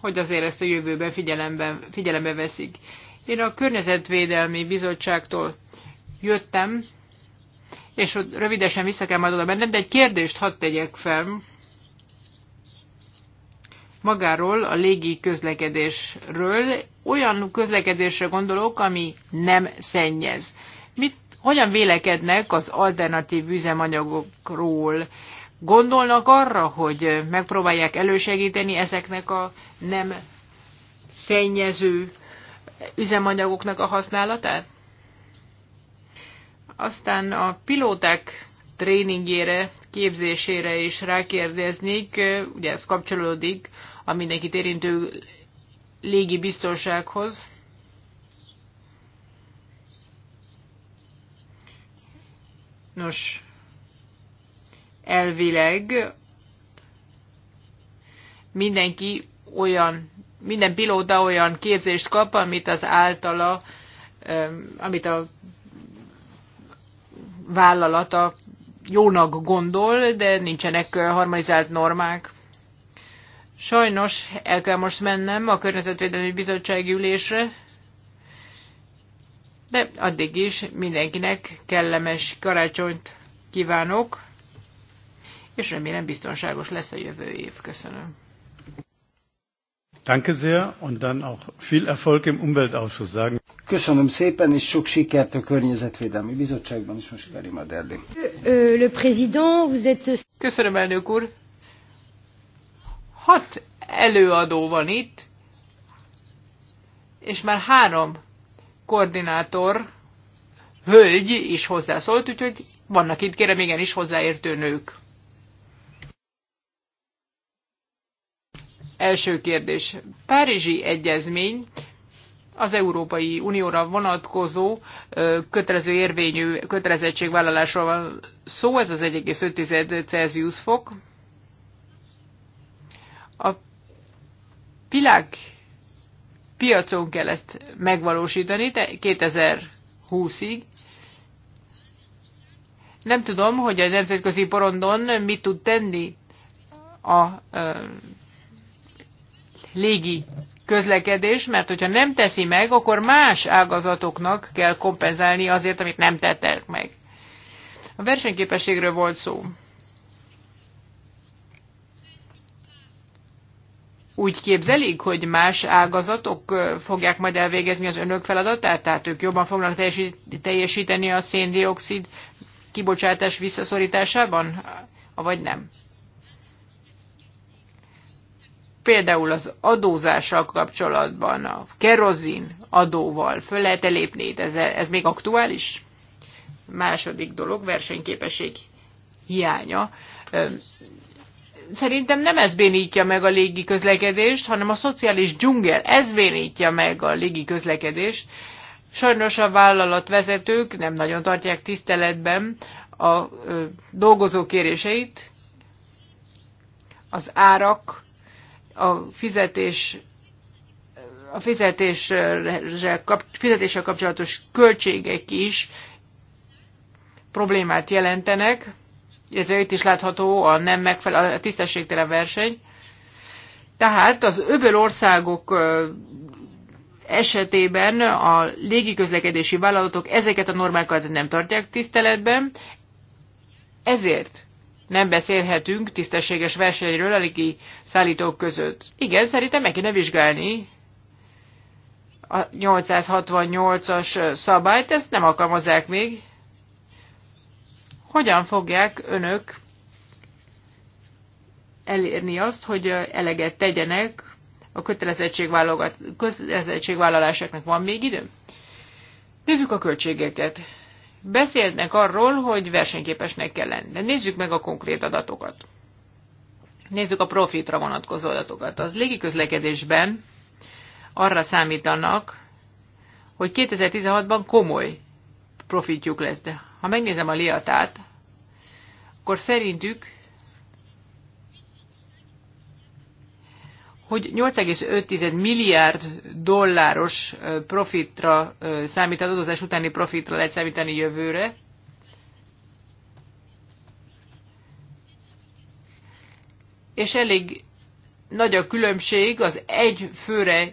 hogy azért ezt a jövőben figyelembe, figyelembe veszik. Én a Környezetvédelmi Bizottságtól jöttem, és ott rövidesen vissza kell majd oda mennem, de egy kérdést hadd tegyek fel magáról, a légi közlekedésről. Olyan közlekedésre gondolok, ami nem szennyez. Mit, hogyan vélekednek az alternatív üzemanyagokról? Gondolnak arra, hogy megpróbálják elősegíteni ezeknek a nem szennyező üzemanyagoknak a használatát? Aztán a pilóták tréningére képzésére is rákérdeznék, ugye ez kapcsolódik a mindenkit érintő légi biztonsághoz. Nos, elvileg mindenki olyan, minden pilóta olyan képzést kap, amit az általa, amit a vállalata jónak gondol, de nincsenek harmonizált normák. Sajnos el kell most mennem a Környezetvédelmi Bizottsági ülésre, de addig is mindenkinek kellemes karácsonyt kívánok, és remélem biztonságos lesz a jövő év. Köszönöm. Danke sehr, und dann auch viel Erfolg im Umweltausschuss sagen. Köszönöm szépen, és sok sikert a Környezetvédelmi Bizottságban is most Karim Aderli. Le président, vous êtes... Köszönöm, elnök úr. Hat előadó van itt, és már három koordinátor hölgy is hozzászólt, úgyhogy vannak itt, kérem, igenis hozzáértő nők. Első kérdés. Párizsi egyezmény az Európai Unióra vonatkozó kötelező érvényű kötelezettségvállalásról van szó, ez az 1,5 Celsius fok. A világ piacon kell ezt megvalósítani 2020-ig. Nem tudom, hogy a nemzetközi porondon mit tud tenni a légi közlekedés, mert hogyha nem teszi meg, akkor más ágazatoknak kell kompenzálni azért, amit nem tettek meg. A versenyképességről volt szó. Úgy képzelik, hogy más ágazatok fogják majd elvégezni az önök feladatát, tehát ők jobban fognak teljesíteni a széndiokszid kibocsátás visszaszorításában, vagy nem? például az adózással kapcsolatban, a kerozin adóval föl lehet elépni, ez, ez még aktuális? Második dolog, versenyképesség hiánya. Szerintem nem ez bénítja meg a légi közlekedést, hanem a szociális dzsungel. Ez bénítja meg a légi közlekedést. Sajnos a vállalatvezetők nem nagyon tartják tiszteletben a dolgozók kéréseit, az árak a fizetés a fizetéssel, fizetéssel kapcsolatos költségek is problémát jelentenek, illetve itt is látható a nem megfelelő, a tisztességtelen verseny. Tehát az öböl országok esetében a légiközlekedési vállalatok ezeket a normákat nem tartják tiszteletben, ezért nem beszélhetünk tisztességes versenyről a szállítók között. Igen, szerintem meg kéne vizsgálni a 868-as szabályt, ezt nem alkalmazzák még. Hogyan fogják önök elérni azt, hogy eleget tegyenek a kötelezettségvállalásoknak? Van még idő? Nézzük a költségeket. Beszélnek arról, hogy versenyképesnek kell lenni. De nézzük meg a konkrét adatokat. Nézzük a profitra vonatkozó adatokat. Az légiközlekedésben arra számítanak, hogy 2016-ban komoly profitjuk lesz. De ha megnézem a liatát, akkor szerintük hogy 8,5 milliárd dolláros profitra számít az adózás utáni profitra lehet számítani jövőre. És elég nagy a különbség az egy főre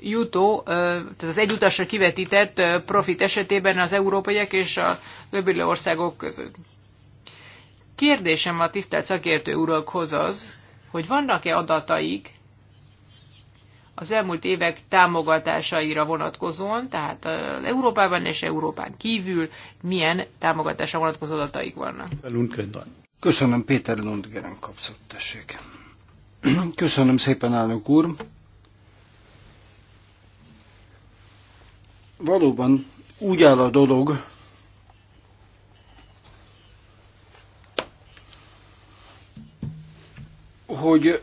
jutó, tehát az egy utasra kivetített profit esetében az európaiak és a többi országok között. Kérdésem a tisztelt szakértő urakhoz az, hogy vannak-e adataik az elmúlt évek támogatásaira vonatkozóan, tehát Európában és Európán kívül milyen támogatásra vonatkozó adataik vannak. Köszönöm, Péter Lundgren kapszott, tessék. Köszönöm szépen, állnok úr. Valóban úgy áll a dolog, hogy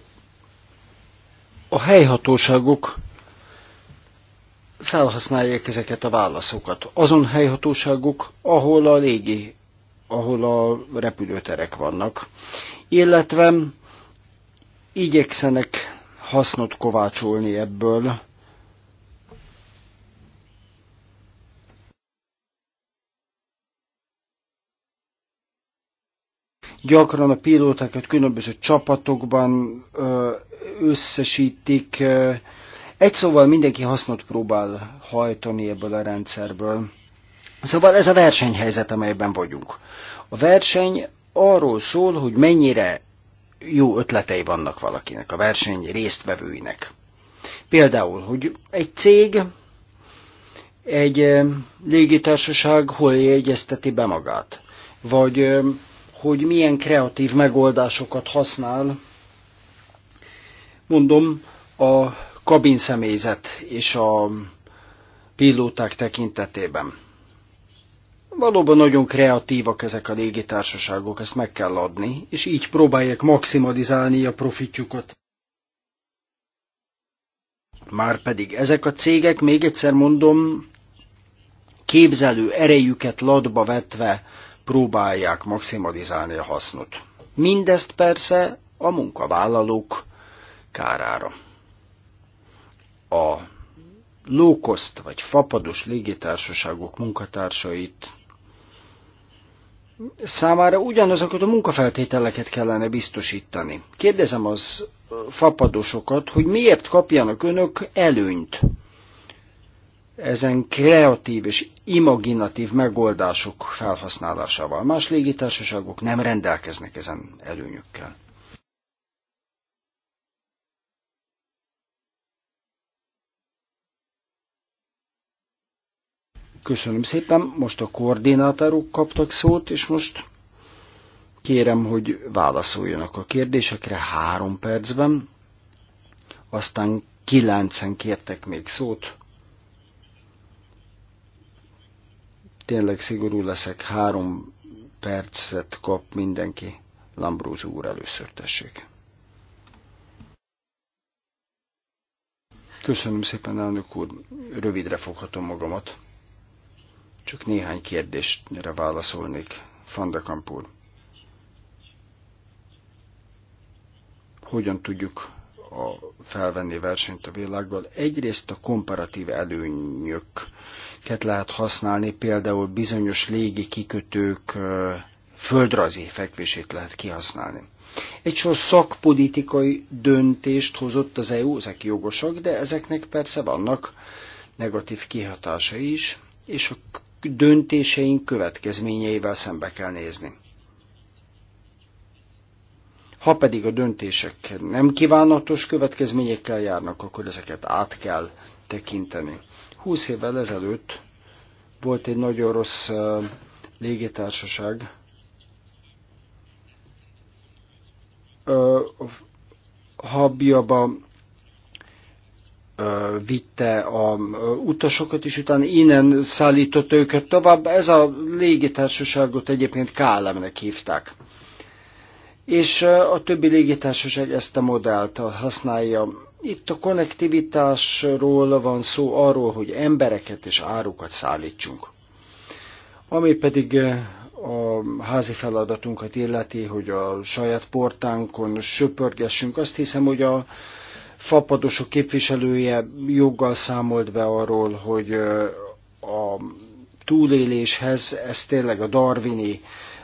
a helyhatóságok felhasználják ezeket a válaszokat. Azon helyhatóságok, ahol a légi, ahol a repülőterek vannak, illetve igyekszenek hasznot kovácsolni ebből, Gyakran a pilótákat különböző csapatokban összesítik. Egy szóval mindenki hasznot próbál hajtani ebből a rendszerből. Szóval ez a versenyhelyzet, amelyben vagyunk. A verseny arról szól, hogy mennyire jó ötletei vannak valakinek, a verseny résztvevőinek. Például, hogy egy cég, egy légitársaság hol jegyezteti be magát, vagy hogy milyen kreatív megoldásokat használ. Mondom, a kabin személyzet és a pilóták tekintetében. Valóban nagyon kreatívak ezek a légitársaságok, ezt meg kell adni, és így próbálják maximalizálni a profitjukat. Márpedig ezek a cégek, még egyszer mondom, képzelő erejüket ladba vetve próbálják maximalizálni a hasznot. Mindezt persze a munkavállalók kárára. A lókoszt vagy fapados légitársaságok munkatársait számára ugyanazokat a munkafeltételeket kellene biztosítani. Kérdezem az fapadosokat, hogy miért kapjanak önök előnyt ezen kreatív és imaginatív megoldások felhasználásával. Más légitársaságok nem rendelkeznek ezen előnyökkel. Köszönöm szépen, most a koordinátorok kaptak szót, és most kérem, hogy válaszoljanak a kérdésekre három percben, aztán kilencen kértek még szót, Tényleg szigorú leszek, három percet kap mindenki. Lambrózó úr először tessék. Köszönöm szépen, elnök úr. Rövidre foghatom magamat. Csak néhány kérdésre válaszolnék. Fandekamp úr. Hogyan tudjuk a felvenni versenyt a világgal? Egyrészt a komparatív előnyök amiket lehet használni, például bizonyos légi kikötők földrajzi fekvését lehet kihasználni. Egy sor szakpolitikai döntést hozott az EU, ezek jogosak, de ezeknek persze vannak negatív kihatása is, és a döntéseink következményeivel szembe kell nézni. Ha pedig a döntések nem kívánatos következményekkel járnak, akkor ezeket át kell tekinteni. 20 évvel ezelőtt volt egy nagyon rossz légitársaság, habjaba vitte a utasokat, és utána innen szállította őket tovább. Ez a légitársaságot egyébként KLM-nek hívták. És a többi légitársaság ezt a modellt használja itt a konnektivitásról van szó arról, hogy embereket és árukat szállítsunk. Ami pedig eh, a házi feladatunkat illeti, hogy a saját portánkon söpörgessünk. Azt hiszem, hogy a fapadosok képviselője joggal számolt be arról, hogy eh, a túléléshez, ez tényleg a darwini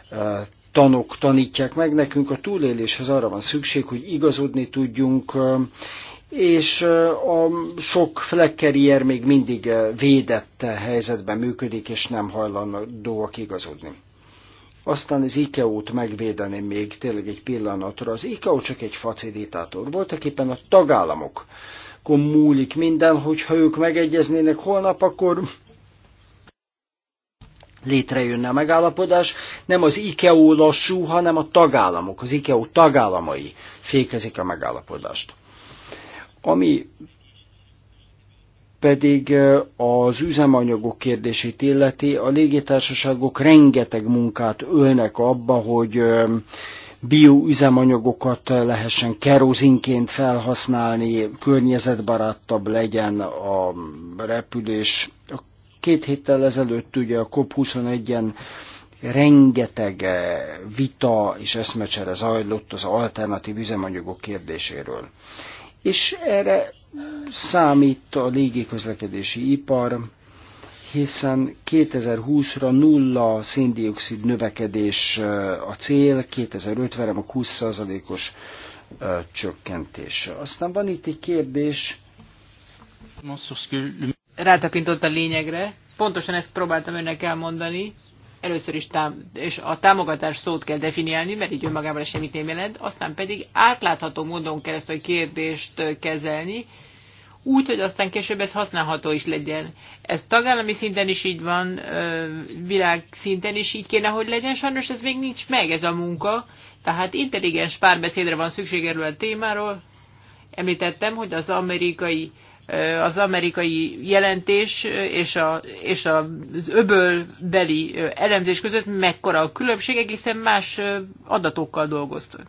eh, tanok tanítják meg nekünk, a túléléshez arra van szükség, hogy igazodni tudjunk, és a sok flekkerier még mindig védett helyzetben működik, és nem hajlandóak igazodni. Aztán az ikea t megvédeném még tényleg egy pillanatra. Az IKEA csak egy facilitátor. Voltak éppen a tagállamok múlik minden, hogyha ők megegyeznének holnap, akkor létrejönne a megállapodás. Nem az IKEA lassú, hanem a tagállamok, az IKEA tagállamai fékezik a megállapodást. Ami pedig az üzemanyagok kérdését illeti, a légitársaságok rengeteg munkát ölnek abba, hogy bioüzemanyagokat lehessen kerozinként felhasználni, környezetbarátabb legyen a repülés. Két héttel ezelőtt ugye a COP21-en rengeteg vita és eszmecsere zajlott az alternatív üzemanyagok kérdéséről és erre számít a légiközlekedési ipar, hiszen 2020-ra nulla széndiokszid növekedés a cél, 2050-re a 20%-os csökkentése. Aztán van itt egy kérdés. Rátapintott a lényegre. Pontosan ezt próbáltam önnek elmondani először is tám- és a támogatás szót kell definiálni, mert így önmagában semmit nem jelent, aztán pedig átlátható módon kell ezt a kérdést kezelni, úgy, hogy aztán később ez használható is legyen. Ez tagállami szinten is így van, világ szinten is így kéne, hogy legyen. Sajnos ez még nincs meg, ez a munka. Tehát intelligens párbeszédre van szükség erről a témáról. Említettem, hogy az amerikai az amerikai jelentés és, a, és az öbölbeli elemzés között mekkora a különbség, egészen más adatokkal dolgoztak.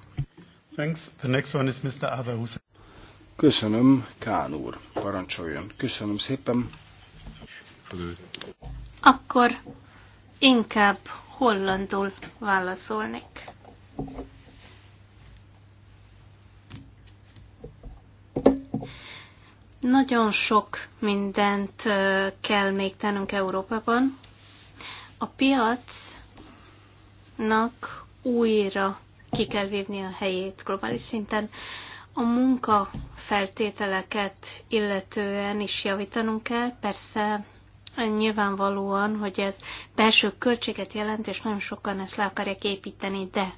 Thanks. The next one is Mr. Averhus. Köszönöm, Kán úr. Parancsoljon. Köszönöm szépen. Akkor inkább hollandul válaszolnék. Nagyon sok mindent kell még tennünk Európában. A piacnak újra ki kell vívni a helyét globális szinten. A munka feltételeket illetően is javítanunk kell. Persze nyilvánvalóan, hogy ez belső költséget jelent, és nagyon sokan ezt le akarják építeni, de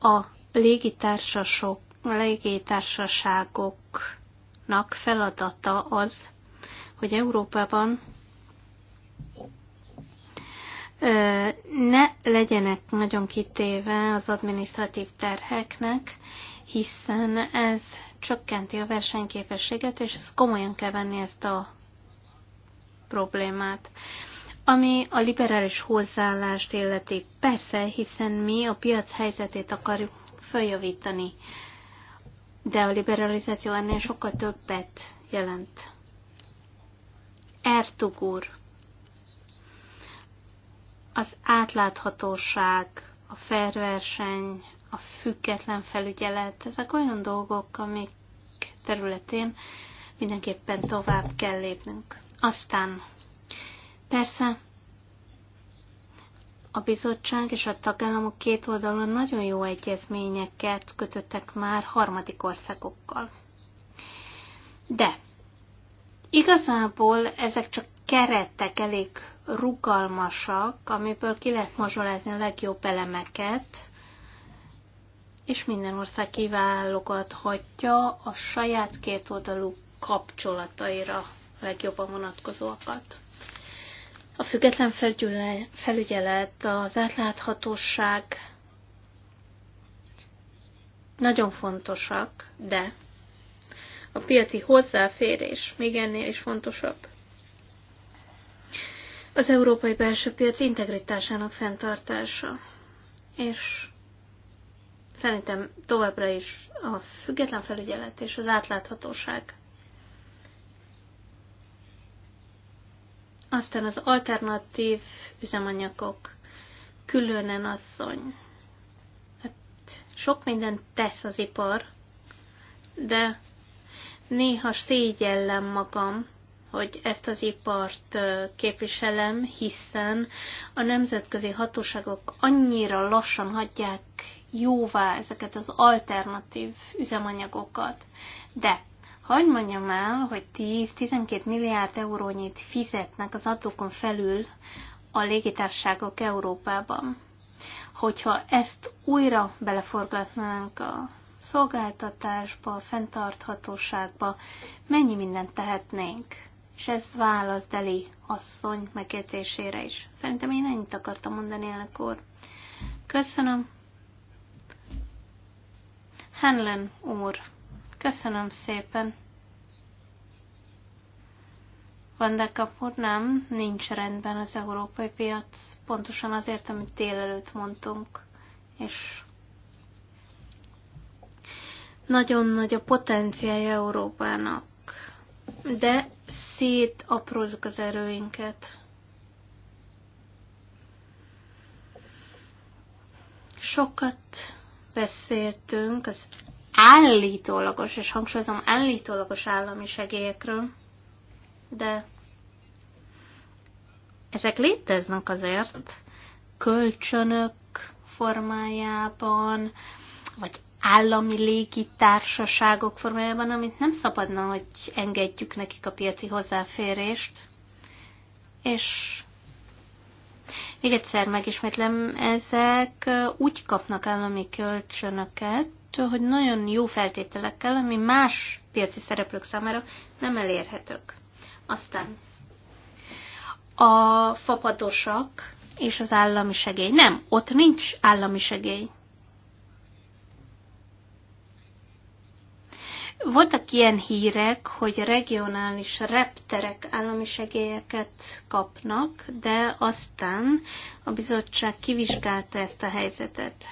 a légitársasok, a légitársaságok nak feladata az, hogy Európában ne legyenek nagyon kitéve az adminisztratív terheknek, hiszen ez csökkenti a versenyképességet, és ezt komolyan kell venni ezt a problémát. Ami a liberális hozzáállást illeti, persze, hiszen mi a piac helyzetét akarjuk följavítani de a liberalizáció ennél sokkal többet jelent. Ertug úr, az átláthatóság, a felverseny, a független felügyelet, ezek olyan dolgok, amik területén mindenképpen tovább kell lépnünk. Aztán persze a bizottság és a tagállamok két oldalon nagyon jó egyezményeket kötöttek már harmadik országokkal. De igazából ezek csak kerettek, elég rugalmasak, amiből ki lehet mazsolázni a legjobb elemeket, és minden ország kiválogathatja a saját kétoldalú kapcsolataira legjobban vonatkozóakat. A független felügyelet, az átláthatóság nagyon fontosak, de a piaci hozzáférés még ennél is fontosabb. Az európai belső piac integritásának fenntartása. És szerintem továbbra is a független felügyelet és az átláthatóság Aztán az alternatív üzemanyagok, különen asszony. Hát sok mindent tesz az ipar, de néha szégyellem magam, hogy ezt az ipart képviselem, hiszen a nemzetközi hatóságok annyira lassan hagyják jóvá ezeket az alternatív üzemanyagokat. De hogy mondjam el, hogy 10-12 milliárd eurónyit fizetnek az adókon felül a légitárságok Európában. Hogyha ezt újra beleforgatnánk a szolgáltatásba, a fenntarthatóságba, mennyi mindent tehetnénk. És ez válasz Deli asszony megjegyzésére is. Szerintem én ennyit akartam mondani ilyenkor. úr. Köszönöm. Henlen úr. Köszönöm szépen. Van de kapur, nem, nincs rendben az európai piac, pontosan azért, amit délelőtt mondtunk, és nagyon nagy a potenciálja Európának, de szét aprózzuk az erőinket. Sokat beszéltünk az állítólagos, és hangsúlyozom, állítólagos állami segélyekről, de ezek léteznek azért kölcsönök formájában, vagy állami légitársaságok formájában, amit nem szabadna, hogy engedjük nekik a piaci hozzáférést. És még egyszer megismétlem, ezek úgy kapnak állami kölcsönöket, attól, hogy nagyon jó feltételekkel, ami más piaci szereplők számára nem elérhetők. Aztán a fapadosak és az állami segély. Nem, ott nincs állami segély. Voltak ilyen hírek, hogy regionális repterek állami segélyeket kapnak, de aztán a bizottság kivizsgálta ezt a helyzetet.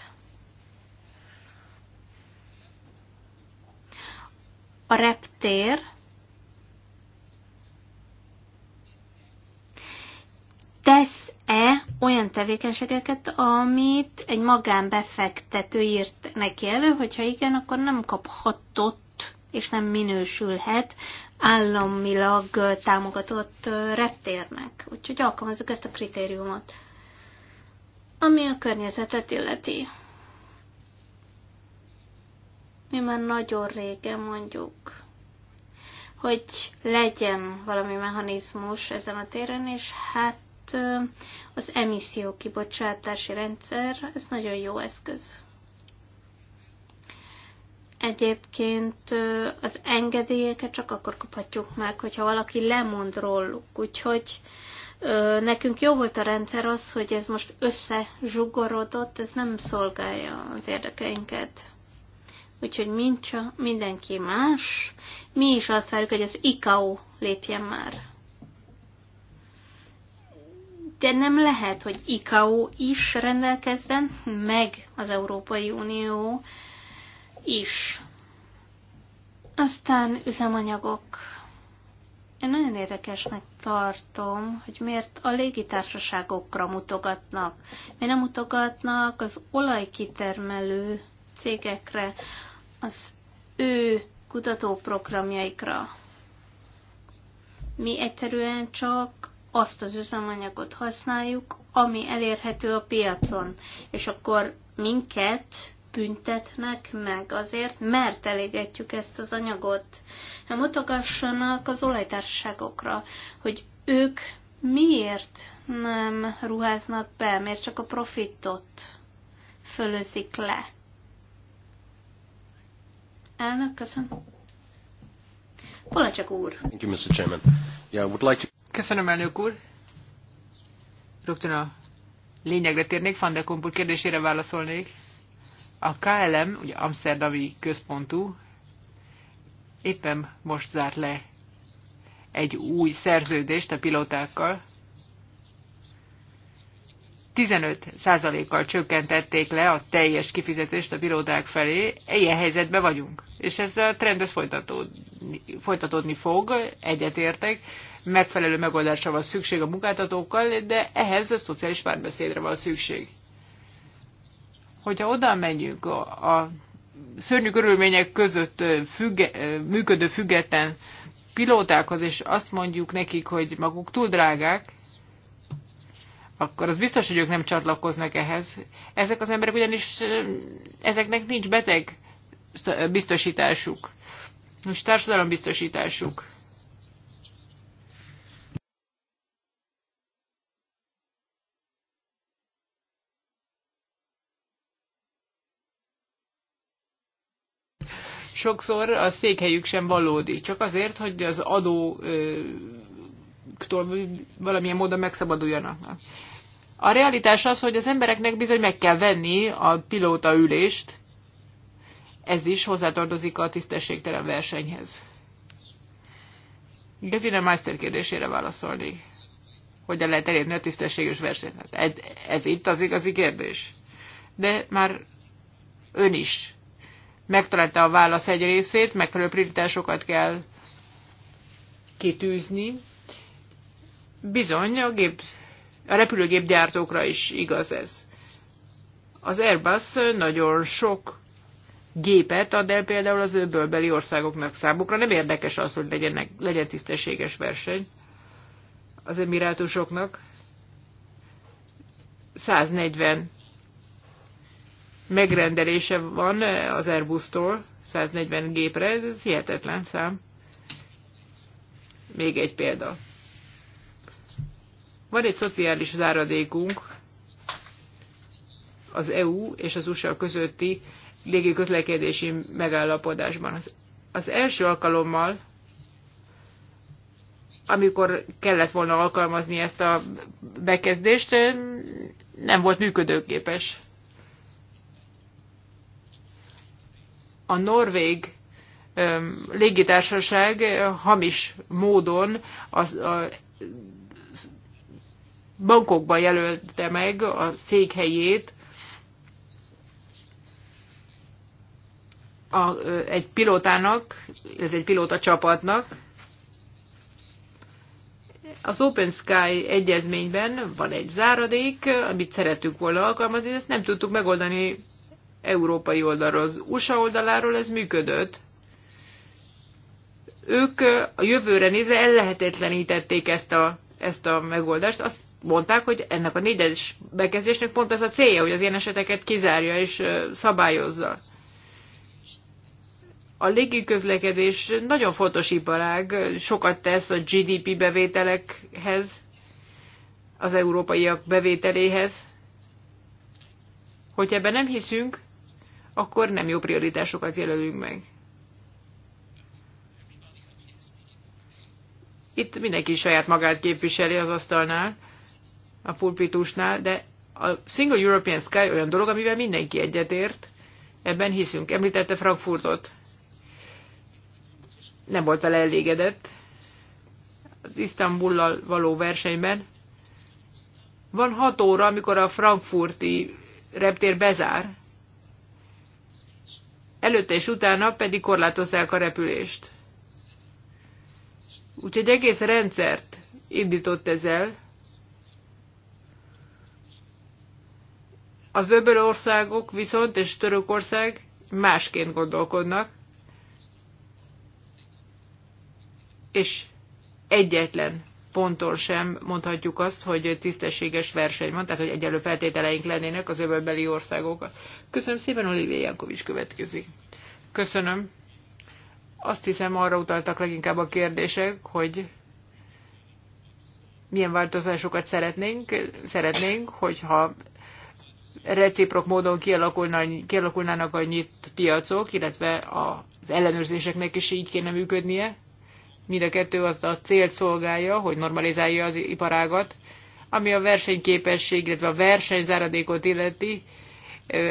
a reptér tesz-e olyan tevékenységeket, amit egy magánbefektető írt neki elő, hogyha igen, akkor nem kaphatott és nem minősülhet államilag támogatott reptérnek. Úgyhogy alkalmazok ezt a kritériumot. Ami a környezetet illeti mi már nagyon régen mondjuk, hogy legyen valami mechanizmus ezen a téren, és hát az emisszió kibocsátási rendszer, ez nagyon jó eszköz. Egyébként az engedélyeket csak akkor kaphatjuk meg, hogyha valaki lemond róluk. Úgyhogy nekünk jó volt a rendszer az, hogy ez most összezsugorodott, ez nem szolgálja az érdekeinket úgyhogy mincsa, mindenki más, mi is azt várjuk, hogy az ICAO lépjen már. De nem lehet, hogy ICAO is rendelkezzen, meg az Európai Unió is. Aztán üzemanyagok. Én nagyon érdekesnek tartom, hogy miért a légitársaságokra mutogatnak. Miért nem mutogatnak az olajkitermelő cégekre, az ő kutatóprogramjaikra. Mi egyszerűen csak azt az üzemanyagot használjuk, ami elérhető a piacon, és akkor minket büntetnek meg azért, mert elégetjük ezt az anyagot. ha hát mutogassanak az olajtársaságokra, hogy ők miért nem ruháznak be, miért csak a profitot fölözik le. Elnök, köszönöm. Polacsak úr. Thank you, Mr. Chairman. Yeah, I would like to... Köszönöm, elnök úr. Rögtön a lényegre térnék, Van de Kompul kérdésére válaszolnék. A KLM, ugye Amsterdami központú, éppen most zárt le egy új szerződést a pilótákkal. 15%-kal csökkentették le a teljes kifizetést a pilóták felé, ilyen helyzetben vagyunk. És ez a trend ez folytatódni, folytatódni fog, egyetértek, megfelelő megoldásra van szükség a munkáltatókkal, de ehhez a szociális párbeszédre van szükség. Hogyha oda megyünk a, a szörnyű körülmények között függe, működő független pilótákhoz, és azt mondjuk nekik, hogy maguk túl drágák, akkor az biztos, hogy ők nem csatlakoznak ehhez. Ezek az emberek ugyanis, ezeknek nincs beteg biztosításuk, és biztosításuk. Sokszor a székhelyük sem valódi, csak azért, hogy az adó valamilyen módon megszabaduljanak. A realitás az, hogy az embereknek bizony meg kell venni a pilóta ülést, ez is hozzátartozik a tisztességtelen versenyhez. innen Meister kérdésére válaszolni, hogyan lehet elérni a tisztességes versenyt. Hát ez, ez itt az igazi kérdés. De már ön is megtalálta a válasz egy részét, megfelelő prioritásokat kell kitűzni. Bizony, a gép a repülőgépgyártókra is igaz ez. Az Airbus nagyon sok gépet ad el például az öbölbeli országoknak számukra. Nem érdekes az, hogy legyen, legyen tisztességes verseny az emirátusoknak. 140 megrendelése van az Airbus-tól, 140 gépre, ez hihetetlen szám. Még egy példa. Van egy szociális záradékunk az EU és az USA közötti közlekedési megállapodásban. Az első alkalommal, amikor kellett volna alkalmazni ezt a bekezdést, nem volt működőképes. A norvég légitársaság hamis módon az, a Bangkokban jelölte meg a székhelyét a, egy pilótának, ez egy pilóta csapatnak. Az Open Sky egyezményben van egy záradék, amit szerettük volna alkalmazni, ezt nem tudtuk megoldani európai oldalról. Az USA oldaláról ez működött, ők a jövőre nézve ellehetetlenítették ezt a, ezt a megoldást. Azt mondták, hogy ennek a négyes bekezdésnek pont ez a célja, hogy az ilyen eseteket kizárja és szabályozza. A légiközlekedés nagyon fontos iparág, sokat tesz a GDP bevételekhez, az európaiak bevételéhez. Hogyha ebben nem hiszünk, akkor nem jó prioritásokat jelölünk meg. Itt mindenki saját magát képviseli az asztalnál a pulpitusnál, de a Single European Sky olyan dolog, amivel mindenki egyetért, ebben hiszünk. Említette Frankfurtot. Nem volt vele elégedett az Isztambullal való versenyben. Van hat óra, amikor a frankfurti reptér bezár, előtte és utána pedig korlátozzák a repülést. Úgyhogy egész rendszert indított ezzel, Az öböl országok viszont és Törökország másként gondolkodnak, és egyetlen ponton sem mondhatjuk azt, hogy tisztességes verseny van, tehát hogy egyelő feltételeink lennének az öbölbeli országokat. Köszönöm szépen, Olivier Jankovics következik. Köszönöm. Azt hiszem, arra utaltak leginkább a kérdések, hogy milyen változásokat szeretnénk, szeretnénk hogyha reciprok módon kialakulnának a nyit piacok, illetve az ellenőrzéseknek is így kéne működnie. Mind a kettő az a célt szolgálja, hogy normalizálja az iparágat, ami a versenyképesség, illetve a versenyzáradékot illeti,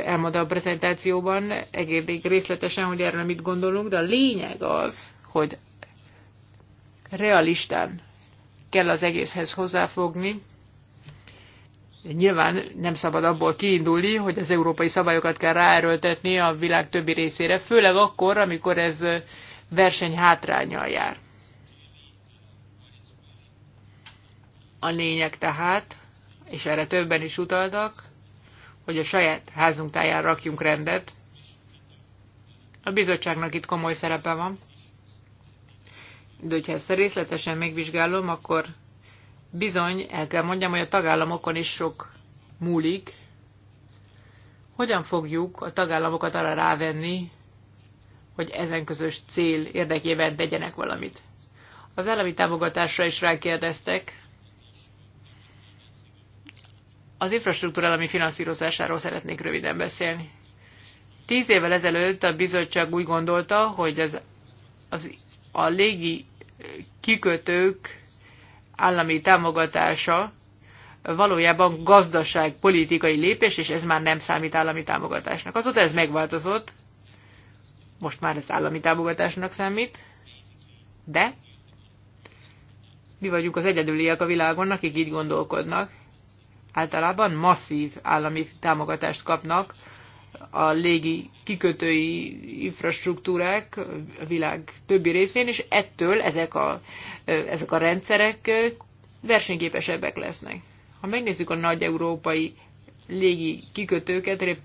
elmond a prezentációban egész részletesen, hogy erről mit gondolunk, de a lényeg az, hogy realistán kell az egészhez hozzáfogni, Nyilván nem szabad abból kiindulni, hogy az európai szabályokat kell ráerőltetni a világ többi részére, főleg akkor, amikor ez verseny hátrányal jár. A lényeg tehát, és erre többen is utaltak, hogy a saját házunk táján rakjunk rendet. A bizottságnak itt komoly szerepe van. De hogyha ezt részletesen megvizsgálom, akkor bizony, el kell mondjam, hogy a tagállamokon is sok múlik, hogyan fogjuk a tagállamokat arra rávenni, hogy ezen közös cél érdekében tegyenek valamit. Az állami támogatásra is rákérdeztek. Az infrastruktúra állami finanszírozásáról szeretnék röviden beszélni. Tíz évvel ezelőtt a bizottság úgy gondolta, hogy az, az, a légi kikötők állami támogatása valójában gazdaságpolitikai lépés, és ez már nem számít állami támogatásnak. Azóta ez megváltozott, most már ez állami támogatásnak számít, de mi vagyunk az egyedüliek a világon, akik így gondolkodnak. Általában masszív állami támogatást kapnak a légi kikötői infrastruktúrák a világ többi részén, és ettől ezek a, ezek a rendszerek versenyképesebbek lesznek. Ha megnézzük a nagy európai légi kikötőket, rep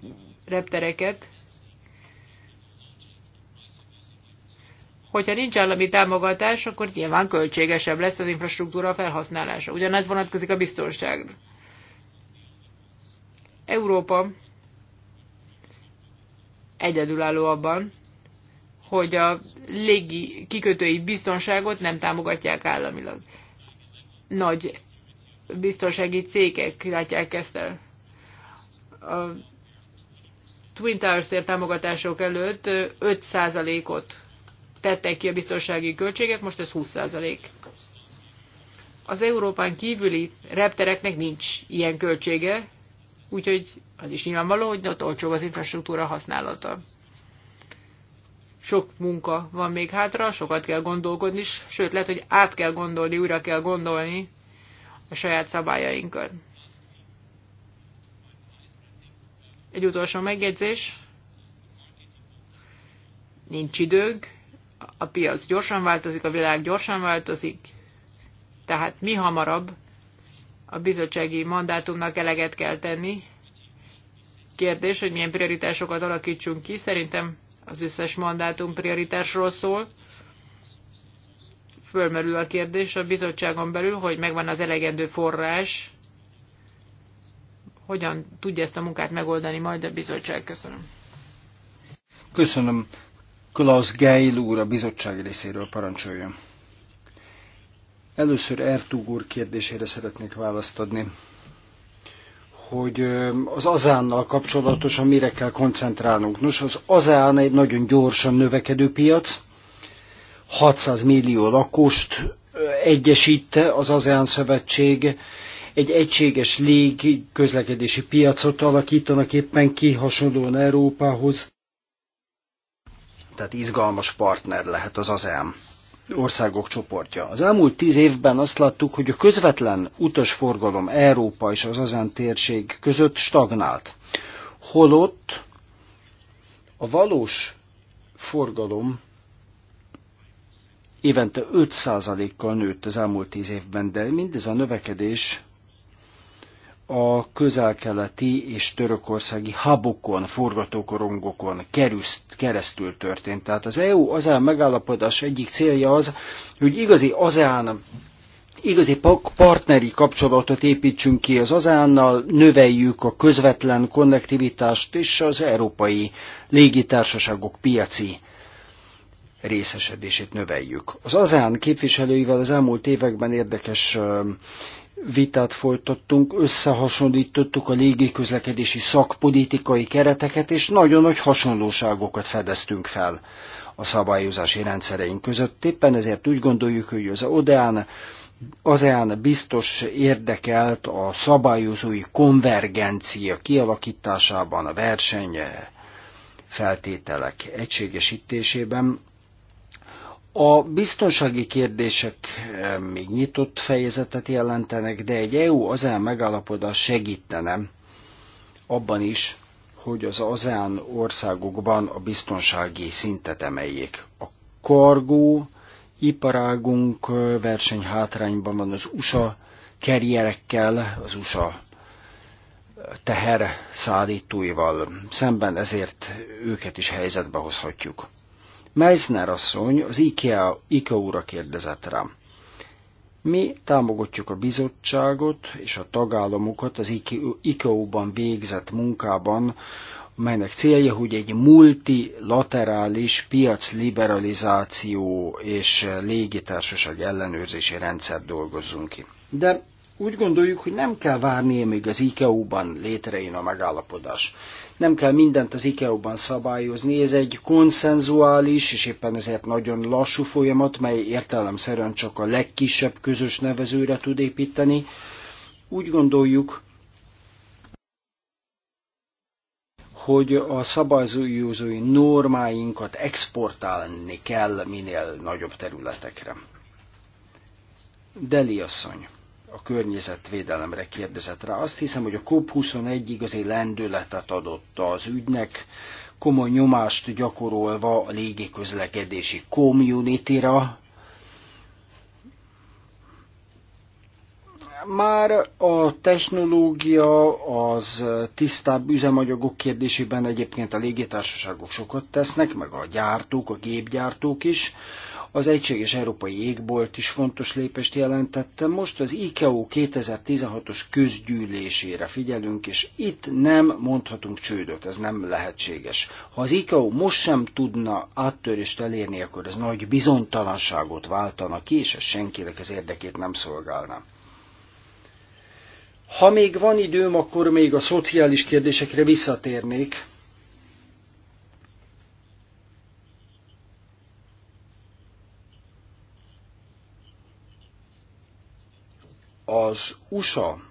reptereket, hogyha nincs állami támogatás, akkor nyilván költségesebb lesz az infrastruktúra felhasználása. Ugyanez vonatkozik a biztonságra. Európa egyedülálló abban, hogy a légi kikötői biztonságot nem támogatják államilag. Nagy biztonsági cégek látják ezt el. A Twin towers támogatások előtt 5%-ot tettek ki a biztonsági költségek, most ez 20%. Az Európán kívüli reptereknek nincs ilyen költsége, Úgyhogy az is nyilvánvaló, hogy ott olcsóbb az infrastruktúra használata. Sok munka van még hátra, sokat kell gondolkodni, sőt, lehet, hogy át kell gondolni, újra kell gondolni a saját szabályainkat. Egy utolsó megjegyzés. Nincs időnk, a piac gyorsan változik, a világ gyorsan változik, tehát mi hamarabb a bizottsági mandátumnak eleget kell tenni. Kérdés, hogy milyen prioritásokat alakítsunk ki. Szerintem az összes mandátum prioritásról szól. Fölmerül a kérdés a bizottságon belül, hogy megvan az elegendő forrás. Hogyan tudja ezt a munkát megoldani majd a bizottság? Köszönöm. Köszönöm. Klaus Geil úr a bizottság részéről parancsoljon. Először Ertug úr kérdésére szeretnék választ adni, hogy az azánnal kapcsolatosan mire kell koncentrálnunk. Nos, az azán egy nagyon gyorsan növekedő piac, 600 millió lakost egyesítte az ASEAN szövetség, egy egységes légközlekedési piacot alakítanak éppen ki, hasonlóan Európához. Tehát izgalmas partner lehet az ASEAN országok csoportja. Az elmúlt tíz évben azt láttuk, hogy a közvetlen utasforgalom Európa és az azán térség között stagnált. Holott a valós forgalom évente 5%-kal nőtt az elmúlt tíz évben, de mindez a növekedés a közelkeleti és törökországi habokon, forgatókorongokon keresztül történt. Tehát az EU-ASEAN megállapodás egyik célja az, hogy igazi ASEAN igazi partneri kapcsolatot építsünk ki az azánnal, növeljük a közvetlen konnektivitást és az európai légitársaságok piaci részesedését növeljük. Az azán képviselőivel az elmúlt években érdekes vitát folytattunk, összehasonlítottuk a légiközlekedési szakpolitikai kereteket, és nagyon nagy hasonlóságokat fedeztünk fel a szabályozási rendszereink között. Éppen ezért úgy gondoljuk, hogy az ODEAN ASEAN biztos érdekelt a szabályozói konvergencia kialakításában, a verseny feltételek egységesítésében, a biztonsági kérdések eh, még nyitott fejezetet jelentenek, de egy eu azán megállapodás segítene abban is, hogy az azán országokban a biztonsági szintet emeljék. A kargó iparágunk eh, versenyhátrányban van az USA kerjerekkel, az USA eh, teher szállítóival szemben, ezért őket is helyzetbe hozhatjuk. Meissner asszony az IKEA, ikea úra kérdezett rám. Mi támogatjuk a bizottságot és a tagállamokat az ICAO-ban végzett munkában, melynek célja, hogy egy multilaterális liberalizáció és légitársaság ellenőrzési rendszer dolgozzunk ki. De úgy gondoljuk, hogy nem kell várni, még az ICAO-ban létrejön a megállapodás. Nem kell mindent az ikea ban szabályozni, ez egy konszenzuális, és éppen ezért nagyon lassú folyamat, mely értelemszerűen csak a legkisebb közös nevezőre tud építeni. Úgy gondoljuk, hogy a szabályozói normáinkat exportálni kell minél nagyobb területekre. Deli asszony a környezetvédelemre kérdezett rá. Azt hiszem, hogy a COP21 igazi lendületet adott az ügynek, komoly nyomást gyakorolva a légiközlekedési community-ra, már a technológia az tisztább üzemanyagok kérdésében egyébként a légitársaságok sokat tesznek, meg a gyártók, a gépgyártók is. Az egységes európai Égbolt is fontos lépést jelentette. Most az IKEO 2016-os közgyűlésére figyelünk, és itt nem mondhatunk csődöt, ez nem lehetséges. Ha az IKEO most sem tudna áttörést elérni, akkor ez nagy bizonytalanságot váltana ki, és ez senkinek az érdekét nem szolgálna. Ha még van időm, akkor még a szociális kérdésekre visszatérnék, Az USA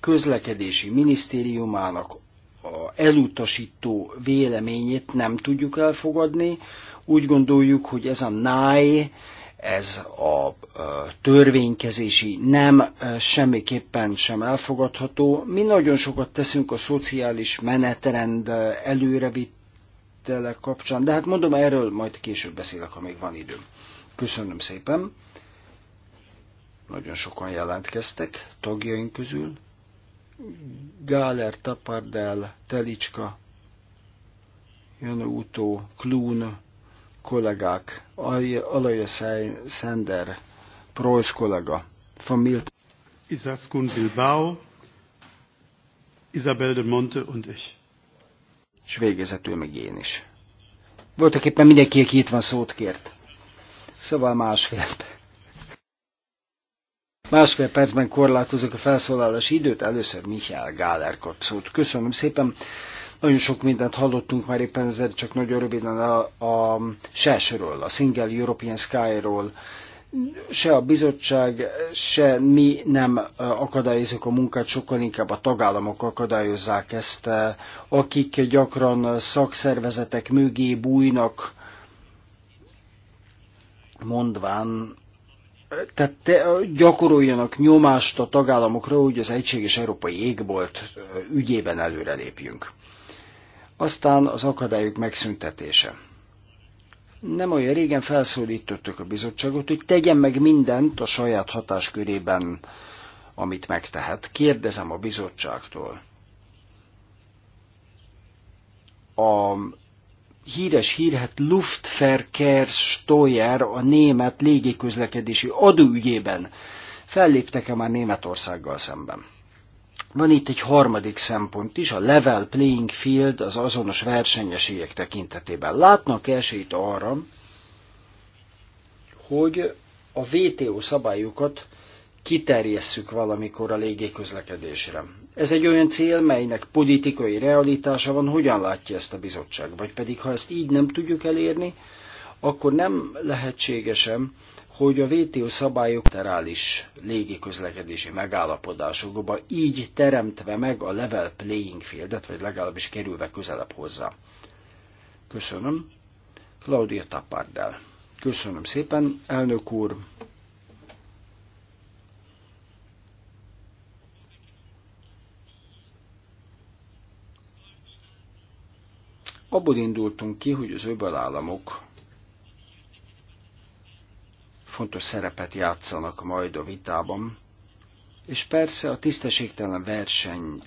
közlekedési minisztériumának a elutasító véleményét nem tudjuk elfogadni. Úgy gondoljuk, hogy ez a NAI, ez a törvénykezési nem semmiképpen sem elfogadható. Mi nagyon sokat teszünk a szociális menetrend előrevittele kapcsán, de hát mondom, erről majd később beszélek, ha még van időm. Köszönöm szépen. Nagyon sokan jelentkeztek tagjaink közül. Gáler, Tapardel, Telicska, Jönő Klún, kollégák, Alaja Szender, Preuss kollega, Familt. Izaskun Bilbao, Isabel de Monte und ich. És végezetül meg én is. Voltak éppen mindenki, aki itt van, szót kért. Szóval másfél Másfél percben korlátozok a felszólalási időt, először Michael Gáler kap szót. Köszönöm szépen. Nagyon sok mindent hallottunk már éppen ezért, csak nagyon röviden a, a SES-ről, a Single European Sky-ról. Se a bizottság, se mi nem akadályozunk a munkát, sokkal inkább a tagállamok akadályozzák ezt, akik gyakran szakszervezetek mögé bújnak, mondván, tehát te, gyakoroljanak nyomást a tagállamokra, hogy az egységes európai égbolt ügyében előrelépjünk. Aztán az akadályok megszüntetése. Nem olyan régen felszólítottuk a bizottságot, hogy tegyen meg mindent a saját hatáskörében, amit megtehet. Kérdezem a bizottságtól. A híres hírhet Luftverkehr Stoyer a német légiközlekedési adóügyében felléptek-e már Németországgal szemben. Van itt egy harmadik szempont is, a level playing field az azonos versenyeségek tekintetében. Látnak esélyt arra, hogy a VTO szabályokat kiterjesszük valamikor a légiközlekedésre. Ez egy olyan cél, melynek politikai realitása van, hogyan látja ezt a bizottság. Vagy pedig, ha ezt így nem tudjuk elérni, akkor nem lehetségesem, hogy a WTO szabályok terális légiközlekedési megállapodásokba így teremtve meg a level playing fieldet, vagy legalábbis kerülve közelebb hozzá. Köszönöm. Claudia Tapardel. Köszönöm szépen, elnök úr. Abból indultunk ki, hogy az öböl államok fontos szerepet játszanak majd a vitában, és persze a tisztességtelen verseny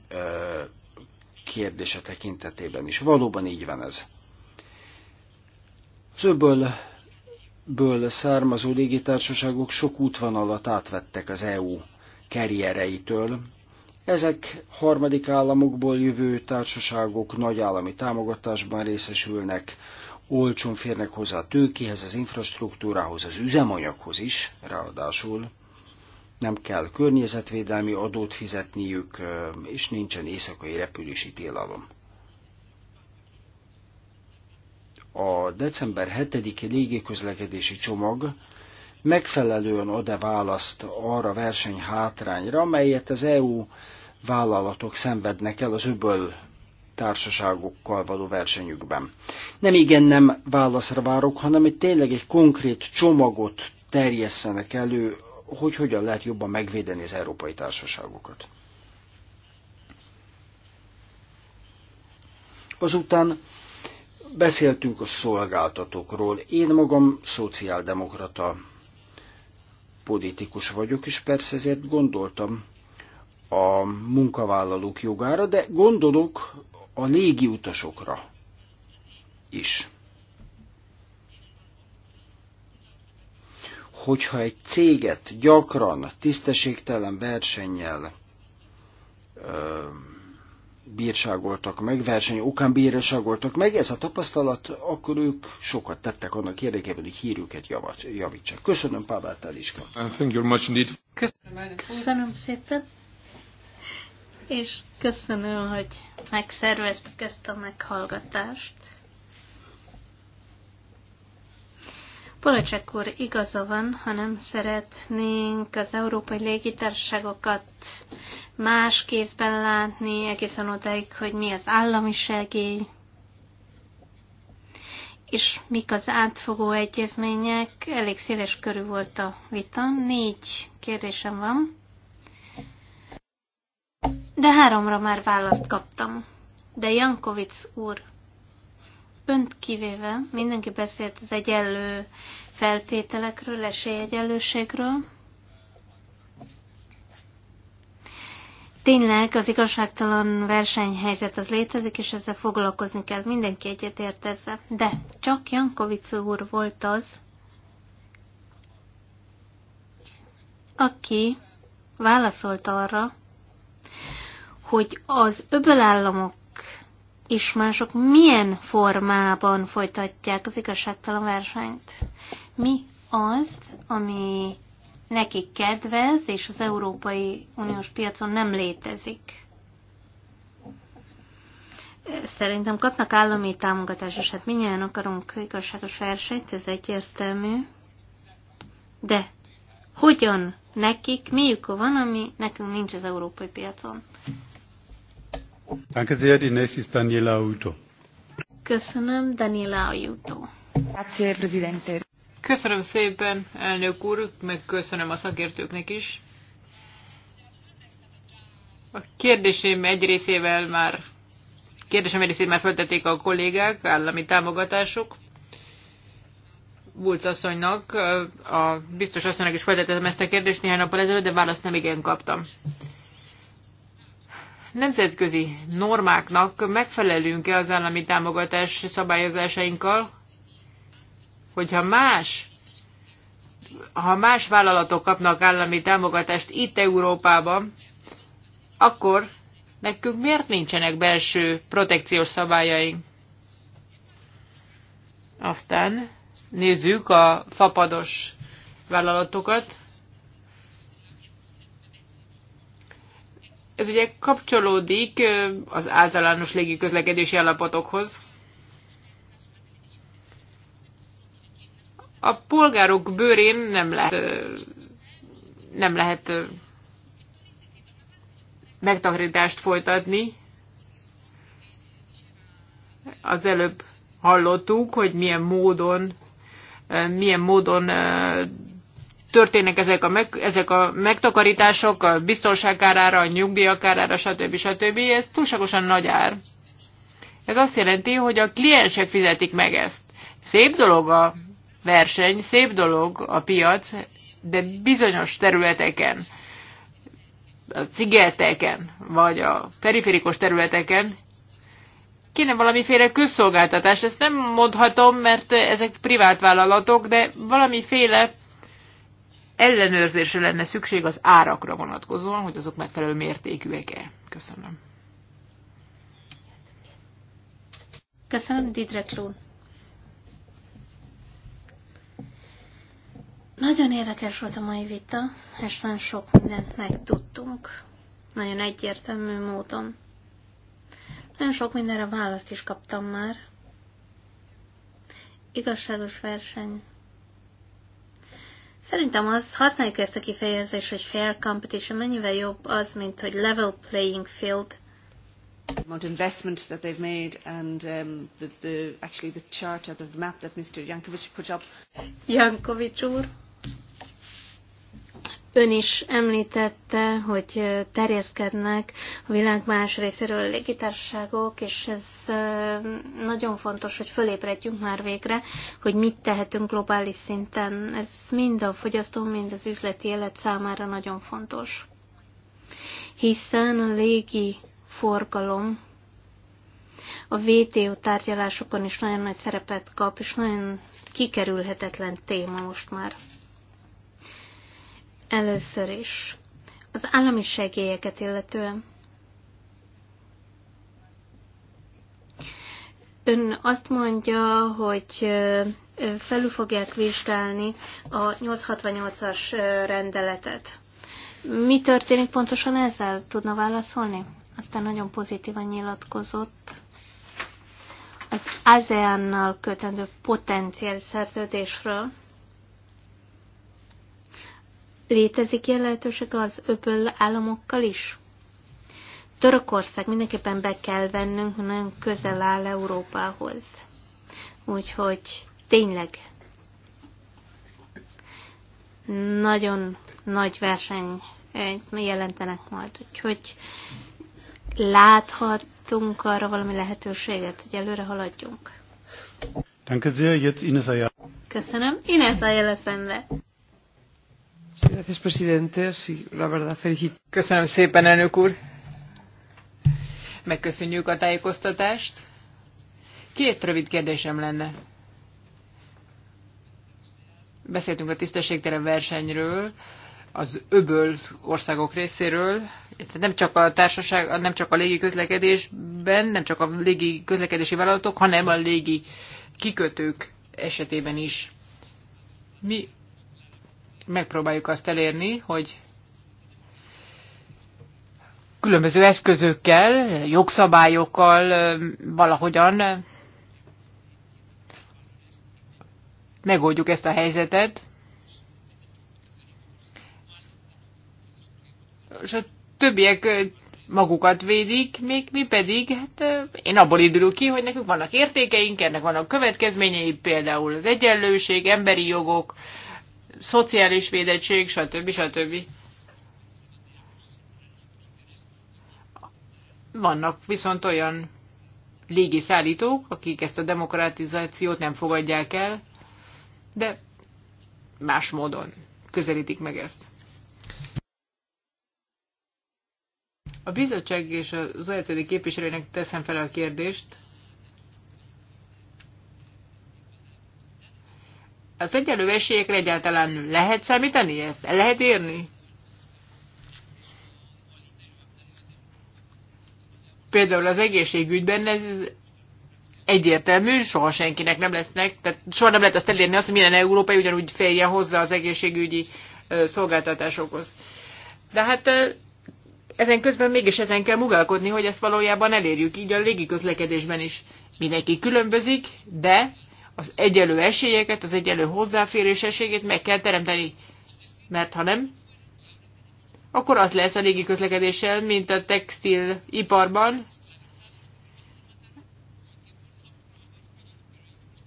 kérdése tekintetében is. Valóban így van ez. Az öbölből származó légitársaságok sok útvonalat átvettek az EU karriereitől, ezek harmadik államokból jövő társaságok nagy állami támogatásban részesülnek, olcsón férnek hozzá a tőkéhez, az infrastruktúrához, az üzemanyaghoz is, ráadásul nem kell környezetvédelmi adót fizetniük, és nincsen éjszakai repülési tilalom. A december 7-i légiközlekedési csomag megfelelően ad-e választ arra versenyhátrányra, amelyet az EU vállalatok szenvednek el az öböl társaságokkal való versenyükben. Nem igen nem válaszra várok, hanem egy tényleg egy konkrét csomagot terjesszenek elő, hogy hogyan lehet jobban megvédeni az európai társaságokat. Azután beszéltünk a szolgáltatókról. Én magam szociáldemokrata politikus vagyok, és persze ezért gondoltam, a munkavállalók jogára, de gondolok a légi utasokra is. Hogyha egy céget gyakran tisztességtelen versennyel ö, bírságoltak meg, verseny okán bírságoltak meg, ez a tapasztalat, akkor ők sokat tettek annak érdekében, hogy hírüket javítsák. Köszönöm Pábát Eliska. Köszönöm, Köszönöm szépen és köszönöm, hogy megszerveztük ezt a meghallgatást. Polacsek úr igaza van, ha nem szeretnénk az európai légitársaságokat más kézben látni, egészen odáig, hogy mi az állami segély, és mik az átfogó egyezmények. Elég széles körű volt a vita. Négy kérdésem van. De háromra már választ kaptam. De Jankovics úr, önt kivéve mindenki beszélt az egyenlő feltételekről, esélyegyenlőségről. Tényleg az igazságtalan versenyhelyzet az létezik, és ezzel foglalkozni kell. Mindenki egyetért ezzel. De csak Jankovics úr volt az, aki válaszolt arra, hogy az öbölállamok és mások milyen formában folytatják az igazságtalan versenyt. Mi az, ami nekik kedvez, és az Európai Uniós piacon nem létezik? Szerintem kapnak állami támogatást, és hát minnyáján akarunk igazságos versenyt, ez egyértelmű. De hogyan nekik, miük van, ami nekünk nincs az európai piacon? Danke sehr, die nächste ist Daniela Auto. Köszönöm, Daniela Auto. Grazie, Presidente. Köszönöm szépen, elnök úr, meg köszönöm a szakértőknek is. A kérdésem egy részével már kérdésem egy részével már föltették a kollégák, állami támogatások. Bulc asszonynak, a biztos asszonynak is feltettem ezt a kérdést néhány nappal ezelőtt, de választ nem igen kaptam nemzetközi normáknak megfelelünk-e az állami támogatás szabályozásainkkal, hogyha más ha más vállalatok kapnak állami támogatást itt Európában, akkor nekünk miért nincsenek belső protekciós szabályaink? Aztán nézzük a fapados vállalatokat. Ez ugye kapcsolódik az általános légiközlekedési állapotokhoz. A polgárok bőrén nem lehet, nem lehet megtakarítást folytatni. Az előbb hallottuk, hogy milyen módon milyen módon történnek ezek a, meg, ezek a megtakarítások a biztonság árára, a nyugdíjak árára, stb. stb. Ez túlságosan nagy ár. Ez azt jelenti, hogy a kliensek fizetik meg ezt. Szép dolog a verseny, szép dolog a piac, de bizonyos területeken, a cigeteken, vagy a periférikus területeken kéne valamiféle közszolgáltatás. Ezt nem mondhatom, mert ezek privát vállalatok, de valamiféle ellenőrzésre lenne szükség az árakra vonatkozóan, hogy azok megfelelő mértékűek-e. Köszönöm. Köszönöm, Didrek Lún. Nagyon érdekes volt a mai vita, és nagyon sok mindent megtudtunk, nagyon egyértelmű módon. Nagyon sok mindenre választ is kaptam már. Igazságos verseny Szerintem az, használjuk ezt a kifejezést, hogy fair competition, mennyivel jobb az, mint hogy level playing field. Amount investment that they've made and um, the, the, actually the chart out of the map that Mr. Jankovic put up. Jankovic úr Ön is említette, hogy terjeszkednek a világ más részéről a légitársaságok, és ez nagyon fontos, hogy fölébredjünk már végre, hogy mit tehetünk globális szinten. Ez mind a fogyasztó, mind az üzleti élet számára nagyon fontos. Hiszen a légi forgalom a VTO tárgyalásokon is nagyon nagy szerepet kap, és nagyon kikerülhetetlen téma most már. Először is az állami segélyeket illetően. Ön azt mondja, hogy felül fogják vizsgálni a 868-as rendeletet. Mi történik pontosan ezzel? Tudna válaszolni? Aztán nagyon pozitívan nyilatkozott az ASEAN-nal kötendő potenciál szerződésről. Létezik ilyen lehetőség az öböl államokkal is? Törökország mindenképpen be kell vennünk, nagyon közel áll Európához. Úgyhogy tényleg nagyon nagy verseny eh, jelentenek majd. Úgyhogy láthatunk arra valami lehetőséget, hogy előre haladjunk. Köszönöm. Ines a Sende. Köszönöm szépen, elnök úr. Megköszönjük a tájékoztatást. Két rövid kérdésem lenne. Beszéltünk a tisztességtelen versenyről, az öböl országok részéről, nem csak a társaság, nem csak a légi közlekedésben, nem csak a légi közlekedési vállalatok, hanem a légi kikötők esetében is. Mi megpróbáljuk azt elérni, hogy különböző eszközökkel, jogszabályokkal valahogyan megoldjuk ezt a helyzetet. És a többiek magukat védik, még mi pedig, hát én abból indulok ki, hogy nekünk vannak értékeink, ennek vannak következményei, például az egyenlőség, emberi jogok, szociális védettség, stb. stb. Vannak viszont olyan légiszállítók, akik ezt a demokratizációt nem fogadják el, de más módon közelítik meg ezt. A bizottság és az OECD képviselőnek teszem fel a kérdést, az egyenlő esélyekre egyáltalán lehet számítani? Ezt el lehet érni? Például az egészségügyben ez egyértelmű, soha senkinek nem lesznek, tehát soha nem lehet azt elérni azt, hogy minden európai ugyanúgy férjen hozzá az egészségügyi szolgáltatásokhoz. De hát ezen közben mégis ezen kell munkálkodni, hogy ezt valójában elérjük, így a légiközlekedésben is. Mindenki különbözik, de az egyelő esélyeket, az egyelő hozzáférés esélyét meg kell teremteni. Mert ha nem, akkor az lesz a légiközlekedéssel, mint a textiliparban,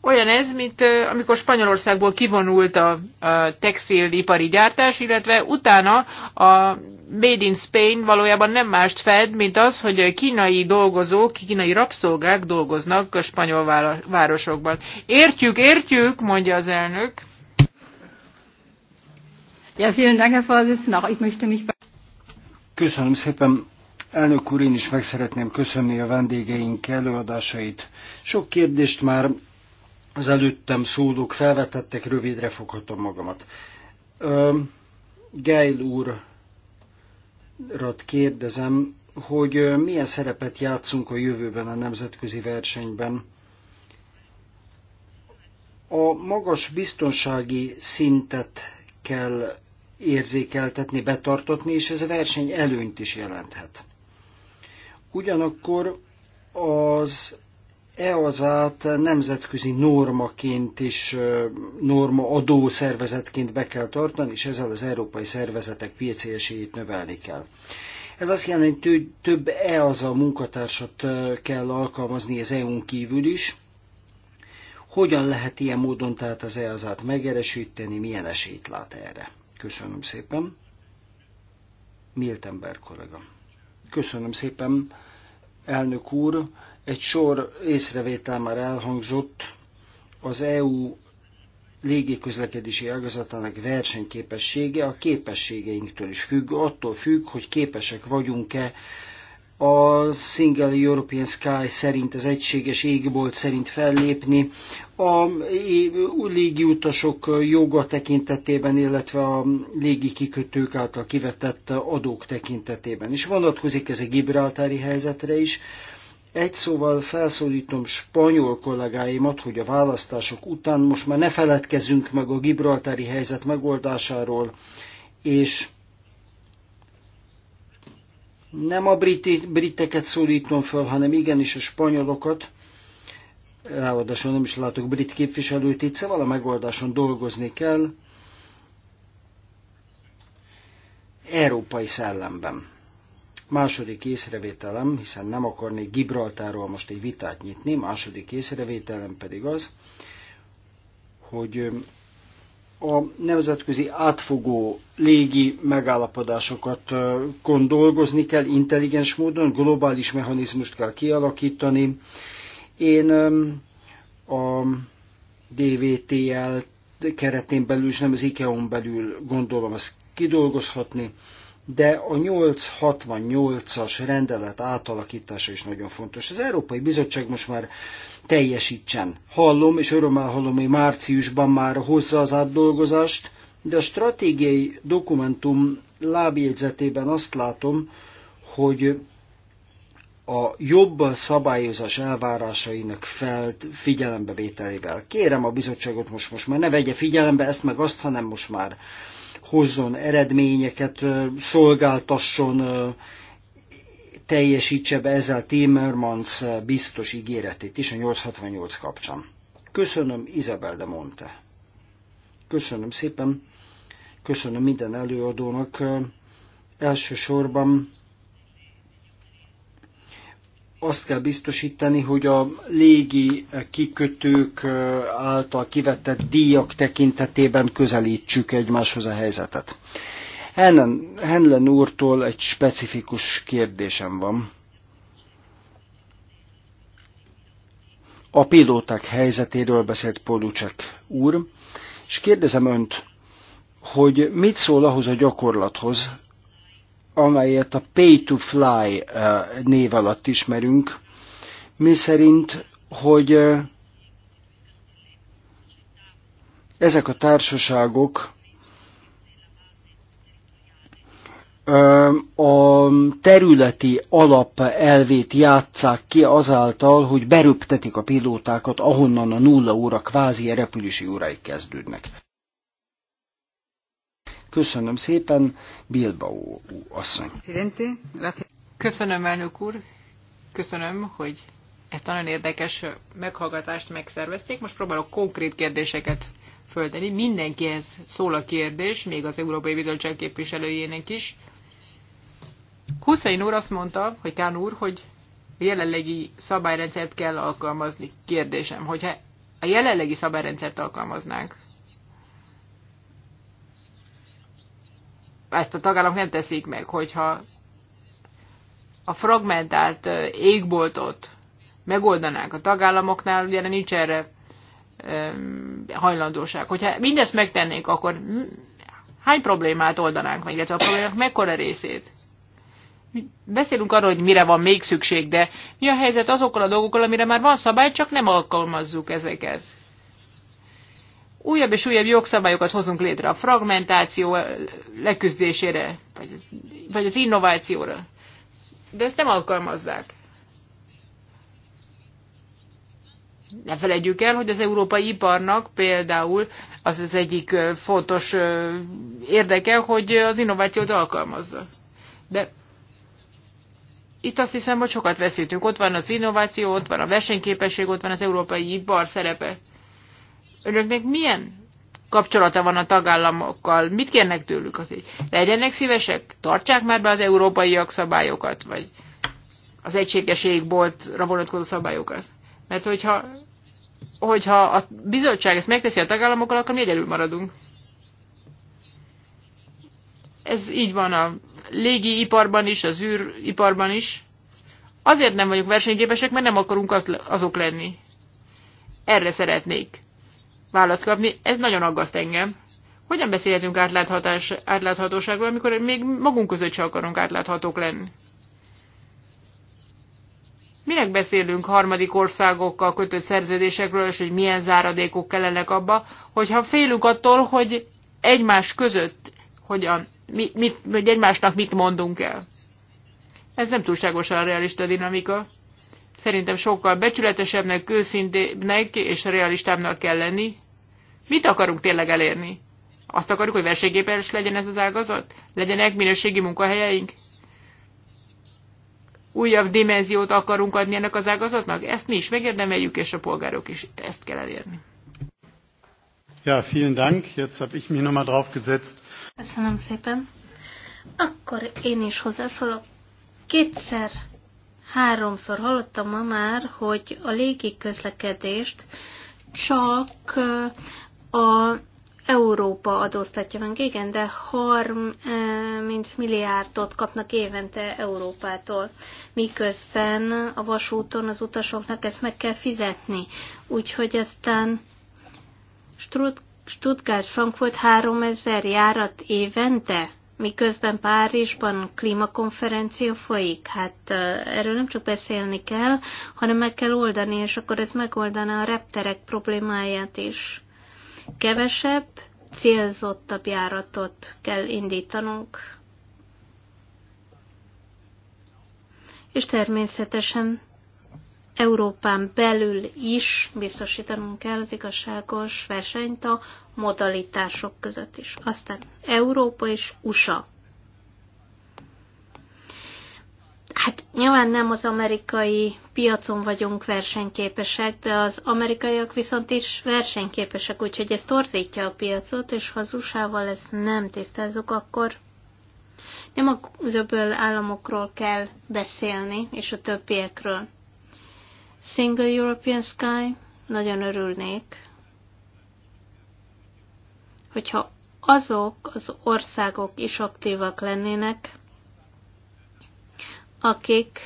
Olyan ez, mint amikor Spanyolországból kivonult a, a textilipari gyártás, illetve utána a Made in Spain valójában nem mást fed, mint az, hogy kínai dolgozók, kínai rabszolgák dolgoznak a spanyol városokban. Értjük, értjük, mondja az elnök. Ja, vielen Dank, Herr Vorsitzender. Auch ich möchte mich Köszönöm szépen. Elnök úr, én is meg szeretném köszönni a vendégeink előadásait. Sok kérdést már az előttem szólók felvetettek, rövidre foghatom magamat. Geil úrrat kérdezem, hogy milyen szerepet játszunk a jövőben a nemzetközi versenyben. A magas biztonsági szintet kell érzékeltetni, betartatni, és ez a verseny előnyt is jelenthet. Ugyanakkor az EASA-t nemzetközi normaként is, norma adó szervezetként be kell tartani, és ezzel az európai szervezetek piaci esélyét növelni kell. Ez azt jelenti, hogy több EASA munkatársat kell alkalmazni az EU-n kívül is. Hogyan lehet ilyen módon tehát az EASA-t megeresíteni, milyen esélyt lát erre? Köszönöm szépen. Miltenberg kollega. Köszönöm szépen, elnök úr. Egy sor észrevétel már elhangzott az EU légiközlekedési ágazatának versenyképessége a képességeinktől is függ, attól függ, hogy képesek vagyunk-e a Single European Sky szerint, az egységes égbolt szerint fellépni, a légiutasok joga tekintetében, illetve a légi kikötők által kivetett adók tekintetében is. Vonatkozik ez a Gibraltári helyzetre is, egy szóval felszólítom spanyol kollégáimat, hogy a választások után most már ne feledkezzünk meg a gibraltári helyzet megoldásáról, és nem a briti, briteket szólítom föl, hanem igenis a spanyolokat, ráadásul nem is látok brit képviselőt itt, szóval a megoldáson dolgozni kell, európai szellemben. Második észrevételem, hiszen nem akarnék Gibraltáról most egy vitát nyitni, második észrevételem pedig az, hogy a nemzetközi átfogó légi megállapodásokat dolgozni kell intelligens módon, globális mechanizmust kell kialakítani. Én a DVTL keretén belül, és nem az ICAO-n belül gondolom ezt kidolgozhatni de a 868-as rendelet átalakítása is nagyon fontos. Az Európai Bizottság most már teljesítsen. Hallom, és örömmel hallom, hogy márciusban már hozza az átdolgozást, de a stratégiai dokumentum lábjegyzetében azt látom, hogy a jobb szabályozás elvárásainak felt figyelembe vételével. Kérem a bizottságot most, most már ne vegye figyelembe ezt meg azt, hanem most már hozzon eredményeket, szolgáltasson, teljesítse be ezzel Timmermans biztos ígéretét is a 868 kapcsán. Köszönöm Izabel de Monte. Köszönöm szépen. Köszönöm minden előadónak. Elsősorban azt kell biztosítani, hogy a légi kikötők által kivetett díjak tekintetében közelítsük egymáshoz a helyzetet. Hennen, Henlen úrtól egy specifikus kérdésem van. A pilóták helyzetéről beszélt Polucsek úr, és kérdezem önt, hogy mit szól ahhoz a gyakorlathoz, amelyet a Pay to Fly uh, név alatt ismerünk, mi szerint, hogy uh, ezek a társaságok uh, a területi alap elvét játszák ki azáltal, hogy berüptetik a pilótákat, ahonnan a nulla óra kvázi repülési óráig kezdődnek. Köszönöm szépen, Bilbao asszony. Köszönöm, elnök úr. Köszönöm, hogy ezt nagyon érdekes meghallgatást megszervezték. Most próbálok konkrét kérdéseket földeni. Mindenkihez szól a kérdés, még az Európai Bizottság képviselőjének is. Hussein úr azt mondta, hogy Kán úr, hogy a jelenlegi szabályrendszert kell alkalmazni. Kérdésem, hogyha a jelenlegi szabályrendszert alkalmaznánk, ezt a tagállamok nem teszik meg, hogyha a fragmentált égboltot megoldanák a tagállamoknál, ugye nincs erre hajlandóság. Hogyha mindezt megtennénk, akkor hány problémát oldanánk meg, illetve a problémák mekkora részét? Beszélünk arról, hogy mire van még szükség, de mi a helyzet azokkal a dolgokkal, amire már van szabály, csak nem alkalmazzuk ezeket újabb és újabb jogszabályokat hozunk létre a fragmentáció leküzdésére, vagy, vagy az innovációra. De ezt nem alkalmazzák. Ne felejtjük el, hogy az európai iparnak például az az egyik fontos érdeke, hogy az innovációt alkalmazza. De itt azt hiszem, hogy sokat veszítünk. Ott van az innováció, ott van a versenyképesség, ott van az európai ipar szerepe önöknek milyen kapcsolata van a tagállamokkal, mit kérnek tőlük az így? Legyenek szívesek, tartsák már be az európai jogszabályokat, vagy az egységes égboltra vonatkozó szabályokat. Mert hogyha, hogyha a bizottság ezt megteszi a tagállamokkal, akkor mi egyedül maradunk. Ez így van a légi iparban is, az űriparban is. Azért nem vagyunk versenyképesek, mert nem akarunk az, azok lenni. Erre szeretnék választ kapni. Ez nagyon aggaszt engem. Hogyan beszélhetünk átláthatás, átláthatóságról, amikor még magunk között se akarunk átláthatók lenni? Minek beszélünk harmadik országokkal kötött szerződésekről, és hogy milyen záradékok kellenek abba, hogyha félünk attól, hogy egymás között hogyan, mi, mit, hogy egymásnak mit mondunk el. Ez nem túlságosan realista dinamika. Szerintem sokkal becsületesebbnek, őszintébbnek és realistábbnak kell lenni. Mit akarunk tényleg elérni? Azt akarjuk, hogy versenyképes legyen ez az ágazat? Legyenek minőségi munkahelyeink? Újabb dimenziót akarunk adni ennek az ágazatnak? Ezt mi is megérdemeljük, és a polgárok is ezt kell elérni. Ja, vielen Dank. Jetzt habe ich mich nochmal drauf gesetzt. Köszönöm szépen. Akkor én is hozzászólok. Kétszer háromszor hallottam ma már, hogy a légi közlekedést csak a Európa adóztatja meg. Igen, de 30 milliárdot kapnak évente Európától, miközben a vasúton az utasoknak ezt meg kell fizetni. Úgyhogy aztán Stuttgart-Frankfurt 3000 járat évente miközben Párizsban klímakonferencia folyik. Hát erről nem csak beszélni kell, hanem meg kell oldani, és akkor ez megoldaná a repterek problémáját is. Kevesebb, célzottabb járatot kell indítanunk. És természetesen Európán belül is biztosítanunk kell az igazságos versenyt a modalitások között is. Aztán Európa és USA. Hát nyilván nem az amerikai piacon vagyunk versenyképesek, de az amerikaiak viszont is versenyképesek, úgyhogy ez torzítja a piacot, és ha az USA-val ezt nem tisztázzuk, akkor nem a zöböl államokról kell beszélni, és a többiekről. Single European Sky, nagyon örülnék, hogyha azok az országok is aktívak lennének, akik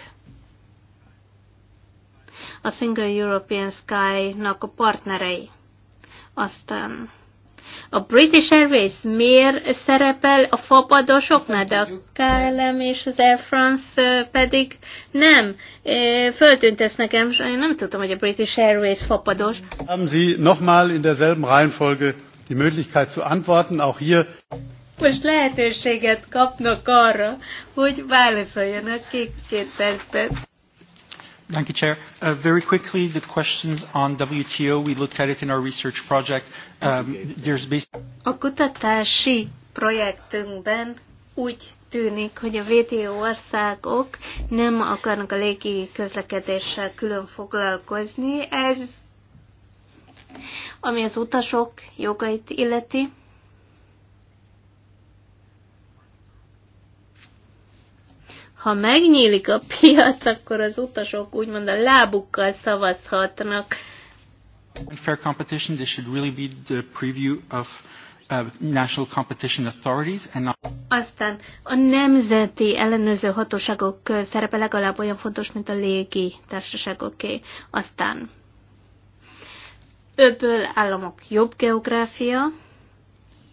a Single European Sky-nak a partnerei. Aztán a British Airways miért szerepel a fapadosoknál, de a KLM és az Air France pedig nem. Föltűnt ez nekem, és én nem tudtam, hogy a British Airways fapados. Haben Sie nochmal in derselben Reihenfolge die Möglichkeit zu antworten, auch hier. Most lehetőséget kapnak arra, hogy válaszoljanak két-két percben. Thank you, Chair. Uh, very quickly, the questions on WTO, we looked at it in our research project. Um, there's basically... A kutatási projektünkben úgy tűnik, hogy a WTO országok nem akarnak a légi közlekedéssel külön foglalkozni. Ez, ami az utasok jogait illeti, ha megnyílik a piac, akkor az utasok úgymond a lábukkal szavazhatnak. And fair competition, this should really be the preview of uh, national competition authorities and not... Aztán a nemzeti ellenőrző hatóságok szerepe legalább olyan fontos, mint a légi társaságoké. Aztán öbből államok jobb geográfia,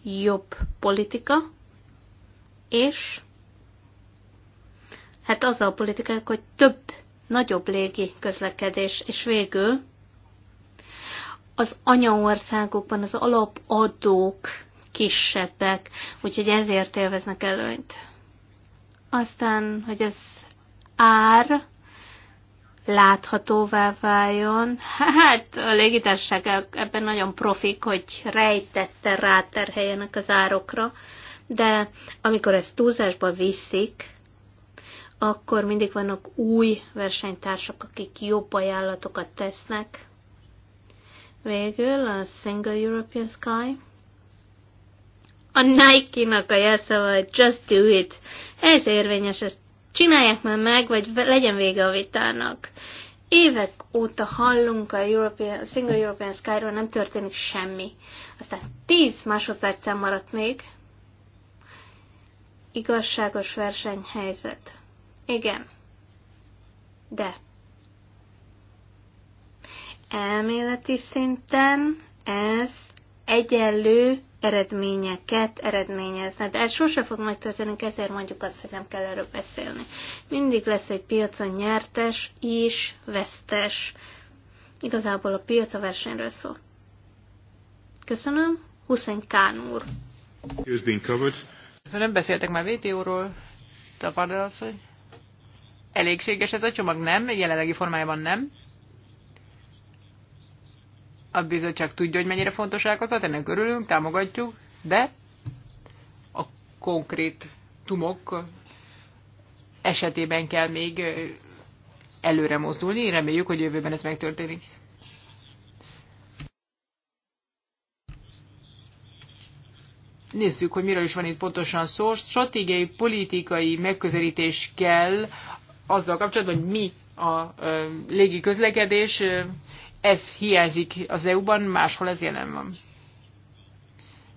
jobb politika, és Hát az a politika, hogy több, nagyobb légi közlekedés, és végül az anyaországokban az alapadók kisebbek, úgyhogy ezért élveznek előnyt. Aztán, hogy ez ár láthatóvá váljon. Hát a légitársaság ebben nagyon profik, hogy rejtette ráterheljenek az árokra, de amikor ezt túlzásba viszik, akkor mindig vannak új versenytársak, akik jobb ajánlatokat tesznek. Végül a Single European Sky. A Nike-nak a jelszava, hogy just do it. Ez érvényes, ezt csinálják már meg, vagy legyen vége a vitának. Évek óta hallunk a, European, a Single European Sky-ról, nem történik semmi. Aztán 10 másodpercen maradt még. Igazságos versenyhelyzet. Igen. De. Elméleti szinten ez egyenlő eredményeket eredményezne. De ez sose fog megtörténni, ezért mondjuk azt, hogy nem kell erről beszélni. Mindig lesz egy piacon nyertes és vesztes. Igazából a piac a versenyről szól. Köszönöm. Huszen Kán úr. Köszönöm, beszéltek már VTO-ról. hogy... Elégséges ez a csomag? Nem, jelenlegi formájában nem. A bizottság tudja, hogy mennyire fontos ágazat, ennek örülünk, támogatjuk, de a konkrét tumok esetében kell még előre mozdulni. Reméljük, hogy jövőben ez megtörténik. Nézzük, hogy miről is van itt pontosan szó. Stratégiai, politikai megközelítés kell azzal kapcsolatban, hogy mi a légi közlekedés, ez hiányzik az EU-ban, máshol ez jelen van.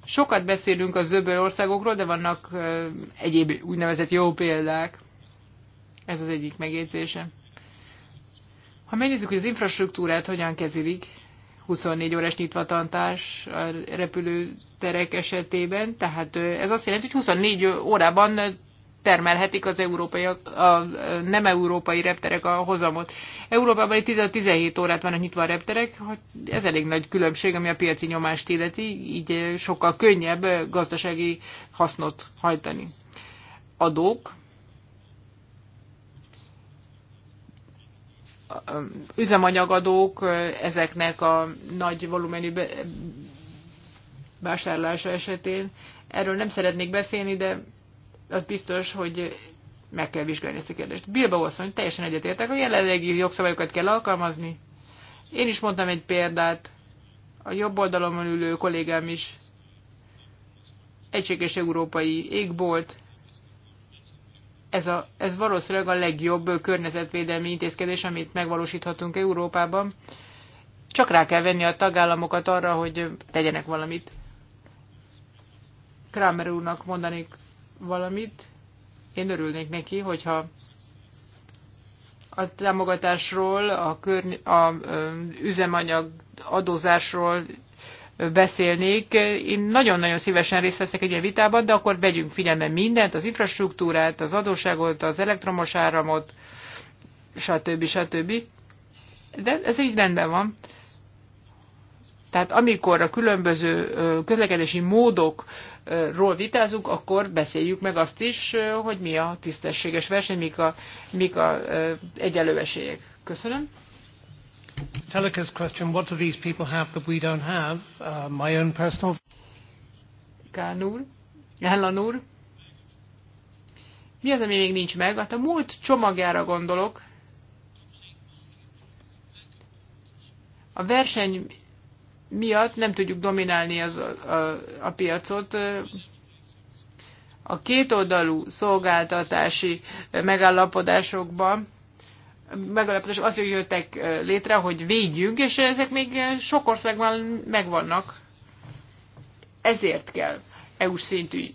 Sokat beszélünk az öböl országokról, de vannak egyéb úgynevezett jó példák. Ez az egyik megjegyzése. Ha megnézzük, hogy az infrastruktúrát hogyan kezelik, 24 órás nyitvatantás a repülőterek esetében, tehát ez azt jelenti, hogy 24 órában termelhetik az európai, a nem európai repterek a hozamot. Európában itt 17 órát vannak nyitva a repterek, ez elég nagy különbség, ami a piaci nyomást illeti, így sokkal könnyebb gazdasági hasznot hajtani. Adók, üzemanyagadók, ezeknek a nagy volumenű vásárlása esetén. Erről nem szeretnék beszélni, de az biztos, hogy meg kell vizsgálni ezt a kérdést. Bilba Olszony, teljesen egyetértek, a jelenlegi jogszabályokat kell alkalmazni. Én is mondtam egy példát, a jobb oldalon ülő kollégám is egységes európai égbolt. Ez, a, ez valószínűleg a legjobb környezetvédelmi intézkedés, amit megvalósíthatunk Európában. Csak rá kell venni a tagállamokat arra, hogy tegyenek valamit. Kramer úrnak mondanék valamit. Én örülnék neki, hogyha a támogatásról, a, körny- a üzemanyag adózásról beszélnék. Én nagyon-nagyon szívesen részt veszek egy ilyen vitában, de akkor vegyünk figyelembe mindent, az infrastruktúrát, az adósságot, az elektromos áramot, stb. stb. De ez így rendben van. Tehát amikor a különböző közlekedési módok ról vitázunk, akkor beszéljük meg azt is, hogy mi a tisztességes verseny, mik a, mik a egyenlő esélyek. Köszönöm. Telekes question, what do these people have that we don't have? Uh, my own personal... Kán úr, Ellen úr, mi az, ami még nincs meg? Hát a múlt csomagjára gondolok. A verseny miatt nem tudjuk dominálni az, a, a piacot. A kétoldalú szolgáltatási megállapodásokban megállapodás azért jöttek létre, hogy védjünk, és ezek még sok országban megvannak. Ezért kell EU-s szintű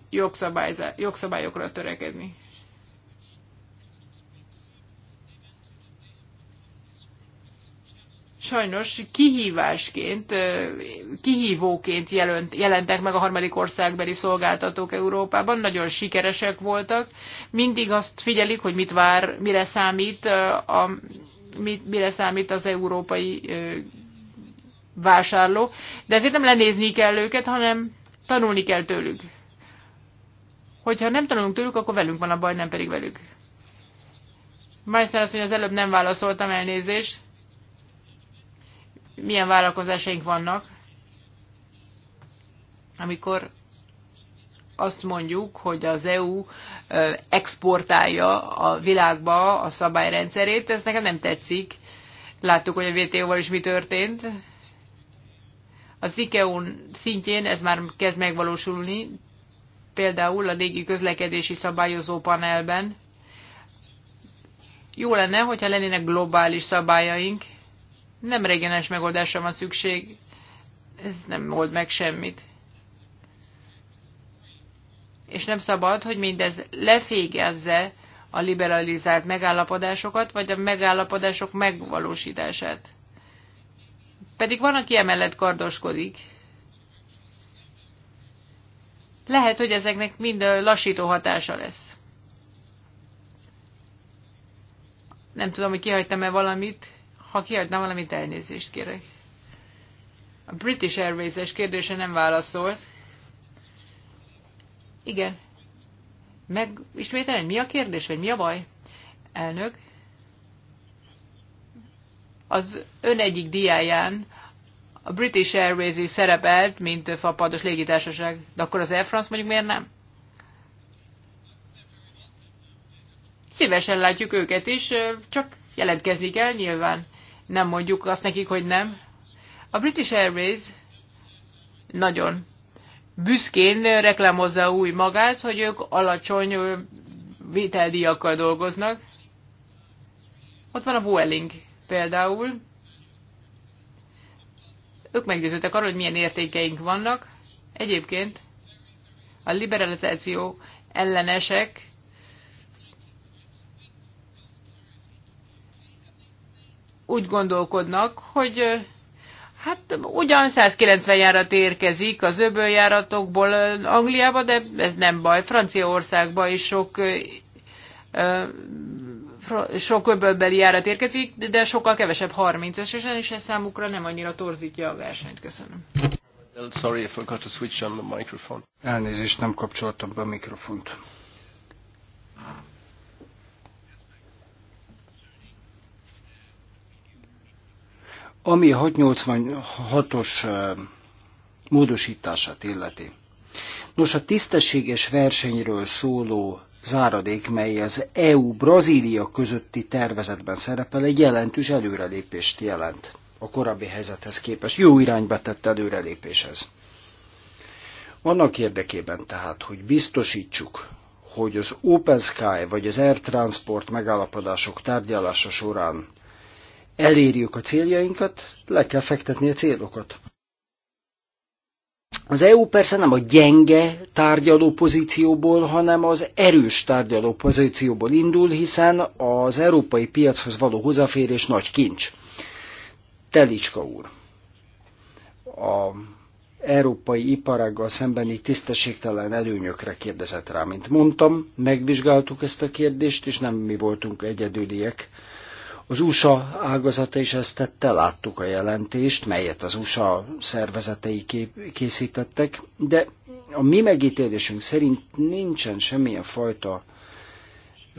jogszabályokra törekedni. sajnos kihívásként, kihívóként jelent, jelentek meg a harmadik országbeli szolgáltatók Európában, nagyon sikeresek voltak, mindig azt figyelik, hogy mit vár, mire számít, a, mit, mire számít az európai vásárló, de ezért nem lenézni kell őket, hanem tanulni kell tőlük. Hogyha nem tanulunk tőlük, akkor velünk van a baj, nem pedig velük. Majszer azt mondja, az előbb nem válaszoltam elnézést milyen vállalkozásaink vannak, amikor azt mondjuk, hogy az EU exportálja a világba a szabályrendszerét, ez nekem nem tetszik. Láttuk, hogy a WTO-val is mi történt. Az icao e szintjén ez már kezd megvalósulni, például a légi közlekedési szabályozó panelben. Jó lenne, hogyha lennének globális szabályaink, nem regionális megoldásra van szükség, ez nem old meg semmit. És nem szabad, hogy mindez lefégezze a liberalizált megállapodásokat, vagy a megállapodások megvalósítását. Pedig van, aki emellett kardoskodik. Lehet, hogy ezeknek mind lassító hatása lesz. Nem tudom, hogy kihagytam-e valamit. Ha kiadna valamit, elnézést kérek. A British Airways-es kérdése nem válaszolt. Igen. Meg ismételni, mi a kérdés, vagy mi a baj? Elnök. Az ön egyik diáján a British Airways szerepelt, mint fapados légitársaság, de akkor az Air France mondjuk miért nem? Szívesen látjuk őket is, csak jelentkezni kell nyilván nem mondjuk azt nekik, hogy nem. A British Airways nagyon büszkén reklámozza új magát, hogy ők alacsony vételdíjakkal dolgoznak. Ott van a Vueling például. Ők meggyőződtek arról, hogy milyen értékeink vannak. Egyébként a liberalizáció ellenesek úgy gondolkodnak, hogy hát ugyan 190 járat érkezik az öböljáratokból Angliába, de ez nem baj. Franciaországba is sok sok öbölbeli járat érkezik, de sokkal kevesebb 30 összesen, és ez számukra nem annyira torzítja a versenyt. Köszönöm. Sorry, I forgot to switch on the microphone. Elnézést, nem kapcsoltam be a mikrofont. ami a 686-os módosítását illeti. Nos, a tisztességes versenyről szóló záradék, mely az EU-Brazília közötti tervezetben szerepel, egy jelentős előrelépést jelent a korábbi helyzethez képest. Jó irányba tett előrelépés ez. Annak érdekében tehát, hogy biztosítsuk, hogy az Open Sky vagy az Air Transport megállapodások tárgyalása során elérjük a céljainkat, le kell fektetni a célokat. Az EU persze nem a gyenge tárgyaló pozícióból, hanem az erős tárgyaló pozícióból indul, hiszen az európai piachoz való hozzáférés nagy kincs. Telicska úr, a európai iparággal szembeni tisztességtelen előnyökre kérdezett rá, mint mondtam, megvizsgáltuk ezt a kérdést, és nem mi voltunk egyedüliek az USA ágazata is ezt tette, láttuk a jelentést, melyet az USA szervezetei készítettek, de a mi megítélésünk szerint nincsen semmilyen fajta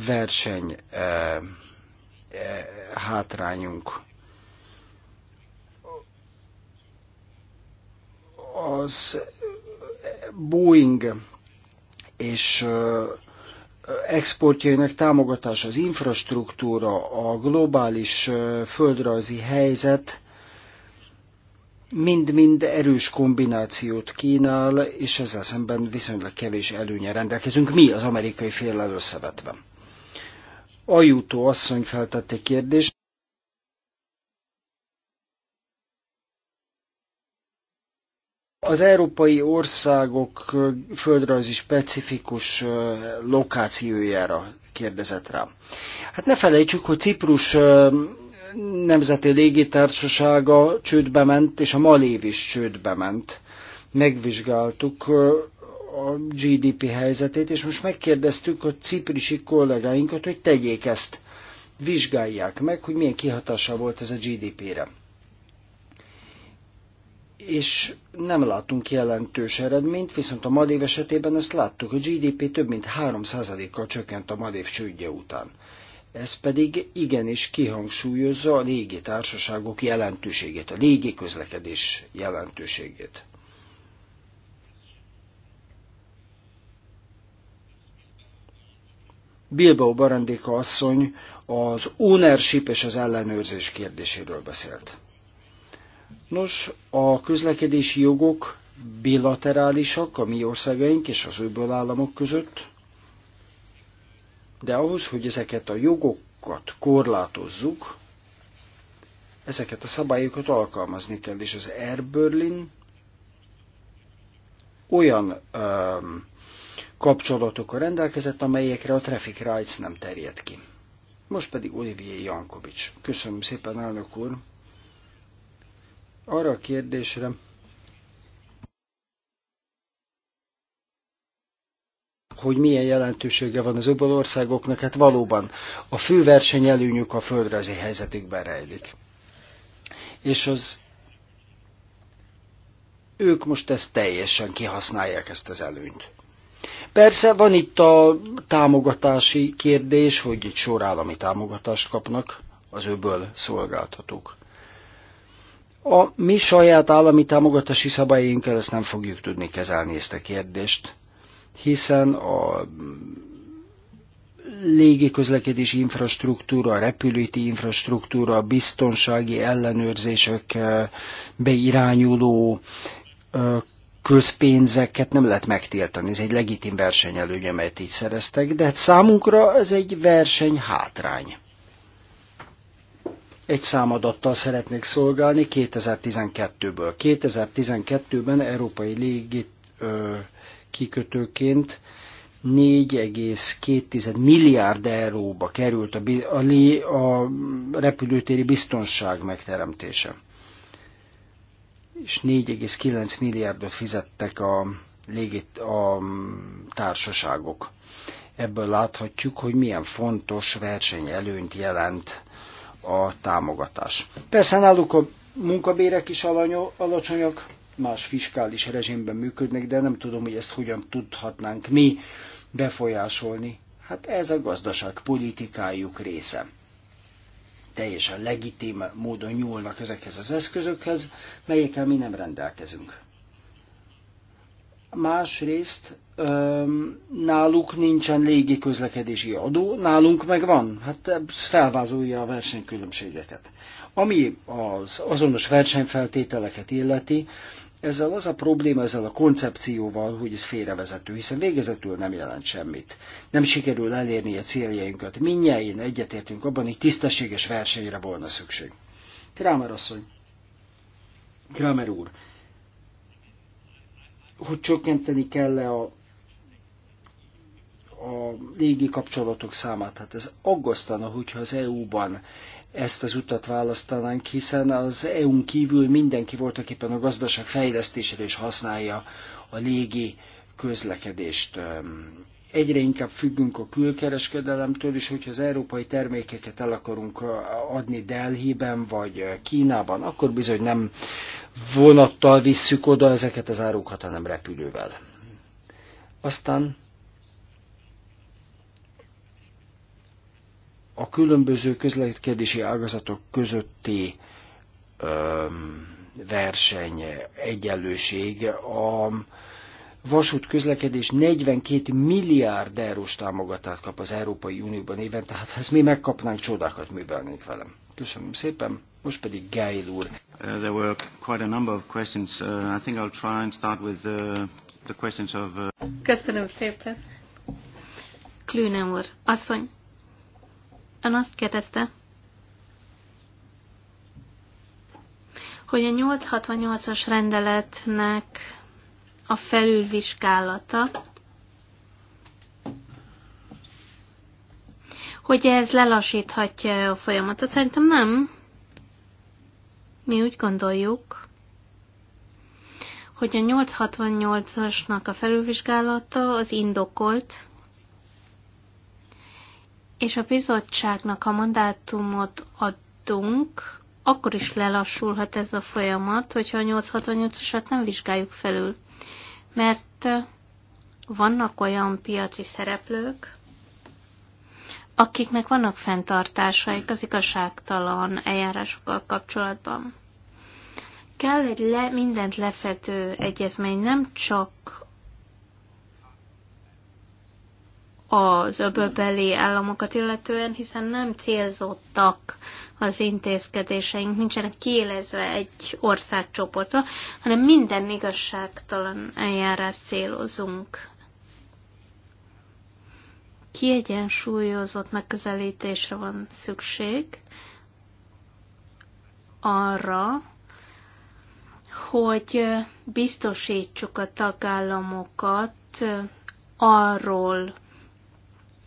verseny e, e, hátrányunk. Az Boeing és exportjainak támogatása, az infrastruktúra, a globális földrajzi helyzet mind-mind erős kombinációt kínál, és ezzel szemben viszonylag kevés előnye rendelkezünk mi az amerikai féllel összevetve. Ajutó asszony feltette kérdést, Az európai országok földrajzi specifikus lokációjára kérdezett rá. Hát ne felejtsük, hogy Ciprus nemzeti légitársasága csődbe ment, és a Malév is csődbe ment. Megvizsgáltuk a GDP helyzetét, és most megkérdeztük a ciprisi kollégáinkat, hogy tegyék ezt. Vizsgálják meg, hogy milyen kihatása volt ez a GDP-re és nem látunk jelentős eredményt, viszont a madév esetében ezt láttuk, a GDP több mint 3%-kal csökkent a madév csődje után. Ez pedig igenis kihangsúlyozza a légitársaságok jelentőségét, a légiközlekedés jelentőségét. Bilbao Barandéka asszony az ownership és az ellenőrzés kérdéséről beszélt. Nos, a közlekedési jogok bilaterálisak a mi országaink és az őből államok között, de ahhoz, hogy ezeket a jogokat korlátozzuk, ezeket a szabályokat alkalmazni kell, és az Air Berlin olyan um, kapcsolatokkal rendelkezett, amelyekre a Traffic Rights nem terjed ki. Most pedig Olivier Jankovics. Köszönöm szépen, elnök úr! arra a kérdésre, hogy milyen jelentősége van az országoknak, hát valóban a fő versenyelőnyük a földrajzi helyzetükben rejlik. És az ők most ezt teljesen kihasználják ezt az előnyt. Persze van itt a támogatási kérdés, hogy egy sor állami támogatást kapnak az öböl szolgáltatók. A mi saját állami támogatási szabályainkkal ezt nem fogjuk tudni kezelni ezt a kérdést, hiszen a légiközlekedési infrastruktúra, a repülőti infrastruktúra, a biztonsági ellenőrzések beirányuló közpénzeket nem lehet megtiltani. Ez egy legitim versenyelőny, amelyet így szereztek, de hát számunkra ez egy verseny hátrány. Egy számadattal szeretnék szolgálni 2012-ből. 2012-ben európai légi ö, kikötőként 4,2 milliárd euróba került a, a, a repülőtéri biztonság megteremtése. És 4,9 milliárdot fizettek a, légit, a társaságok. Ebből láthatjuk, hogy milyen fontos versenyelőnyt jelent a támogatás. Persze náluk a munkabérek is alacsonyak, más fiskális rezsimben működnek, de nem tudom, hogy ezt hogyan tudhatnánk mi befolyásolni. Hát ez a gazdaság politikájuk része. Teljesen legitim módon nyúlnak ezekhez az eszközökhez, melyekkel mi nem rendelkezünk másrészt náluk nincsen légi közlekedési adó, nálunk meg van. Hát ez felvázolja a versenykülönbségeket. Ami az azonos versenyfeltételeket illeti, ezzel az a probléma, ezzel a koncepcióval, hogy ez félrevezető, hiszen végezetül nem jelent semmit. Nem sikerül elérni a céljainkat. Minnyáján egyetértünk abban, hogy tisztességes versenyre volna szükség. Krámer asszony, Kramer úr, hogy csökkenteni kell-e a, a légi kapcsolatok számát. Hát ez aggasztana, hogyha az EU-ban ezt az utat választanánk, hiszen az EU-n kívül mindenki voltak éppen a gazdaság fejlesztésére is használja a légi közlekedést egyre inkább függünk a külkereskedelemtől, és hogyha az európai termékeket el akarunk adni Delhiben vagy Kínában, akkor bizony nem vonattal visszük oda ezeket az árukat, hanem repülővel. Aztán a különböző közlekedési ágazatok közötti öm, verseny, egyenlőség a Vasút közlekedés 42 milliárd eurós támogatást kap az Európai Unióban éven, tehát ezt mi megkapnánk, csodákat művelnénk velem. Köszönöm szépen, most pedig Gail úr. Uh, there were quite a number of questions. Uh, I think I'll try and start with the, uh, the questions of... Uh... Köszönöm szépen. Klüne úr, asszony, ön azt kérdezte, hogy a 868-as rendeletnek a felülvizsgálata, hogy ez lelassíthatja a folyamatot. Szerintem nem. Mi úgy gondoljuk, hogy a 868-asnak a felülvizsgálata az indokolt, és a bizottságnak a mandátumot adunk, akkor is lelassulhat ez a folyamat, hogyha a 868-asat nem vizsgáljuk felül mert vannak olyan piaci szereplők, akiknek vannak fenntartásaik az igazságtalan eljárásokkal kapcsolatban. Kell egy le, mindent lefedő egyezmény, nem csak az öbölbeli államokat illetően, hiszen nem célzottak az intézkedéseink, nincsenek kiélezve egy országcsoportra, hanem minden igazságtalan eljárás célozunk. Kiegyensúlyozott megközelítésre van szükség arra, hogy biztosítsuk a tagállamokat arról,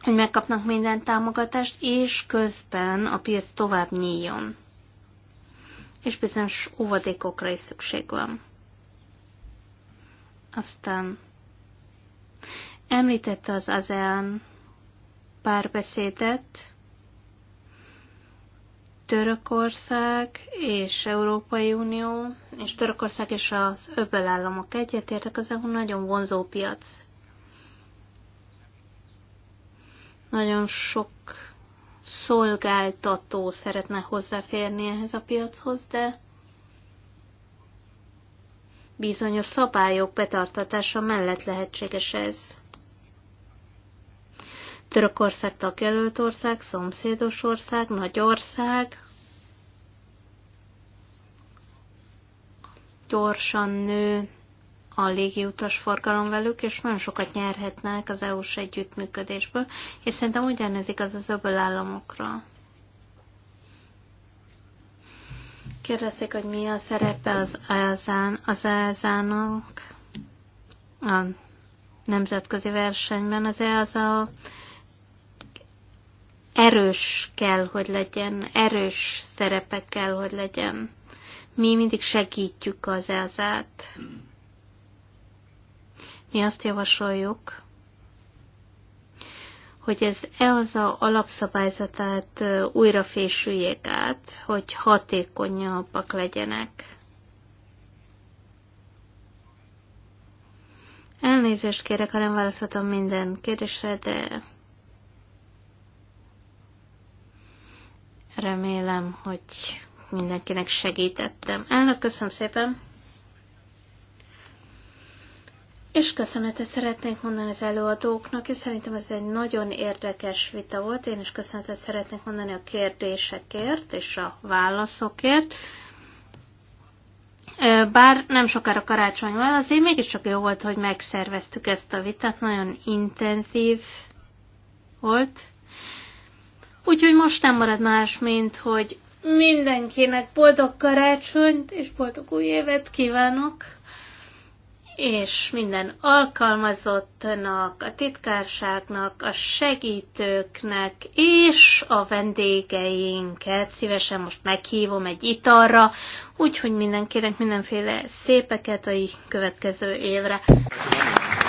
hogy megkapnak minden támogatást, és közben a piac tovább nyíljon. És bizonyos óvadékokra is szükség van. Aztán említette az ASEAN párbeszédet, Törökország és Európai Unió, és Törökország és az öböl államok egyetértek, az EU nagyon vonzó piac Nagyon sok szolgáltató szeretne hozzáférni ehhez a piachoz, de bizonyos szabályok betartatása mellett lehetséges ez. Törökország tagjelölt ország, szomszédos ország, nagy ország. Gyorsan nő a légiutas forgalom velük, és nagyon sokat nyerhetnek az EU-s együttműködésből, és szerintem ugyanez igaz az öböl államokra. Kérdezték, hogy mi a szerepe az ELZÁN, az EASÁN-nak a nemzetközi versenyben. Az a erős kell, hogy legyen, erős szerepe kell, hogy legyen. Mi mindig segítjük az EASA-t. Mi azt javasoljuk, hogy ez EASA alapszabályzatát újra fésüljék át, hogy hatékonyabbak legyenek. Elnézést kérek, ha nem válaszoltam minden kérdésre, de remélem, hogy mindenkinek segítettem. Elnök, köszönöm szépen! És köszönetet szeretnék mondani az előadóknak, és szerintem ez egy nagyon érdekes vita volt. Én is köszönetet szeretnék mondani a kérdésekért és a válaszokért. Bár nem sokára karácsony van, azért mégiscsak jó volt, hogy megszerveztük ezt a vitát, nagyon intenzív volt. Úgyhogy most nem marad más, mint hogy mindenkinek boldog karácsonyt és boldog új évet kívánok! és minden alkalmazottnak, a titkárságnak, a segítőknek és a vendégeinket szívesen most meghívom egy italra, úgyhogy mindenkinek mindenféle szépeket a következő évre. Köszönöm.